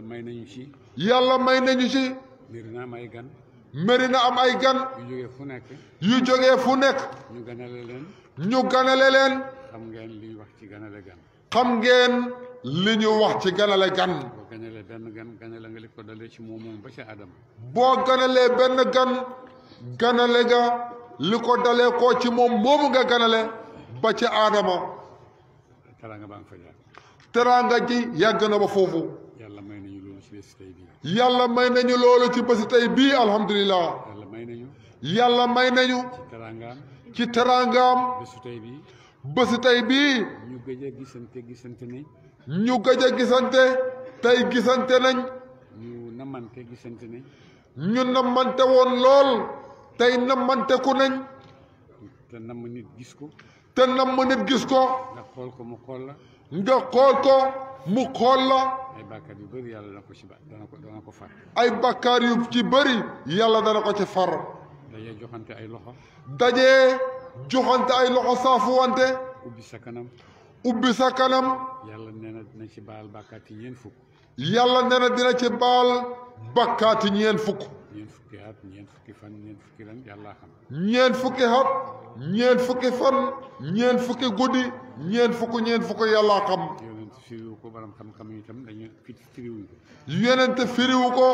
yàlla may nañu ci. yàlla may nañu ci. Médina am ay gan. Médina am ay gan. yu jógee fu nekk. yu jógee fu nekk. ñu ganale leen. ñu ganale leen. xam ngeen li ñu wax ci ganale gan. xam ngeen li ñu wax ci ganale gan. boo ganalee benn gan ganale nga li ko dalee ci moom moom ba ci boo ganalee benn gan ganale nga li ko ci moom moomu nga ganale ba ci Adama. teraanga teraanga ji yàgg na ba foofu. bési tey bii. yàlla may nañu loolu ci bési tey bii alhamdulilah. yàlla may nañu. yàlla may nañu. ci teraangaam. ci teraangaam. bési tey bii. bési tey bii. ñu gëj a gisante gisante nañ. ñu gëj a gisante tey gisante nañ. ñu namante gisante nañ. ñu namante woon lool. tey namante nañ. te namm nit gis ko. te namm nit gis ko. nga xool ko mu xool la. nga xool ko mu xool la. ay bàkkaar yu bëri yàlla dana ko ci dana ko dana ko far. ay bàkkaar yu ci bëri yàlla dana ko ci far. dajee joxante ay loxo. dajee joxante ay loxo saafu wante. ubbi sa kanam. ubbi sa kanam. yàlla nee na dina ci baal bàkkaati ñeent fukk. yàlla nee na dina ci baal bàkkaati ñeent fukk. ñeent fukki at ñeent fukki fan ñeent fukki fukki at ñeent guddi ñeent fukk ñeent fukk yàlla xam. yonente firiwu ko borom xam-xam yi itam dañu firiwuñu ko. yonente firiwu ko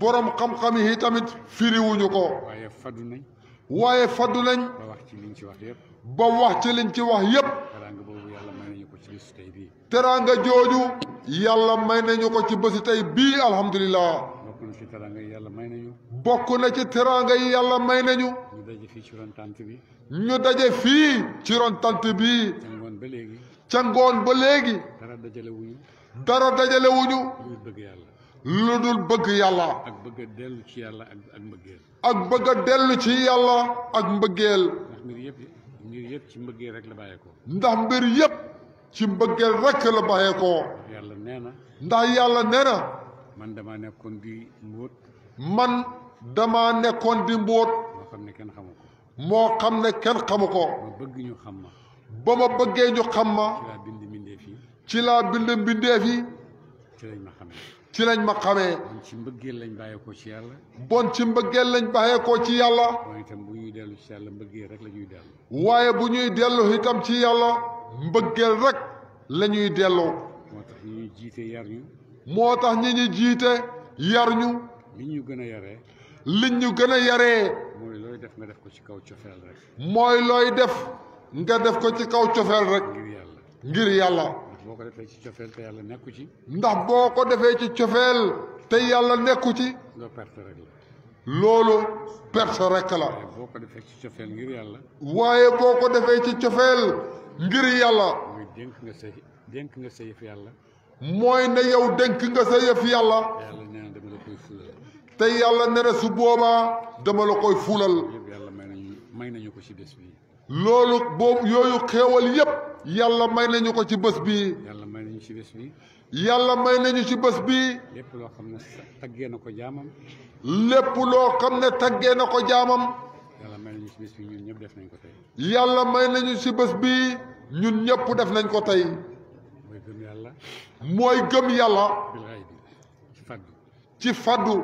borom xam-xam yi tamit firiwuñu ko. waaye faddu nañ. waaye faddu nañ. ba wax ci liñ ci wax yëpp. ba wax ci liñ ci wax yëpp. teraanga boobu yàlla may nañu ko ci tey bii. teraanga jooju. yàlla may nañu ko ci bési tey bii alhamdulilah. bokk na ci teraanga yi yàlla may nañu. bokk na ci teraanga yi yàlla may nañu. ñu daje fii ci ron tante bi. ñu daje fii ci ron tante bi. ba léegi. ca ngoon ba léegi. dara dajale dara dajalewuñu wuñu. lu dul bëgg yàlla. bëgg yàlla. ak bëgg dellu ci yàlla ak mbëggeel. ak bëgg a dellu ci yàlla ak mbëggeel. ndax mbir yëpp mbir yëpp ci mbëggeel rek la bàyyeekoo. ndax yëpp ci mbëggeel rek la bàyyeekoo. yàlla nee na. ndax yàlla nee na. man dama nekkoon di mbóot. man damaa nekkoon di mbóot. moo xam ne kenn xamu ko. moo xam ne kenn xamu ko. ma bëgg ñu xam ma. ba ma bëggee ñu xam ma ci laa bind mbindeef yi ci lañ ma xamee ci lañ ma xamee bon ci mbëggeel lañ bàyyeekoo ci yàlla bon ci mbëggeel lañ bàyyeekoo ci yàlla waaye itam bu ñuy dellu ci yàlla mbëggee rek la ñuy dellu waaye bu ñuy dellu itam ci yàlla mbëggeel rek la ñuy dellu moo tax ñi ñu jiite yar ñu moo tax ñi ñu jiite yar ñu liñ ñu gën a yaree liñ ñu gën a yare mooy looy def nga def ko ci kaw cofeel rek mooy looy def nga def ko ci kaw cofeel rek. ngir yàlla ngir yàlla. ndax boo ko defee ci cofeel te yàlla nekku ci. ndax boo ko defee ci cofeel te yàlla nekku ci. nga rek la. loolu perte rek la. boo ko defee ci cofeel ngir yàlla. waaye boo ko defee ci cofeel ngir yàlla. mooy dénk nga sa dénk nga sa yëf yàlla. mooy ne yow dénk nga sa yëf yàlla. na dama la te yàlla nee su boobaa dama la koy fuulal. yëpp may nañu ko ci bi. loolu boobu yooyu xewal yépp yàlla may nañu ko ci bés bi yàlla may nañu ci bés bii. yàlla may nañu ci bés bii. lépp loo xam ne taggee na ko jaamam. lépp loo xam ne taggee na ko jaamam. yàlla may nañu ci bés bii ñun ñëpp def nañ ko tey. yàlla may nañu ci bés bii ñun ñëpp def nañ ko tey. mooy gëm yàlla. mooy gëm yàlla. ci faddu. ci faddu.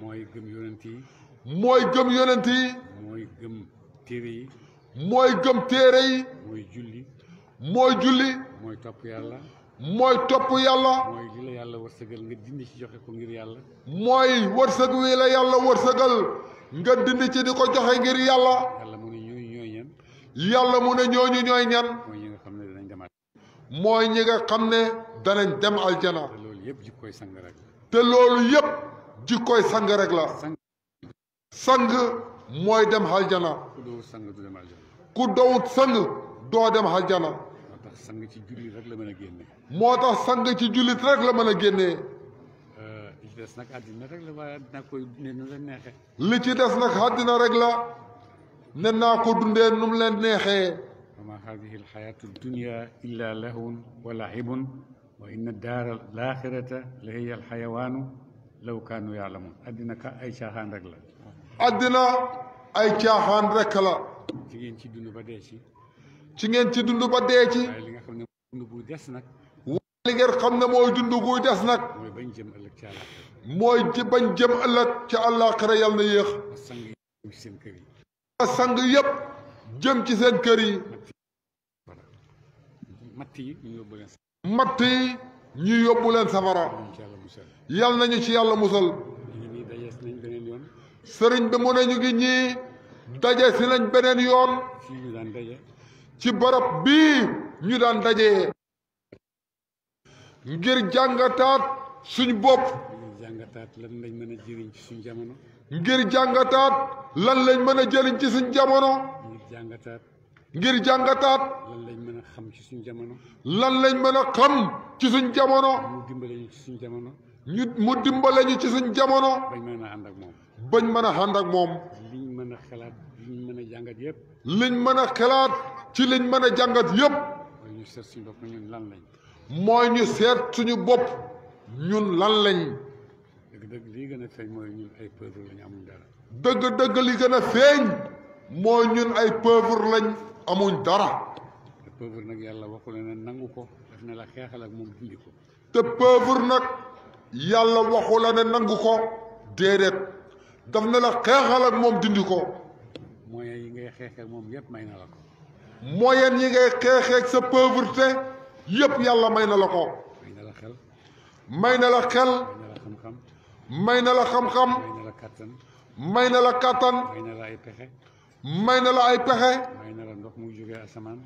mooy gëm yonent yi. mooy gëm yonent yi. mooy gëm téere yi. mooy gëm téere yi. mooy julli. mooy julli. mooy topp yàlla. mooy topp yàlla. mooy li la yàlla wërsëgal nga dindi ci joxe ko ngir yàlla. mooy wërsëg wi la yàlla wërsëgal nga dindi ci di ko joxe ngir yàlla. yàlla mu ne ñooñu ñooy ñan. yàlla mu ne ñooñu ñooy ñan. mooy ñi nga xam ne danañ dem aljana. mooy ñi nga xam dem aljana. te loolu yëpp jikkooy sang rek la. te loolu yëpp jikkooy sang rek la. sang mooy dem aljana. ku dul dem aljana. ku dowut sang doo dem aljana moo tax sang ci jullit rek la mën a génne moo tax sang ci jullit rek la mën a génnee euh, li ci des nag àddina rek la waaye àddina koy dundee nu la neexee li ci des nag àddina rek la ne naa ko dundee nu mu leen neexee wama hadihi alxayatu dunia illa lahwun wa lahibun wa inna daara alaxirata la hiya alxayawaanu law kaanu yaalamun àddina ka ay caaxaan rek la àddina ay caaxaan rekk la. ci ngeen ci dund ba dee ci. ci ngeen ci dund ba dee ci. waaye li nga xam ne dund buy des nag. li xam ne mooy dund buy des nag. mooy bañ jëm ëllëg ci àllaaxira. mooy bañ jëm ëllëg ca àllaaxira yal na yéex. ba sang yëpp jëm ci seen kër yi. ba sang ci seen kër yi. matt yi ñu yóbbu leen safara. matt yi yal nañu ci yàlla musal. sëriñ bi mu ne ngi ñii. daje si nañ beneen yoon. ci ñu daan daje. ci barab bii ñu daan daje. ngir jàngataat suñu bopp. ngir jàngataat lan lañ mën a jëriñ ci suñ jamono. ngir jàngataat lan lañ mën a jëriñ ci suñ jamono. ngir jàngataat. ngir lan lañ mën a xam ci suñ jamono. lan lañ mën a xam ci suñ jamono. mu dimbale ñu ci suñ jamono. ñu mu dimbale ñu ci suñ jamono. bañ mën a ànd ak moom. mën a ànd ak moom. jàngat yëpp. liñ mën a xalaat ci liñ mën a jàngat yëpp. mooy ñu seet suñu bopp ñun lan lañ. mooy ñu seet suñu bopp ñun lan lañ. dëgg-dëgg li gën a feeñ mooy ñun ay pauvre lañ amuñ dara. dëgg-dëgg li gën a feeñ mooy ñun ay pauvre lañ amuñ dara. te pauvre nag yàlla waxu ne nangu ko daf ne la xeexal ko. te pauvre yàlla waxu la ne nangu ko déedéet daf ne la xeexal ak moom dindi ko. ngay xeex ak yëpp may na la ko. moyen yi ngay xeexee ak sa yëpp yàlla may na la ko. may na la xel. may na la xel. la xam-xam. may na la kattan. may na la kattan. may na la ay pexe. may na la ay pexe. ndox muy jógee asamaan.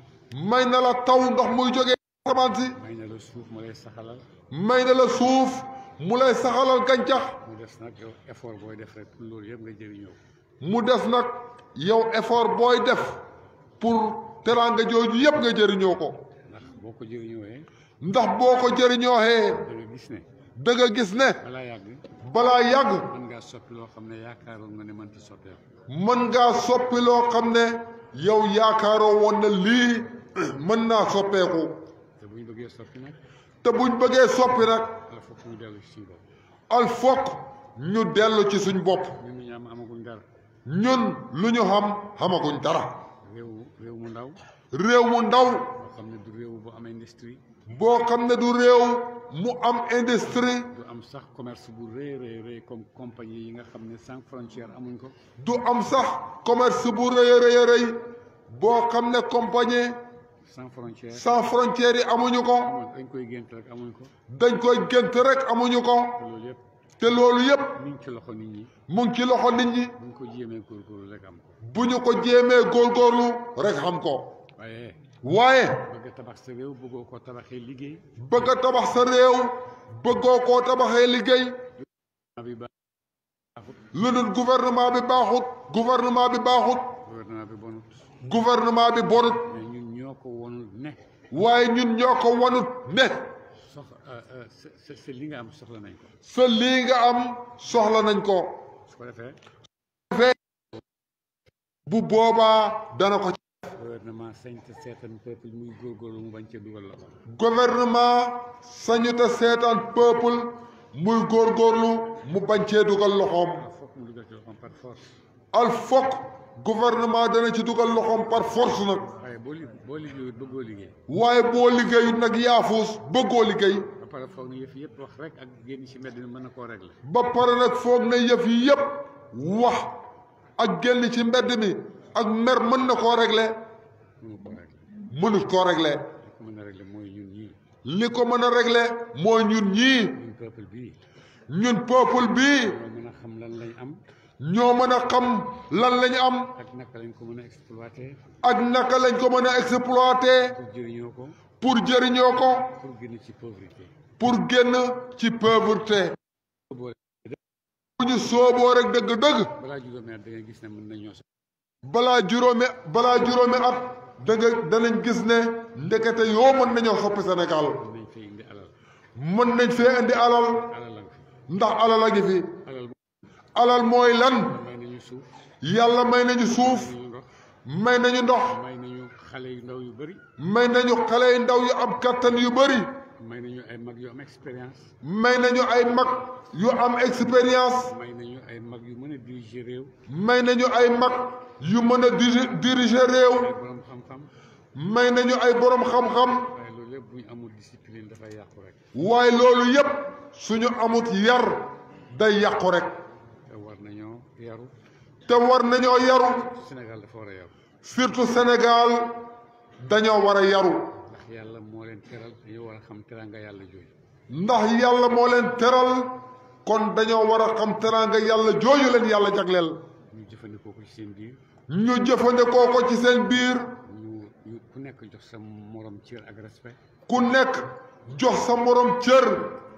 may na la taw ndox muy jógee asamaan si. may na la suuf mu lay saxalal. may na la suuf mu lay saxalal gàncax. mu des nag loolu yëpp nga jëriñoo. mu des nag yow effort booy def pour teraanga jooju yëpp nga jëriñoo ko. ndax boo ko jëriñoohee. ndax boo ko jëriñoohee. da nga gis ne. da balaa yàgg. balaa mën loo xam ne yaakaaroon nga ne mënta soppeeku. mën ngaa soppi loo xam ne yow yaakaaroo woon na lii *clears throat* mën naa soppeeku. te bu ñu bëggee soppi nag. te bu ñu bëggee nag. al fokk ñu dellu ci suñ bopp. ci suñ bopp. ñun ñun lu ñu xam xamaguñ dara. réew mu ndaw. réew mu ndaw. boo xam ne du réew bu am boo xam ne du réew mu am industrie. du am sax commerce bu rëy rëy rëy comme yi nga xam ne sans frontière amuñ ko. du am sax commerce bu rëy rëy boo xam ne compagnie. sans frontière sans frontière yi amuñu ko. dañ koy gént rek amuñu ko. dañ koy gént rek amuñu ko. te loolu yëpp. mu ci loxo nit ñi. mu ci loxo nit ñi. bu ñu ko jéemee góorgóorlu rek bu ñu ko jéemee góorgóorlu rek xam ko. waaye. waaye. bëgg a tabax sa réew bëggoo koo tabaxee liggéey. bëgg a tabax sa réew bëggoo a tabaxee liggéey. lu dul gouvernement bi baaxut. gouvernement bi baaxut. gouvernement bi bonut. waaye ñun ñoo ko wanut ne. sa sa lii nga am soxla nañ ko. sa lii nga am soxla nañ ko. su ko boobaa dana ko. gouvernement sañu te seetaan peuple muy góorgóorlu mu bañ cee dugal loxo. gouvernement sañu te seetaan peuple muy mu bañ cee dugal loxoom. al fokk gouvernement dana ci dugal loxoom par force nag. waaye boo liggéeyut bëggoo liggéey. bëggoo liggéey. pare foog na yëf yëpp wax rek ak génn ci mbedd mën na koo régler. ba pare nag foog na yëf yëpp wax ak génn ci mbedd mi ak mer mën na koo régler. mënut koo régler. li ko mën a régler mooy ñun ñii. ñun peuple bii. ñun peuple bii. ñoo mën a xam lan lañ am. ñoo mën a xam lan lañ am. ak naka lañ ko mën a exploité. ak naka lañ ko mën a exploité. pour jëriñoo ko. pour jëriñoo ko. pour génn ci pauvreté. pour génn ci pauvreté. bu ñu sooboo rek dëgg-dëgg. balaa juróomi ngay gis ne mën nañoo sax. balaa juróomi balaa juróomi at da nga danañ gis ne ndekete yoo mën nañoo xëpp Sénégal. mën nañ fee indi alal. mën nañ fee indi alal. ndax alal a ngi fi. alal mooy lan. yàlla may nañu suuf. may nañu ndox. may nañu xale yu ndaw yu bëri. may nañu xale yu ndaw yu am kattan yu bari mag yu am expérience. may nañu ay mag yu am expérience. may nañu ay mag yu mën a diriger réew. may nañu ay mag yu mën a diriger réew. ay borom xam-xam. may nañu ay boroom xam-xam. waaye loolu yëpp bu ñu dafay yàqu rek. waaye loolu yëpp suñu amut yar day yàqu rek. te war nañoo yaru. war nañoo yaru. Sénégal dafa war a yaru. surtout Sénégal dañoo war a yaru. ndax yàlla moo leen teral kon dañoo war a xam teraanga yàlla jooju leen yàlla jagleel. ñu jëfandikoo ko ci seen biir. ñu jëfandikoo ko ci seen biir. ku nekk jox sa morom cër ak respect. ku nekk jox sa morom cër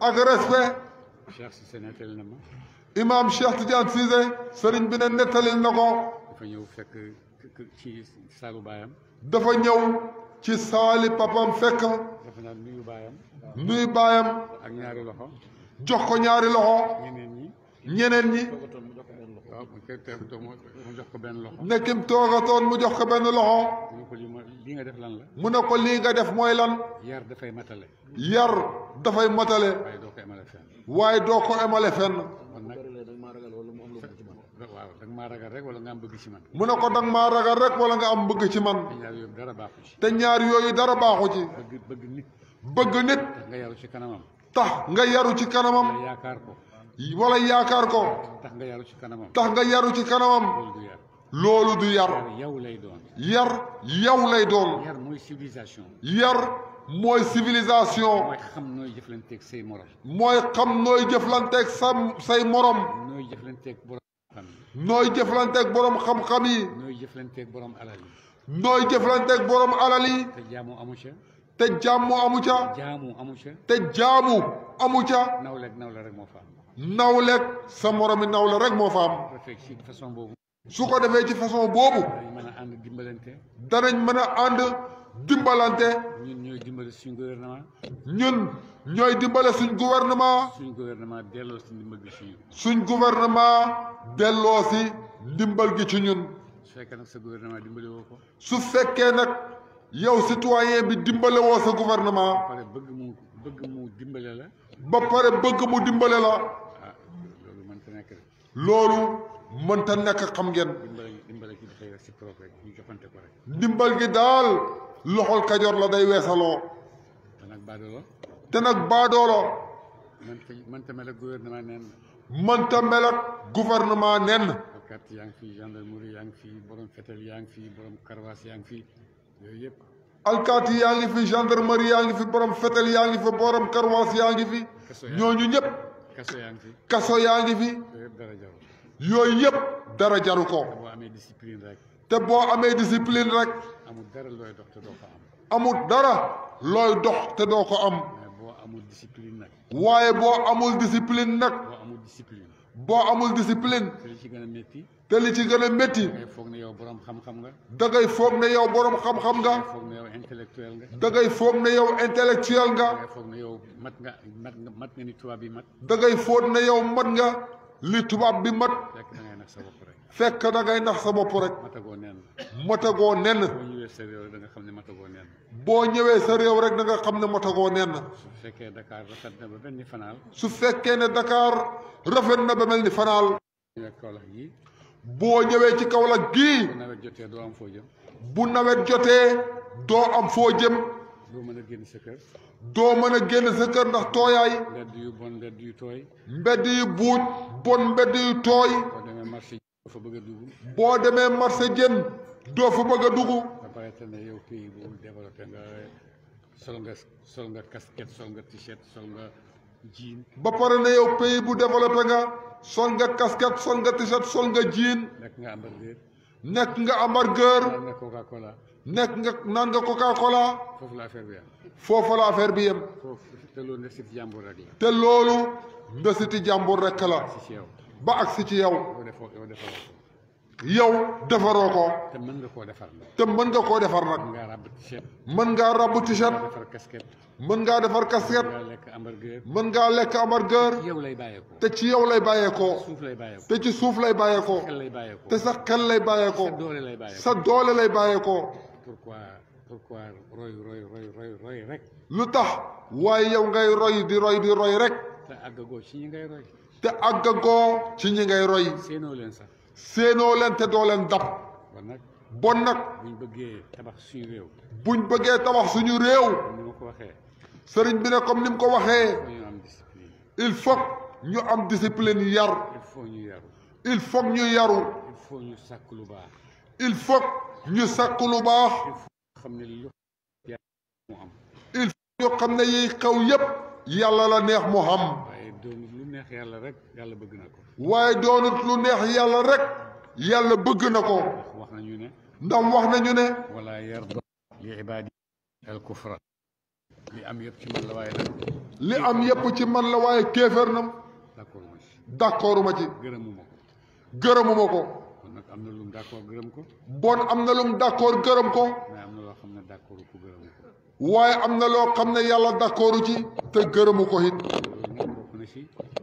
ak respect. Cheikh Cissé nettali na ma. imaam Cheikh Tidiane Cissé sëriñ bi ne nettali na ko. dafa ñëw fekk ci saalu baayam. dafa ñëw ci saali papam fekk. nuy baayam ak ñaari loxo jox ko ñaari loxo ñeneen ñi mu jox ko benn loxo nekkim toogatoon mu jox ko benn loxo lii nga def lan la mu ne ko lii nga def mooy lan yar dafay matale yar dafay matale waaye doo ko emale fenn waaw da nga maa ragal rek wala nga am bëgg ci man. mu ne ko da nga maa ragal rek wala nga am bëgg ci man. te ñaar yooyu dara baaxu ci. te ñaar yooyu dara baaxu ci. bëgg bëgg nit. bëgg nit. tax nga yaru ci kanamam. tax nga yaru ci kanamam. wala yaakaar ko. wala yaakaar ko. tax nga yaru ci kanamam. tax nga yaru ci kanamam. loolu du yar. yar lay doon. yar yow lay doon. yar mooy civilisation. yar mooy civilisation. mooy xam nooy jëflanteeg say morom. mooy xam nooy sa say morom. nooy jëflanteeg borom xam-xam yi. nooy jëflanteeg borom xam-xam borom alal yi. nooy jëflanteeg borom alal yi. te te jàmmu amu ca. jaamu amu ca. te jaamu amu ca. nawleeg nawle rek moo fa am. nawleeg sa moromi nawle rek moo fa am. ci façon boobu. su ko defee ci façon boobu. danañ mën a ànd dimbalante. danañ mën a ànd dimbalante. ñun ñooy dimbale suñu gouvernement. ñun ñooy dimbale suñ gouvernement. suñ gouvernement delloo si ndimbal gi ci ñun. suñ gouvernement delloo si ndimbal gi ci ñun. fekkee nag sa gouvernement dimbale ko. su fekkee nag. yow citoyen bi dimbale woo sa gouvernement. ba pare bëgg mu mu dimbale la. ba pare bëgg mu dimbale la. ah loolu mënta nekk loolu mënta nekk xam ngeen. dimbal gi dafay réciproque rek ñu dimbal gi daal loxol kajoor la day weesaloo. te nag baadoolo. te nag baadoolo. mënta mënta mel ak gouvernement nen. mënta mel ak gouvernement nen. carte yaa ngi fi gendarmerie yaa ngi fi borom fetel yaa ngi fi borom karawaas yaa ngi fi. yooyu yëpp alkaati yaa ngi fi gendarmerie yaa ngi fi borom fetel yaa ngi fi borom karwaas yaa ngi fi ñooñu ñëpp kaso yaa ngi fi kaso yooyu yëpp dara jaru ko te boo amee discipline rek amul dara looy dox te doo ko am dara looy dox te doo ko am waaye boo amul discipline nag boo amul discipline te li ci gën a metti te li ci gën a métti. da foog ne yow borom xam-xam nga. da foog na yow borom xam-xam nga. da foog ne yow intellectuel nga. da ngay foog ne yow intellectuel nga. da ngay foog ne yow mat nga mat nga mat nga ni tubaab bi mat. da ngay foog yow mat nga li tubaab bi mat. fekk da ngay nax sa bopp rek. fekk da ngay nax sa bopp rek. matagoo nen. matagoo nen. boo ñëwee sa réew rek da nga xam ne matagoo nen. boo ñëwee sa réew rek da nga xam ne matagoo nen. su fekkee Dakar rafet na ba mel ni fanaal. su fekkee ne Dakar rafet na ba mel ni fanaal. boo ñëwee ci Kaolack gii. bu nawet jotee doo am foo jëm. bu nawet jotee doo am foo jëm. doo mën a génn sa kër. doo mën a génn sa kër ndax tooyaay. mbedd yu bon mbedd yu tooy. mbedd buuj bon mbedd yu tooy. boo demee marché doo bëgg dugg. boo demee marché jën doo fa bëgg a dugg. ba pare te ne sol nga sol nga casquette nga t-shirt sol jiin ba pare na yow pays bu développé nga sol nga casquette sol nga t-shirt sol nga jiin nekk nga hamburger nekk nga hamburger naan nga coca cola nekk nga naan nga coca cola foofu la affaire bi yem la affaire bi yem te loolu ndesiti jàmbur rek la te loolu ndesiti jàmbur rek la ci yow yow defaroo ko. te mën nga koo defar nag. te mën nga koo defar nag. mën ngaa ràbb t-shirt. mën ngaa ràbb mën ngaa defar casquette. mën ngaa defar casquette. mën ngaa lekk hamburger. mën ngaa lay bàyyeekoo. te ci yow lay bàyyeekoo. suuf lay bàyyeekoo. te ci suuf lay bàyyeekoo. te sa xel lay bàyyeekoo. sa doole lay bàyyeekoo. sa doole lay bàyyeekoo. pourquoi pourquoi roy roy roy roy rek. lu tax waaye yow ngay roy di roy di roy rek. te àggagoo ci ñi ngay roy. te àggagoo ci ngay roy. seenoo leen sax. seenoo leen te doo leen dab. bon nag bon nag. buñ bëggee tabax suñu réew. buñ bëggee tabax suñu réew. ni ma ko waxee. sëriñ bi ne comme ni mu ko waxee. il faut ñu am discipline yar. il faut ñu yaru. il faut ñu yaru. il sàkk lu baax. il ñu sàkk lu baax. il faut ñu xam ne xaw yépp yàlla la neex mu xam. waaye doom lu neex yàlla rek yàlla bëgg na ko. waaye doonut lu neex yàlla rek yàlla bëgg na ko wax nañu ne ndam wax nañu ne wala yarda li ibaadi al am yëpp ci man la waaye li am yëpp ci man la waaye kéeféer nam d'accord ma ci gërëmuma ko bon nag am na lum d'accord gërëm ko bon am na lum d'accord gërëm ko waaye am na loo xam ne d'accord ku gërëm waaye am na loo xam ne yàlla d'accordu ci te gërëmu ko it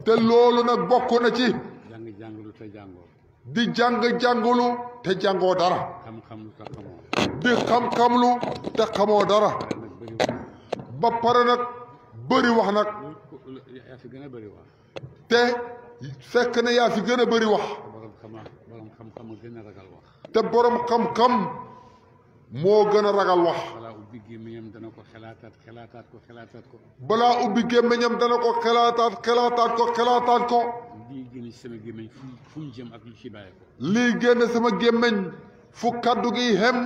te loolu nag bokk na ci. jàng jàngulu te jàngoo. di jàng jàngulu te jàngoo dara. xam-xam te xamoo. di xam-xam lu te xamoo dara. ba pare nag bëri wax nag. yaa gën a bëri te fekk na yaa fi gën a bari wax. borom xam ragal wax. te boroom xam-xam moo gën a ragal wax. balaa ubbi gémmiñam dana ko xelaataat xelaataat ko xelaataat ko. lii génn sama gémmiñ fu mu jëm ak lu ci bàyyee lii génn sama gémmiñ fu kaddu gi xem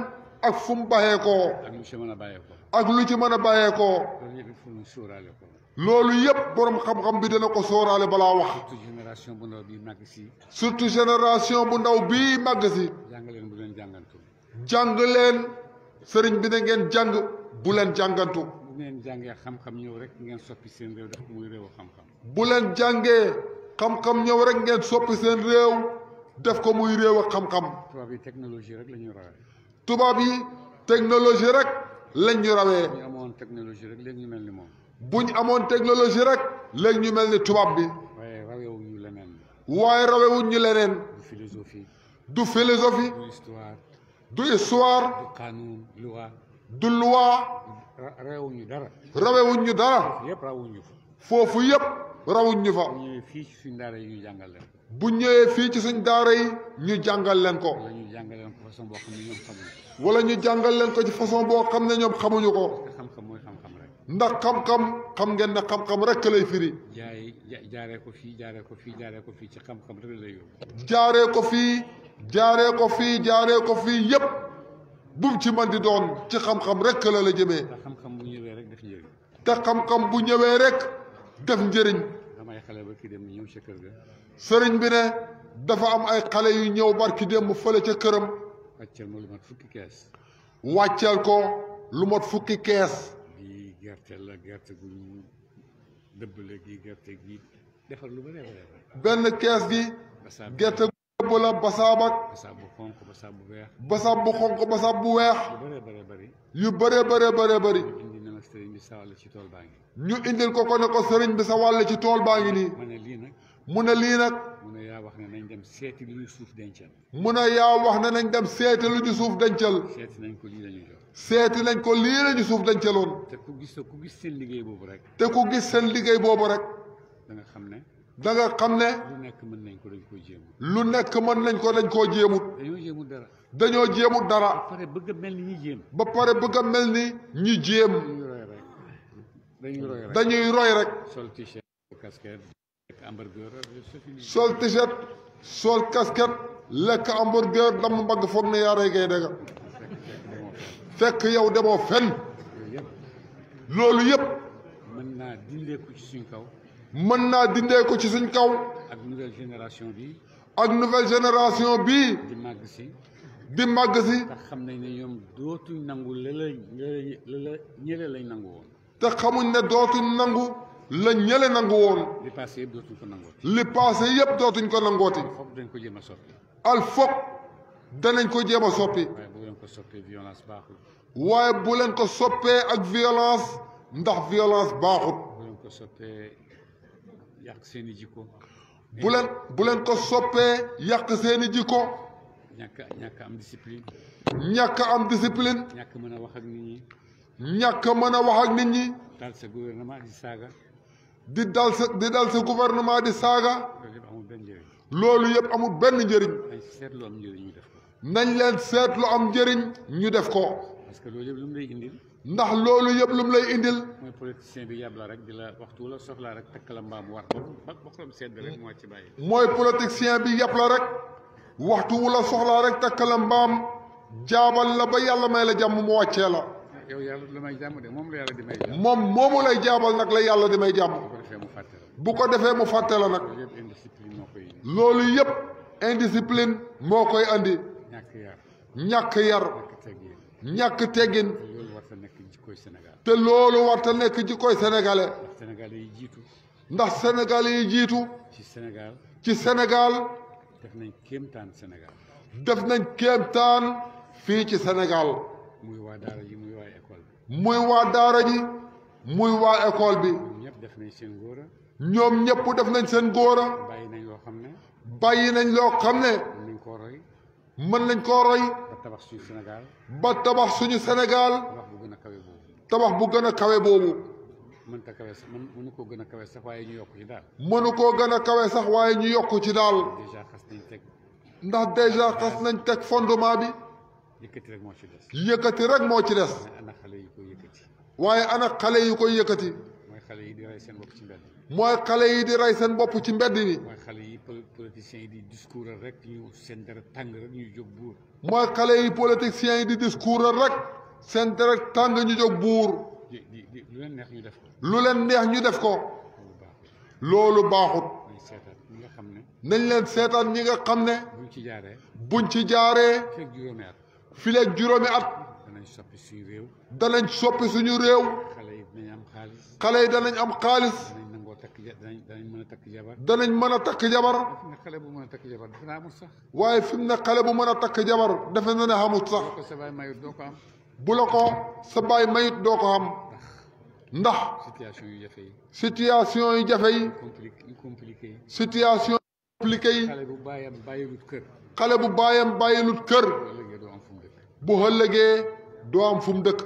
ak fu mu bàyyee ak lu ci mën a bàyyee koo. ak lu ci mën a bàyyee koo. loolu yëpp borom xam-xam bi dana ko sóoraale balaa wax. surtout génération bu ndaw bii màgg si. surtout génération bu ndaw sëriñ bi na ngeen jàng. bu leen jàngantu. bu ngeen jàngee xam-xam ñëw rek ngeen soppi seen réew def réewu xam bu leen jàngee xam-xam ñëw rek ngeen soppi seen réew def ko muy réew ak xam-xam. tubaab yi technologie rek la ñu rawee. tubaab yi technologie rek lañ ñu rawee. bu ñu amoon technologie rek léegi ñu mel ni moom. bu ñu amoon technologie rek léegi ñu mel ni tubaab bi. waaye rawewuñ ñu leneen. waaye rawewuñ ñu leneen. du philosophie. du philosophie. du histoire. du histoire. du du loi. rawewuñu dara. rawewuñu dara. yëpp rawewuñu fa. foofu yëpp rawewuñu fa. bu ñëwee fii ci suñ daara yi ñu jàngal leen ko. bu ñëwee fii ci suñ daara yi ñu jàngal leen ko. wala ñu jàngal leen ko façon boo xam wala ñu jàngal leen ko ci façon boo xam ne ñoom xamuñu ko. xam mooy xam ndax xam-xam xam ngeen ne xam-xam rek lay firi. jaay jaaree ko fii jaaree ko fii jaaree ko fii ci xam-xam rek jaaree ko fii jaaree ko fii jaaree ko fii yëpp bu ci man di doon ci xam-xam rek la la jëmee. te xam-xam bu ñëwee rek def njëriñ. te bu ñëwee rek def njëriñ. am xale ba ki dem ñëw ca kër ga. sëriñ bi ne dafa am ay xale yu ñëw barki dem fële ca këram. wàcceel ma lu mat fukki kees. wàcceel ko lu mat fukki kees. lii gerte la gerte gu ñu dëbbale gi gerte gi defar lu bëri bëri. benn kees gi. gerte gu dëbb la basaab xonq basaab bu weex. basaab bu xonq basaab bu weex. yu bëree bëri. yu bëree bëree bëri. sëriñ bi sa wàll ci tool baa ngi. ñu indil ko ko ko sëriñ bi sa wàll ci tool baa ngi nii. mu ne lii nag. mu ne lii nag. mu ne yaa wax ne nañ dem seeti lu ñu suuf dencal. mu ne yaa wax ne nañ dem seeti lu ñu suuf dencal. seeti nañ ko lii la ñu jox. ko la ñu suuf dencaloon. te ku gis ku gis seen liggéey boobu rek. te ku gis seen liggéey boobu rek. da nga xam ne. da xam ne. lu nekk mën nañ ko dañ koo jéemut. dañoo jéemut dara. dañoo jéemut dara. ba pare bëgg a mel ni ñi jéem. ba pare bëgg a ni ñi jéem. dañuy roy rek dañuy roy rek. sol t-shirt casquette lekk sol t-shirt sol casquette lekk hamburger dama bëgg foog yaa rey gay dégg fekk yow demoo fenn. loolu yëpp. mën naa dindee ko ci suñ kaw. mën naa dindee ci suñ kaw. ak nouvelle bi. ak nouvelle génération bi di màgg si. di màgg xam nañ ne ñoom dootuñ nangu la la lañ nangu woon. te xamuñ ne dootuñ nangu la ñële nangu woon. li passé yëpp dootuñ ko nangooti. li passé yëpp dootuñ ko nangooti. al dañ ko jéem a soppi. al foog danañ ko jéem a soppi. waaye bu ko soppee violence baaxul. waaye bu leen ko soppee ak violence ndax violence baaxul. ko soppee yàq seeni jikko. bu leen bu leen ko soppee yàq seeni jikko. ñàkk ñàkk am discipline. ñàkk am discipline. ñàkk mën a wax ak nit ñi. ñàkk mën a wax ak ñi. dal sa gouvernement di saaga. di dal sa di dal sa gouvernement di saaga. loolu yëpp amul benn njëriñ. loolu yëpp amul benn njëriñ. nañ seetlu am njëriñ def nañ leen seetlu am njëriñ ñu def ko. parce que loolu yëpp lu ndax loolu yëpp lu mu lay indil. mooy politicien bi yab rek di la waxtu la soxlaa rek takk la mbaam war ko ba xolam sedd rek moo ci bàyyi. mooy politicien bi yab la rek waxtu wu la soxlaa rek takk la mbaam jaabal la ba yàlla may la jàmm mu wàccee la. Ah, yow yàlla la may jàmm moom la di may jàmm. moom moomu lay jaabal nag la yàlla di may jàmm. bu ko defee mu fàtte la nag. loolu yëpp indiscipline moo koy andi. ñàkk yar ñàkk teggin. te loolu war nekk ci koy sénégalais. ndax sénégalais yi jiitu. ndax sénégalais yi jiitu. ci senegal ci Sénégal. def nañ kéemtaan Sénégal. def nañ kéemtaan fii ci Sénégal. muy waa daara ji muy waa école bi. muy waa daara muy waa école bi. ñoom def nañ seen góora. ñoom ñëpp def nañ seen góora. bàyyi nañ loo xam ne. bàyyi nañ loo xam ne. mën nañ koo roy. mën nañ koo roy. ba tabax suñu senegal tabax bu gën a kawe boobu. mënta kawe sax mënu koo gën a kawe sax waaye ñu yokk ci daal. mënu koo gën a kawe sax waaye ñu yokk ci daal. déjà xas nañ teg. ndax déjà xas nañ teg fondement bi. yëkkati rek moo ci des. yëkkati rek moo ci des. waaye ana xale yi koy yëkkati. ana xale yi koy yëkkati. mooy xale yi di rey seen ci mbedd. mooy xale yi di rey seen bopp ci mbedd mi. mooy xale yi politiciens yi di discours rek ñu seen dara tàng rek ñu jóg buur. mooy xale yi politiciens yi di discours rek. seen deret tàng ñu jóg buur lu leen neex ñu def ko lu leen neex ñu def ko loolu baaxut nañ leen seetaan ñi nga xam ne buñ ci jaaree buñ ci jaaree fileeg juróomi at danañ soppi suñu réew danañ soppi suñu réew xale yi danañ am xaalis xale yi danañ am xaalis danañ mën a takk jabar danañ mën a takk jabar xale bu mën a takk jabar defe naa amul sax waaye fi mu ne xale bu mën a takk jabar defe na ne amul sax doo ko sa baay mayut doo ko am bu la ko sa baay mayut doo ko xam ndax situation yu jafe situation yu jafe yi situation compliqué yi bu baayam bàyyilut kër bu baayam bàyyilut kër bu ëllëgee doo am fu dëkk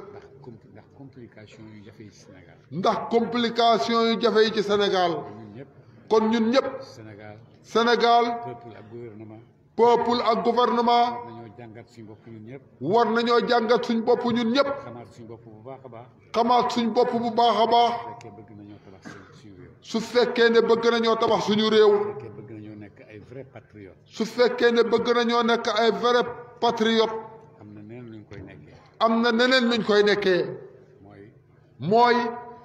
ndax complication yu jafe yi ci Sénégal ndax complication yu jafe yi ci Sénégal kon ñun ñëpp Sénégal Sénégal peuple ak gouvernement. war nañoo jàngat suñu bopp ñun ñëpp. xamaat suñ bopp bu baax a baax. xamaat suñ bopp bu baax a baax. su fekkee ne bëgg nañoo tabax suñu réew. su fekkee ne bëgg nañoo nekk ay vrai patriote. am na neneen luñ koy nekkee. am na neneen luñ koy nekkee. mooy. mooy.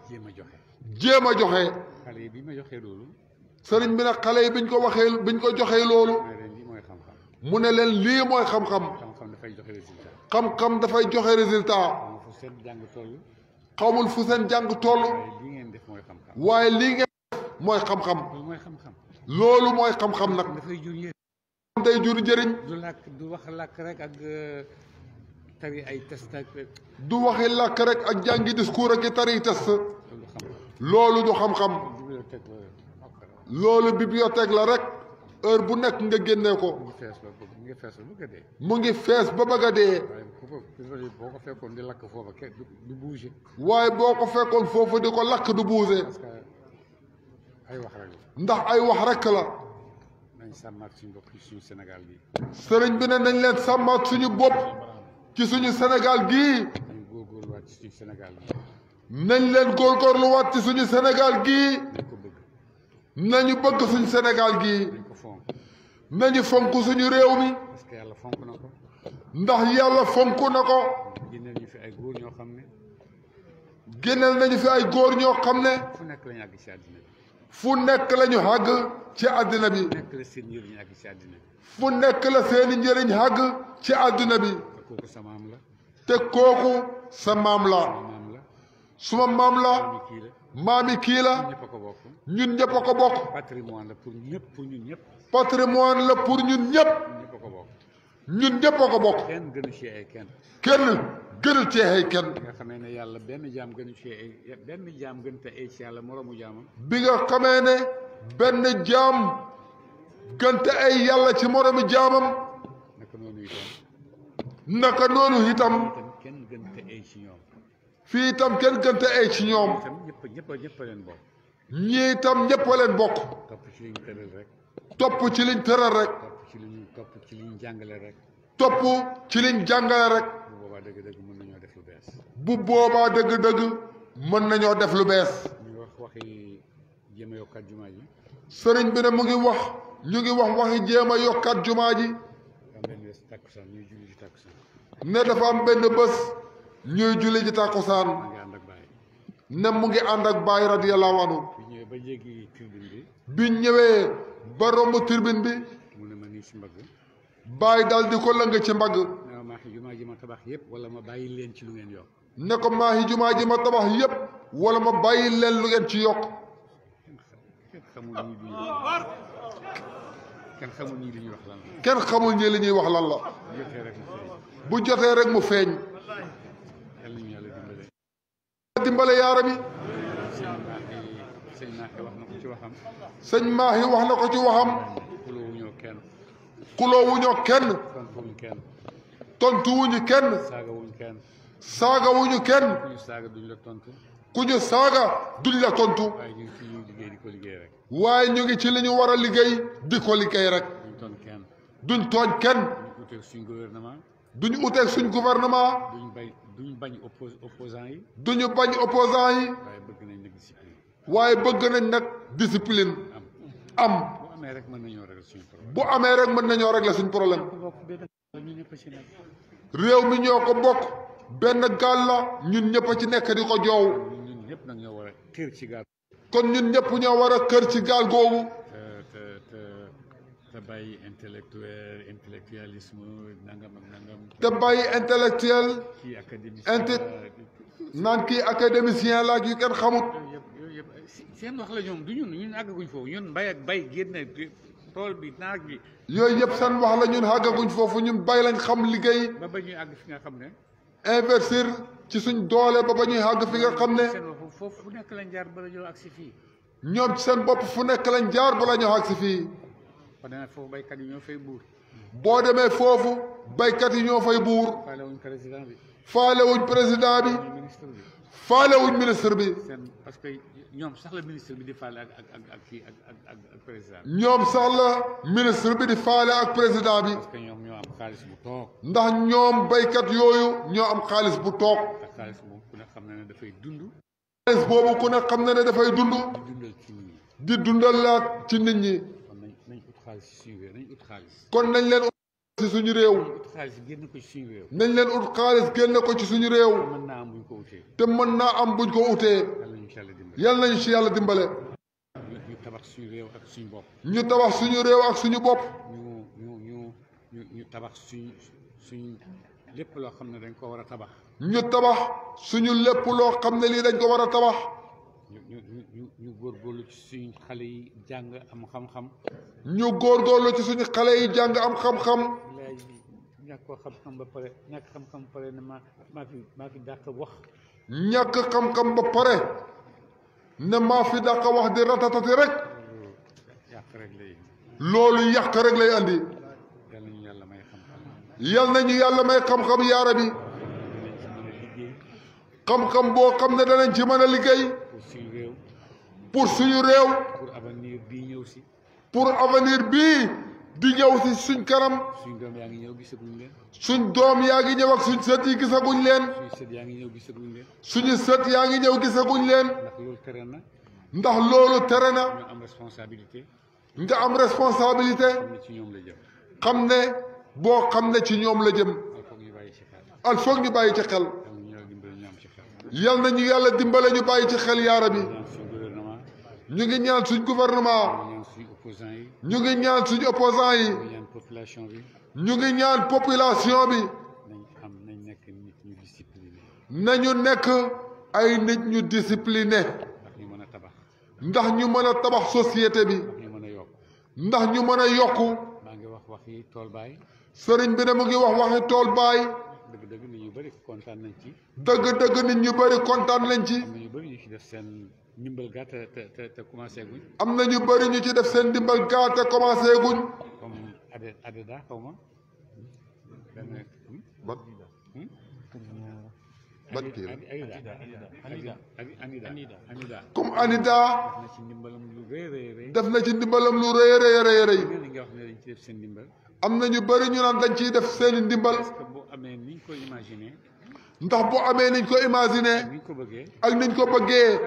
jéem a joxe. jéem a joxe. xale bi ma joxee loolu. sëriñ bi nag xale yi biñ ko waxee biñ ko joxee loolu. mu ne leen lii mooy xam-xam. xam-xam dafay joxe résultat. xam-xam dafay joxe résultat. xamul fu seen jàng toll. waaye lii ngeen def mooy xam-xam. loolu mooy xam-xam nag. dafay jur njëriñ. day jur njëriñ. du làkk du wax lakk rek ak euh, tari ay test ak. Euh, du waxi làkk rek ak jàngi discours ak i tari test. loolu du xam-xam. loolu bibliothèque la rek. heure bu nekk nga génnee ko. mu ngi fees ba bëgg a dee. mu ngi fees ba bëgg a dee. boo ko fekkoon di lakk foofa du bouger. waaye boo ko fekkoon foofu di ko lakk du bouger. ay wax ndax ay wax rek la. nañ sàmmaat suñu bopp ci suñu Sénégal gi. sëriñ bi ne leen sàmmaat suñu bopp ci suñu senegal gi nañ góorgóorluwaat ci suñu Sénégal gii. nañ ci suñu Sénégal gii. nañu bëgg suñu Sénégal gii. fonk. nañu fonk suñu réew mi. parce fonk na ko. ndax yàlla fonk na ko. génneel fi ay góor ñoo xam ne. génneel nañu fi ay góor ñoo xam ne. fu nekk lañu àgg ci àddina bi. fu nekk lañu àgg ci àddina bi. fu nekk la seen njëriñ àgg ci àddina bi. fu nekk la seen njëriñ àgg ci àddina bi. te kooku sa la. te kooku sa maam la. suma maam la. suma maam la. maami kii la ñun ñëpp ko bokk. patrimoine la pour ñëpp pour ñun ñëpp. patrimoine la pour ñun ñëpp. ñun ñëpp a ko bokk. kenn gënu ci kenn. kenn gënul ci ay bi nga xamee ne yàlla benn jaam gënu ci ay benn jaam gën te ay ci yàlla moromu bi nga xamee ne benn jaam gën te ay yàlla ci moromu jaamam. naka noonu itam. naka noonu itam. kenn gën fii itam kenn gënta ay ci ñoom. ñii itam ñëpp a leen bokk. topp ci liñ tëral rek. topp ci liñ tëral rek. topp ci liñ topp ci liñ jàngale rek. topp ci liñ jàngale rek. bu boobaa dëgg-dëgg mën nañoo def lu bees. bu boobaa dëgg-dëgg mën nañoo def lu bees. ñu ngi wax waxi jéem a jumaa ji. sëriñ bi ne mu ngi wax ñu ngi wax waxi jéem a yokkaat jumaa ji. ne dafa am benn bés. ñuy julli ji tàkkusaan ne mu ngi ànd ak baay radiyallahu anhu bi ñëwee ba romb tirbin bi baay dal di ko lëng ci mbagg jumaa ji ma tabax yëpp wala ma bàyyi leen ci lu ngeen yokk ne ko maahi jumaa ji ma tabax yëpp wala ma bàyyi leen lu ngeen ci yokk kenn xamul ñii la kenn li ñuy wax lan la bu jotee rek mu feeñ dimbale yaaram yi sëñ Maahi wax na ko ci waxam sëñ Maahi wax na ko ci waxam xuloo wuñoo kenn xuloo wuñoo kenn tontuwuñu kenn tontuwuñu kenn saagawuñu kenn saagawuñu kenn ku ñu saaga duñ la tontu ku ñu saaga duñ la tontu waaye ñu ngi ci ñu liggéey di ko liggéey rek waaye ñu ngi ci li ñu war a liggéey di ko liggéey rek duñ tooñ kenn duñ tooñ kenn duñ uteeg suñ gouvernement duñ uteeg suñ gouvernement duñ bay duñu bañ oppos opposant yi. duñu bañ opposant yi. waaye bëgg nañ nag discipline. waaye bëgg nañ nag discipline. am bu amee rek mën nañoo régler suñu problème. amee rek mën nañoo régler suñu problème. réew mi ñoo ko bokk. benn gaal la ñun ñëpp ci nekk di ko joow. ñëpp nag ñoo war a kër ci kon ñun ñëpp ñoo war kër ci gaal googu. bàyyi intellectuel intellectualisme nangam ak nangam. te bàyyi intellectuel. kii académicien inti naan kii académicien la ak yu kenn xamut. seen wax la ñoom du ñun ñun àggaguñ foofu ñun mbay ak bay tool bi naaj bi. yooyu yëpp seen wax la ñun àggaguñ foofu ñun bay lañ xam liggéey. ba ba àgg fi nga xam ne. investir ci suñ doole ba ba ñuy àgg fi nga xam ne. foofu fu nekk lañ jaar ba la ñoo àgg si fii. ñoom ci seen bopp fu nekk lañ jaar ba la ñoo àgg fii. boo demee foofu baykat yi ñoo fay buur. boo demee foofu baykat yi ñoo fay buur. faale wuñ président bi. faale wuñ président bi. faale wuñ ministre bi. parce que ñoom sax la ministre bi di faale ak ak ak ak président bi. ñoom sax la ministre bi di faale ak président bi. ñoom ñoo am xaalis bu toog. ndax ñoom baykat yooyu ñoo am xaalis bu toog. ndax xaalis ku ne xam na ne dafay dund. xaalis boobu ku ne xam na ne dafay dund. di dundal laat ci nit kon nañ leen ut xaalis ci suñu réew. nañ leen ut xaalis génne ko ci suñu réew. te mën naa am buñ ko utee. yal nañ ci yàlla dimbale. ñu tabax suñu réew ak suñu bopp. ñu tabax suñu réew ak suñu bopp. ñu ñu tabax suñu suñu lépp loo xam ne dañ ko war a tabax. ñu tabax suñu lépp loo xam ne lii dañ ko war a tabax. ñu ñu ñu góorgóorlu ci suñu xale yi jàng am xam-xam. ñu góorgóorlu ci suñu xale yi jàng am xam-xam. ñàkk xam-xam ba pare ñàkk xam-xam ba pare ne maa maa wax. ñàkk xam-xam ba pare ne maa fi dàq wax di ratatati rek. yàq rek lay loolu yàq rek lay andi. yàlla may xam-xam. yal xam-xam bi. xam-xam boo xam ne danañ ci a liggéey. pour suñu réew. pour avenir bii ñëw si. pour avenir bii di ñëw si suñ kanam. suñ doom yaa ngi ñëw gisaguñ leen. suñ doom yaa ngi ñëw ak suñ sët yi gisaguñ leen. suñu sët yaa ngi ñëw gisaguñ leen. suñu sët yaa ngi ñëw gisaguñ leen. ndax loolu tere na. ndax loolu tere na. nga am responsabilité. nga am responsabilité. xam ne ci ñoom la jëm. xam ne boo xam ne ci ñoom la jëm. al foog ñu bàyyi ci xel. yal na ñu yàlla dimbale ñu bàyyi ci xel yaara bi. ñu ngi ñaan suñ gouvernement. ñu ngi ñaan suñ opposants yi. ñu ngi ñaan suñ opposants yi. ñu ngi population bi. ñu ngi ñaan population bi. nañ xam nañ nekk nit ñu nañu nekk ay nit ñu discipliné. ndax ñu mën a tabax. ndax ñu mën a tabax société bi. ndax ñu mën a yokk. ndax ñu mën a yokku. maa ngi wax waxi tool baay. sëriñ bi de mu ngi wax waxi tool baay. dëgg-dëgg nit ñu bëri kontaan nañ ci. dëgg-dëgg nit ñu bëri kontaan nañ ci. am ñu bëri ñu ci seen. ndimbal gaa te te commencé guñ. am na ñu bari ñu ci def seen ndimbal gaa te commencé guñ. comme Adé Adé Da xaw ma. ban. Hmm? ban hmm? kii la Anida Anida Anida. comme Anida. def na ci ndimbalam lu rëy rëy rëy. def na ci ndimbalam lu rëy rëy rëy. am na ñu bëri ñu naan dañ ciy def seen ndimbal. boo amee ni ñu koy ndax boo amee niñ ko imaginer. ak niñ ko bëggee.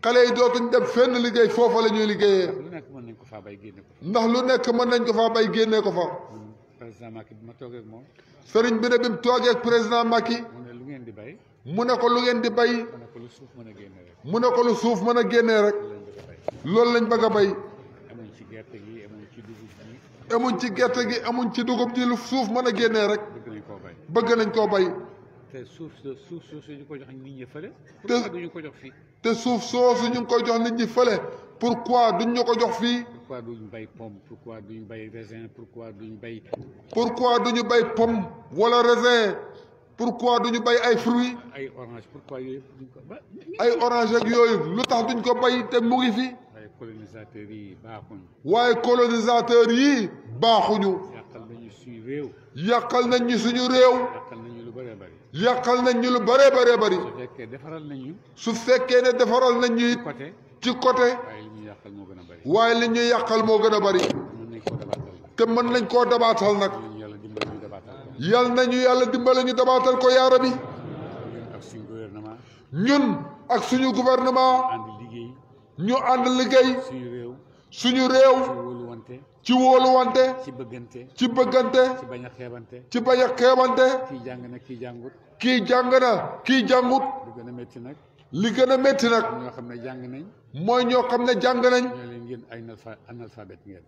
xale yi dootuñ dem fenn liggéey foofu la ñuy liggéeyee. xale yi dootuñ dem fenn liggéey foofa la ñuy liggéeyee. ndax lu nekk mën nañ ko faa bay génne ko fa. nekk mën nañ ko faa bay génne ko fa. Hmm. président bi ma toogee moom. sëriñ bi ne bi mu toogee président Macky. mu ne lu ngeen di bay. mu ne ko lu ngeen di bay. mu ne ko lu suuf mën a génnee rek. mu ne ko lu suuf mën a génne rek. loolu lañ bëgg a bay. amuñ ci gerte gi amuñ ci dugub ji. gerte gi amuñ ci dugub ji lu suuf mën a génnee rek bëgg nañ koo bay. te suuf suuf soosu ñu ko jox nit ñi fële. pourquoi duñu ko jox fii. te suuf soosu ñu ko koy jox nit ñi fële pourquoi duñ ñu ko jox fii. pourquoi duñu bay pomme pourquoi duñu bay raisin pourquoi duñu bay. pourquoi duñu bay pomme wala raisin pourquoi duñu bay ay fruits. ay orange pourquoi yooyu duñ ko bay. ay orange ak yooyu lu tax duñ ko bay te mu ngi fi. waaye colonisateur yi baaxuñu. waaye colonisateur yi baaxuñu. yàqal nañu suñu réew. yàqal nañ ñu réew. yàqal nañ ñu lu bëree bëri. yàqal nañ ñu lu bëree bëree bëri. su fekkee defaral nañ su fekkee ne defaral nañ ñu it. ci côté. waaye li ñuy yàqal moo gën a bëri. waaye li ñuy yàqal moo gën a bëri. te mën nañ koo dabaatal nag. yal nañu yàlla dimbale ñu dabaatal ko yaara bi. ñun ak suñu gouvernement. ñu ànd liggéey. suñu réew. ci wóoluwante. ci bëggante. ci bëggante. ci bañ a xeebante. ci bañ a xeebante. kii jàng na kii jàngut. kii jàng na kii jàngut. li gën a métti nag. li gën a métti nag. ñoo xam ne jàng nañ. mooy ñoo xam ne jàng nañ. ñoo leen ngeen ay analphabète ngeen.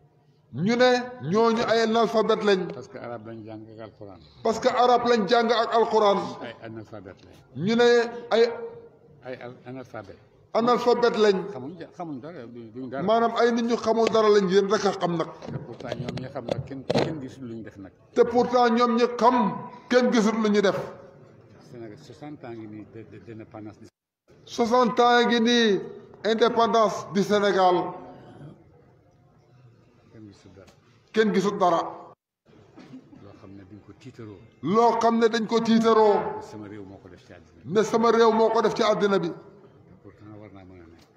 ñu ne ñooñu ay analphabète lañ. parce que arabe lañ jàng ak alquran. parce que arabe lañ jàng ak alquran. ay analphabète lañ. ñu ne ay. ay analphabète. analphabète lañ. xamuñ xamuñ dara maanaam ay nit ñu xamul dara lañ yéen rek a xam nag. te pourtant ñoom ñi xam nag kenn kenn gisul lu ñu def nag. te pourtant ñoom ñi xam kenn gisul lu ñu def. Sénégal 60 ans ngi nii d'indépendance. 60 ans ngi nii indépendance du Sénégal. kenn gisul dara. kenn gisul dara. loo xam ne dañ ko tiitaroo. ne sama réew moo ko def ci àddina ne sama réew moo ko def ci àddina bi.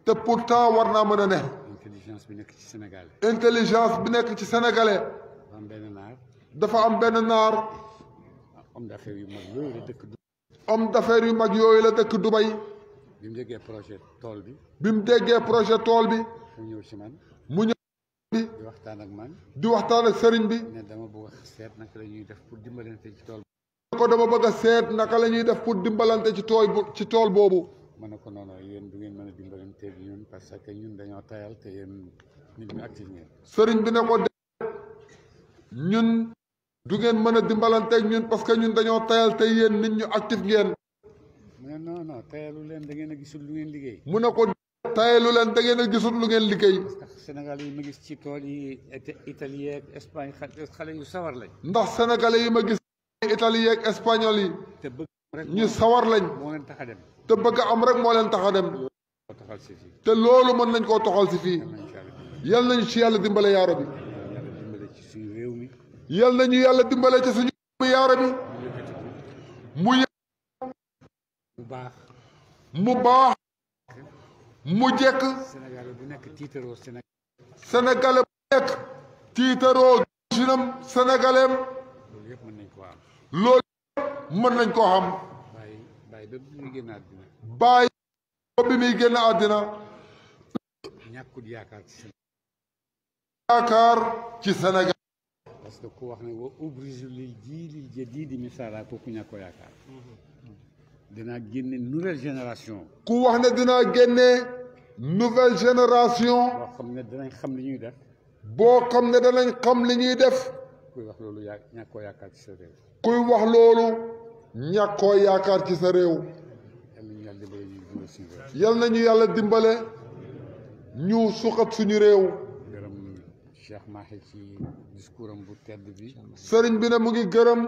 te pourtant war naa mën a ne. intelligence bi nekk ci Sénégal. intelligence bi nekk ci sénégalais. dafa benn naar. dafa am benn naar. Ah, om d'affaires yu mag yooyu la dëkk. homme yu mag yooyu la dëkk Dubai. bi mu jegee projet tool bi. bi mu déggee projet tool bi. ñëw ci man. mu ñëw bi. di waxtaan ak man. di waxtaan ak sëriñ bi. ne dama bëgg a seet naka la ñuy def pour dimbalante ci tool. ko la ñuy def pour dimbalante ci tool boobu. ma ne parce que ñun dañoo tayal te yéen nit ñu active ngeen. sëriñ bi ne ko ñun du ngeen mën a dimbalanteeg ñun parce que ñun dañoo tayal te yéen nit ñu active ngeen. mu tayalu leen da ngeen a gisul lu ngeen liggéey. mu ne ko tayalu leen da gisul lu ngeen liggéey. ndax sénégalais yi ma gis ci tool yi Italie ak Espagne xale yu sawar lañ. ndax sénégalais yi ma gis ci Italie ak yi. te bëgg rek ñu sawar lañ. moo leen dem. te bëgg am rek moo leen taxa dem. te loolu mën nañ koo toxal si fii yal nañ si yàlla dimbale yaaro bi yal nañu yàlla dimbale ci suñu yaaro bi mu baax mu baax mu jëkk sénégalais bu nekk tiitaroo sénégalais bu nekk tiitaroo sinam sénégalais loolu mën nañ koo am loolu nañ koo xam bi muy génn àddina ñàkkut ci Sénégal parce que ku wax ne wa ubrisu lil jiilil jadiidi misaala kooku ñàkk ko yaakaar génne nouvelle génération ku wax ne dinaa génne nouvelle génération boo xam ne danañ xam li ñuy def boo xam ne danañ xam li ñuy def kuy wax loolu yaa ñàkkoo yaakaar ci sa kuy wax loolu ñàkkoo yaakaar ci sa réew yal nañu yàlla dimbale ñu suqat suñu réew. Cheikh Mahi ci discours am bu tedd bi. sëriñ bi ne mu ngi gërëm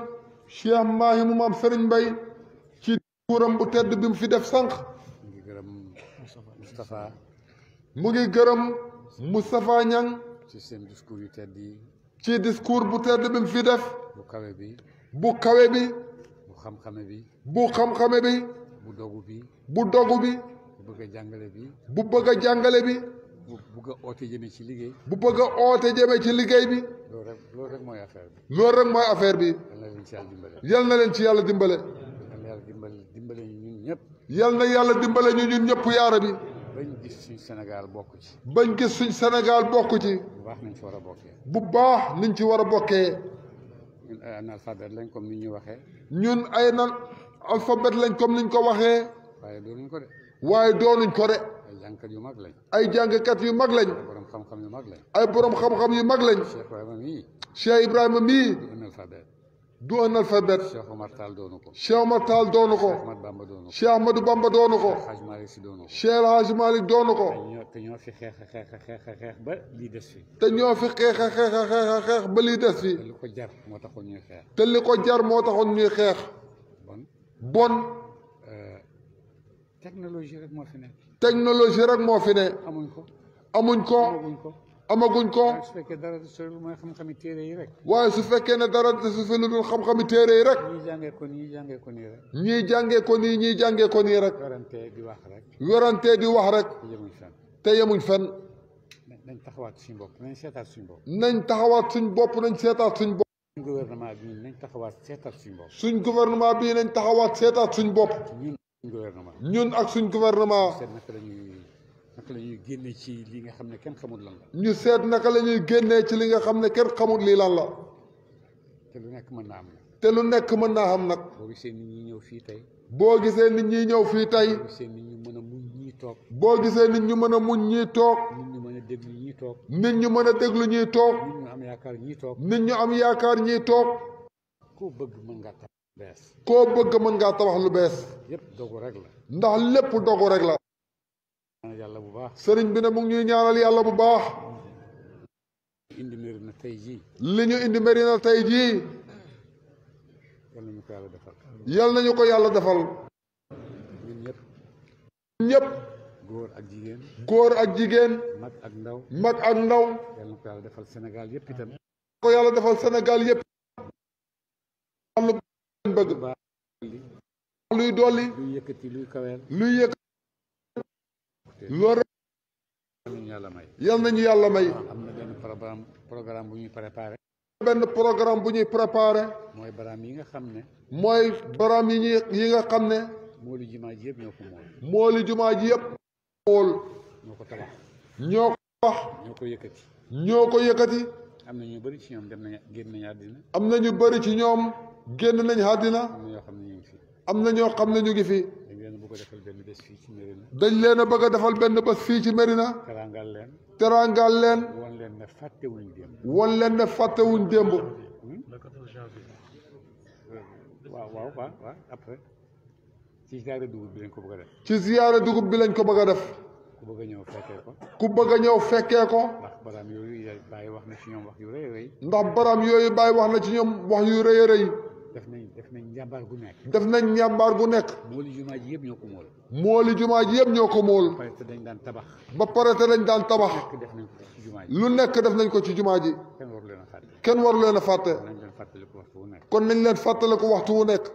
Cheikh Mahi mu maam sëriñ Mbaye ci discours am bu tedd bi fi def sànq. mu ngi gërëm Moustapha. mu ngi gërëm ci seen discours yu tedd yi. ci discours bu tedd bi fi def. bu kawe bi. bu kawe bi. bu xam-xame bi. bu xam-xame bi. bu dogu bi bu dogu bi bu bëgg jàngale bi bu bëgg a jàngale bi bu bëgg a oote jëmee ci liggéey bu bëgg a oote jëmee ci liggéey bi loolu rek loolu rek mooy affaire bi loolu rek mooy affaire bi yal na leen ci yàlla dimbale yal na yàlla dimbale ñu ñun ñëpp yaara bi bañ gis suñ senegal bokk ci bañ gis suñ senegal bokk ci bu baax nañ ci war bu baax niñ ci war a bokkee ñun ay analphabète lañ comme ni ñu waxee ñun ay nan alphabet lañ comme niñ ko waxee. waaye doonuñ ko de. waaye doonuñ ko de. ay jàngkat yu mag lañ. ay jàngkat yu mag lañ. ay borom xam-xam yu mag lañ. ay borom xam-xam yu mag lañ. Cheikh Ibrahima mii. Cheikh Ibrahima mii. du analphabète. du analphabète. Cheikh Omar Tall doonu ko. Cheikh Omar Tall doonu ko. Cheikh Ahmadou Bamba doonu ko. Cheikh Ahmadou Bamba doonu ko. Cheikh Hadj Malick si doonu ko. Cheikh Hadj Malick doonu ko. te ñoo fi xeex a xeex a xeex a xeex ba lii des fi. te ñoo fi xeex a xeex a xeex a xeex ba lii des fi. te li ko jar moo taxoon ñuy xeex. te li ko jar moo taxoon ñuy xeex. bon. Euh, technologie rek moo fi ne. technologie rek moo fi ne. amuñ ko. amuñ ko amaguñ ko. amaguñ ko. waaye su fekkee dara su mooy xam téere yi rek. waaye su fekkee ne dara su fi lu dul xam-xami téere yi rek. ñii jàngee ko nii ñii jàngee ko nii rek. ñii jàngee nii ñii jàngee nii rek. werantee di wax rek. werantee di wax rek. te yemuñ fenn. nañ taxawaat nañ taxawaat suñ bopp nañ seetaat suñ bopp. suñ gouvernement bi nañ taxawaat seetaat suñ bopp. suñ gouvernement bi nañ taxawaat seetaat suñ ñun gouvernement. ñun ak suñ gouvernement. seet naka ñuy la ñuy génnee ci li nga xam ne kenn xamul la. ñu seet naka la ñuy génnee ci li nga xam ne kenn xamut lii lan la. te lu nekk mën naa am nag. te lu nekk mën naa am nag. boo gisee nit ñu ñëw fii tey. boo gisee nit ñi ñëw fii tey. boo gisee nit ñu mën a muñ ñii toog. boo gisee nit ñu mën a muñ ñii toog. nit ñu mën a déglu ñii toog. nit ñu mën a déglu ñii toog. yaakaar ñii toog. nit ñu am yaakaar ñii toog. koo bëgg mën ngaa tabax lu bees. koo bëgg mën ngaa tabax lu bees. yépp dogu rek la. ndax lépp dogu rek la. yàlla bu baax. sëriñ bi ne mu ngi ñaanal yàlla bu baax. indi mbir na jii. li ñu tey jii. yal nañu ko yàlla defal. yal nañu ko yàlla defal. ñun góor ak jigéen. ak ndaw mag ak ndaw yàlla na yëpp itam ko yàlla defal Sénégal yëpp am lu bëgg luy dolli luy yëkkati luy kaweel luy yëkkati loolu yàlla may yal nañu yàlla may am na benn programme bu ñuy préparé bu ñuy préparé mooy baraam yi nga xam ne mooy baraam yi ñuy yi nga xam ne moolu jumaa ji yëpp ñoo moolu jumaa ji yëpp mool ñoo ko tabax ñoo ko ñoo ko yëkkati. ñoo ko yëkkati. am na ñu bari ci ñoom dem nañ génn nañ àddina. am na ñu bëri ci ñoom génn nañ àddina. ñoo xam ne ñu ngi fi. am na ñoo xam ne ñu ngi fi. dañ leen a bëgg a defal benn bés fii ci Mérina. dañ leen a bëgg a defal benn bés fii ci Mérina. teraangal leen. teraangal leen. won leen ne fàttewuñ démb. won leen ne fàttewuñ démb. Hmm? waaw waaw waaw après. ci ziyaara dugub bi lañ ko bëgg a def. ci ziyaara dugub bi lañ ko bëgg a def. ku bëgg a ñëw fekkee ko. ku bëgg a ñëw fekkee ko. ndax baram yooyu Baye wax na ci ñoom wax yu rëy rëy. ndax baram yooyu Baye wax na ci ñoom wax yu rëy rëy. def nañ def nañ njàmbaar gu nekk. def nañ njàmbaar gu nekk. mooli jumaa ji yëpp ñoo ko mool. mooli jumaa ji yëpp ko mool. ba dañ daan tabax. ba pare te dañ daan tabax. lu nekk def nañ ko ci jumaa ji. kenn waru leen a fàtte. kenn waru leen a fàtte. kon nañ leen fàttale euh, waxtu wu nekk.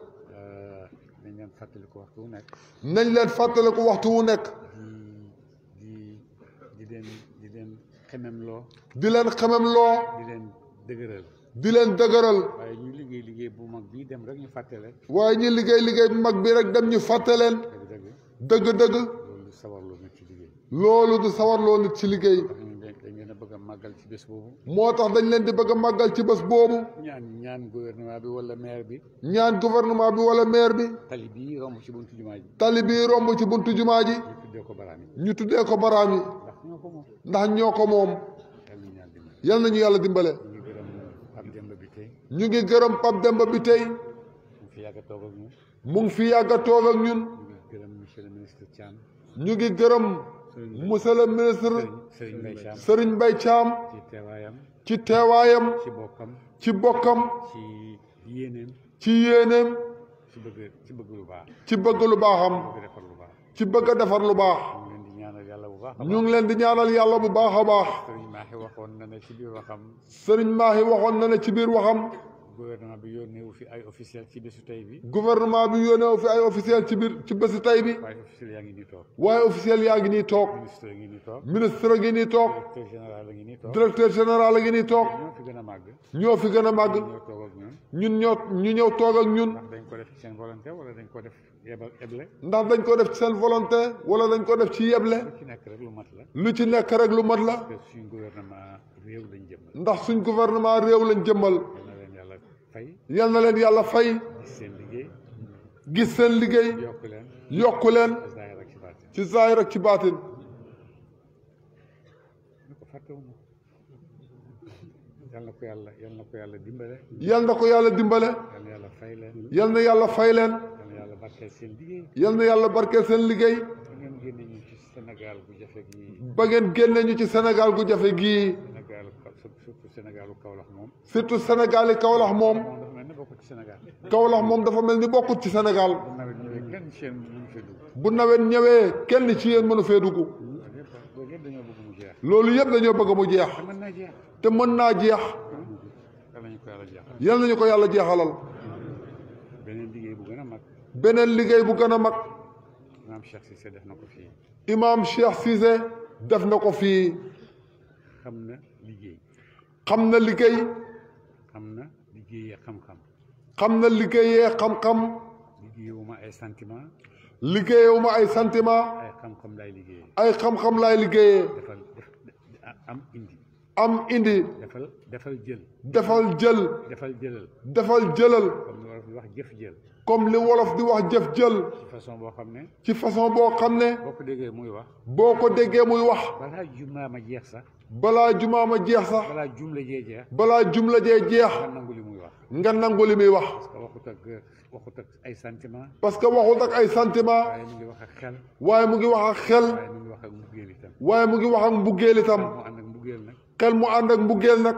nañ leen fàttale ko waxtu wu nekk. nañ leen fàttale ko waxtu wu nekk. xemem di leen xemem loo. di leen dëgëral. di leen dëgëral. waaye ñu liggéey liggéey bu mag bi dem rek ñu fàtte leen. waaye ñu liggéey liggéey bu mag bi rek dem ñu fàtte leen. dëgg dëgg. loolu du sawarloo nit ci liggéey. loolu du sawarloo nit ci liggéey. dañ a bëgg màggal ci bés moo tax dañ leen di bëgg a màggal ci bés boobu. ñaan ñaan gouvernement bi wala maire bi. ñaan gouvernement bi wala maire bi. tali bii romb ci buntu jumaa ji. tali bii romb ci buntu jumaa ji. ñu tuddee ko baraam yi. ndax ñoo ko moom yal nañu yàlla dimbale ñu ngi gërëm Pape Demba bi tey mu ngi fi yàgg a toog ak ñun ñu ngi gërëm monsieur le ministre Serigne bay Thiam ci teewaayam ci bokkam ci yéeneem ci bëgg lu baaxam ci bëgg a defar lu baax ñu ngi leen di ñaanal yàlla bu baax a baax. sëriñ Mahi waxoon na ne ci biir waxam. sëriñ Mahi waxoon na ne ci biir waxam. gouvernement bi yónnee wu fi ay officiel ci tey bi. gouvernement bi yónnee wu fi ay officiel ci biir ci bésu tey bi. waaye officiel yaa ngi nii toog. waaye officiel toog. ministre ngi nii toog. ministre ngi nii général ngi nii toog. directeur général ngi nii toog. ñoo fi gën a màgg. ñoo fi gën a màgg. ñun ñoo ñu ñëw toog ak ñun. dañ ko def ci seen volonté dañ ko def. ndax dañ ko def ci seen volonté wala dañ ko def ci yeble. lu ci nekk rek lu mat la. lu ci nekk rek lu mat la. ndax suñ gouvernement réew lañ jëmmal. ndax suñ gouvernement réew lañ jëmmal. yal na leen yàlla fay. gis seen liggéey. gis seen liggéey. yokku leen. yokku leen. ci zaahir ak ci baatin. yal na ko yàlla yal na ko yàlla dimbale. yal na ko yàlla dimbale. yal na yàlla fay leen. yal na yàlla fay leen. barkeel seen liggéey. yal na yàlla barkeel seen liggéey. ba ngeen génne ñu ci Sénégal gu jafe gii. ba ngeen génne ñu ci Sénégal gu jafe gii. surtout Sénégal Kaolack moom. surtout Sénégal yi Kaolack moom. Kaolack moom dafa mel ni bokkut ci Sénégal. bu nawet ñëwee kenn ci yéen mënu fee dugg. loolu yëpp dañoo bëgg mu jeex. te mën naa jeex. yal nañu ko yàlla jeexalal. beneen liggéey bu gën a mag. imaam Cheikh Cissé def na ko fii. imaam Cheikh Cissé def na ko fii. xam na liggéey. xam na liggéey. xam na liggéeyee xam-xam. xam na liggéeyee xam-xam. liggéeyuma ay sentiment. liggéeyuma ay sentiment. ay xam-xam laay liggéeyee. ay xam-xam laay liggéeyee. defal am indi. am indi. defal defal jël. defal jël. defal jëlal. defal jëlal. comme wax jëf jël. comme li wolof di wax jëf jël. ci façon boo xam ne. ci façon boo xam ne. boo ko déggee muy wax. boo ko déggee muy wax. balaa jumaa ma jeex sax. balaa jumaa ma jeex sax. balaa jumla jee jeex. balaa jumla jee jeex. nga nangu li muy wax. nga nangu li muy wax. parce que waxut ak waxut ak ay sentiment. parce que waxut ak ay sentiment. waaye mu ngi wax ak xel. waaye mu ngi wax ak xel. waaye wax ak mbuggeel itam. waaye mu ngi wax ak mbuggeel itam. xel mu ànd ak mbuggeel nag.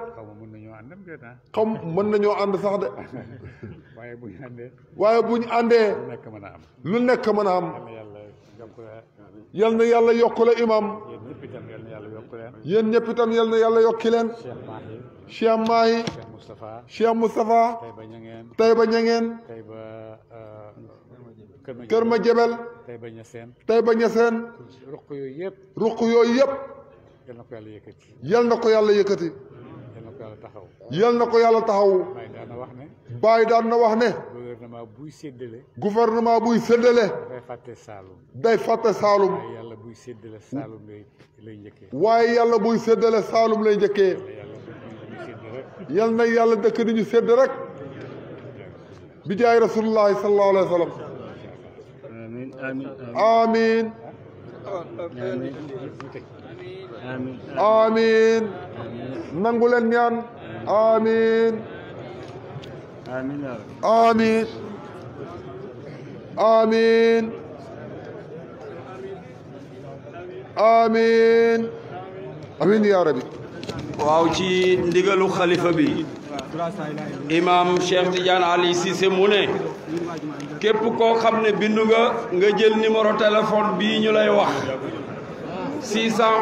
xaw ma mën ñoo ah. ànd sax de. *laughs* waaye bu ñu àndee. waaye bu ñu àndee. lu nekk mën a am. lu nekk mën a am. yal na yàlla yokk la imam. yéen ñëpp itam yal na yàlla yokki leen. Cheikh Mahi. Cheikh Moustapha. Cheikh Moustapha. Tayba Ñangeen. Tayba Ñangeen. Tayba. Euh, Kër Ma Jebel. Tayba Ñaseen. Tayba Ñaseen. ruq yooyu yëpp. ruq yooyu yëpp. yal na ko yàlla yëkkati. yal na ko yàlla taxaw. Baye daan wax ne. Baye daan wax ne. gouvernement buy séddale. gouvernement buy séddale. day fàtte Saalum. day fàtte Saalum. waaye yàlla buy séddale Saalum lay njëkkee. waaye yàlla buy séddale Saalum lay njëkkee. yal na yàlla dëkk ni ñu sédd rek. bi jaay rasulullahi sallallahu alayhi wa nangu leen ñaan amiin amiin amiin amiin yaa rabbi waaw ci ndigalu xalifa bi imaam Cheikh Tidiane Ali Cissé mu ne képp koo xam ne bindu nga nga jël numéro téléphone bii ñu lay wax 611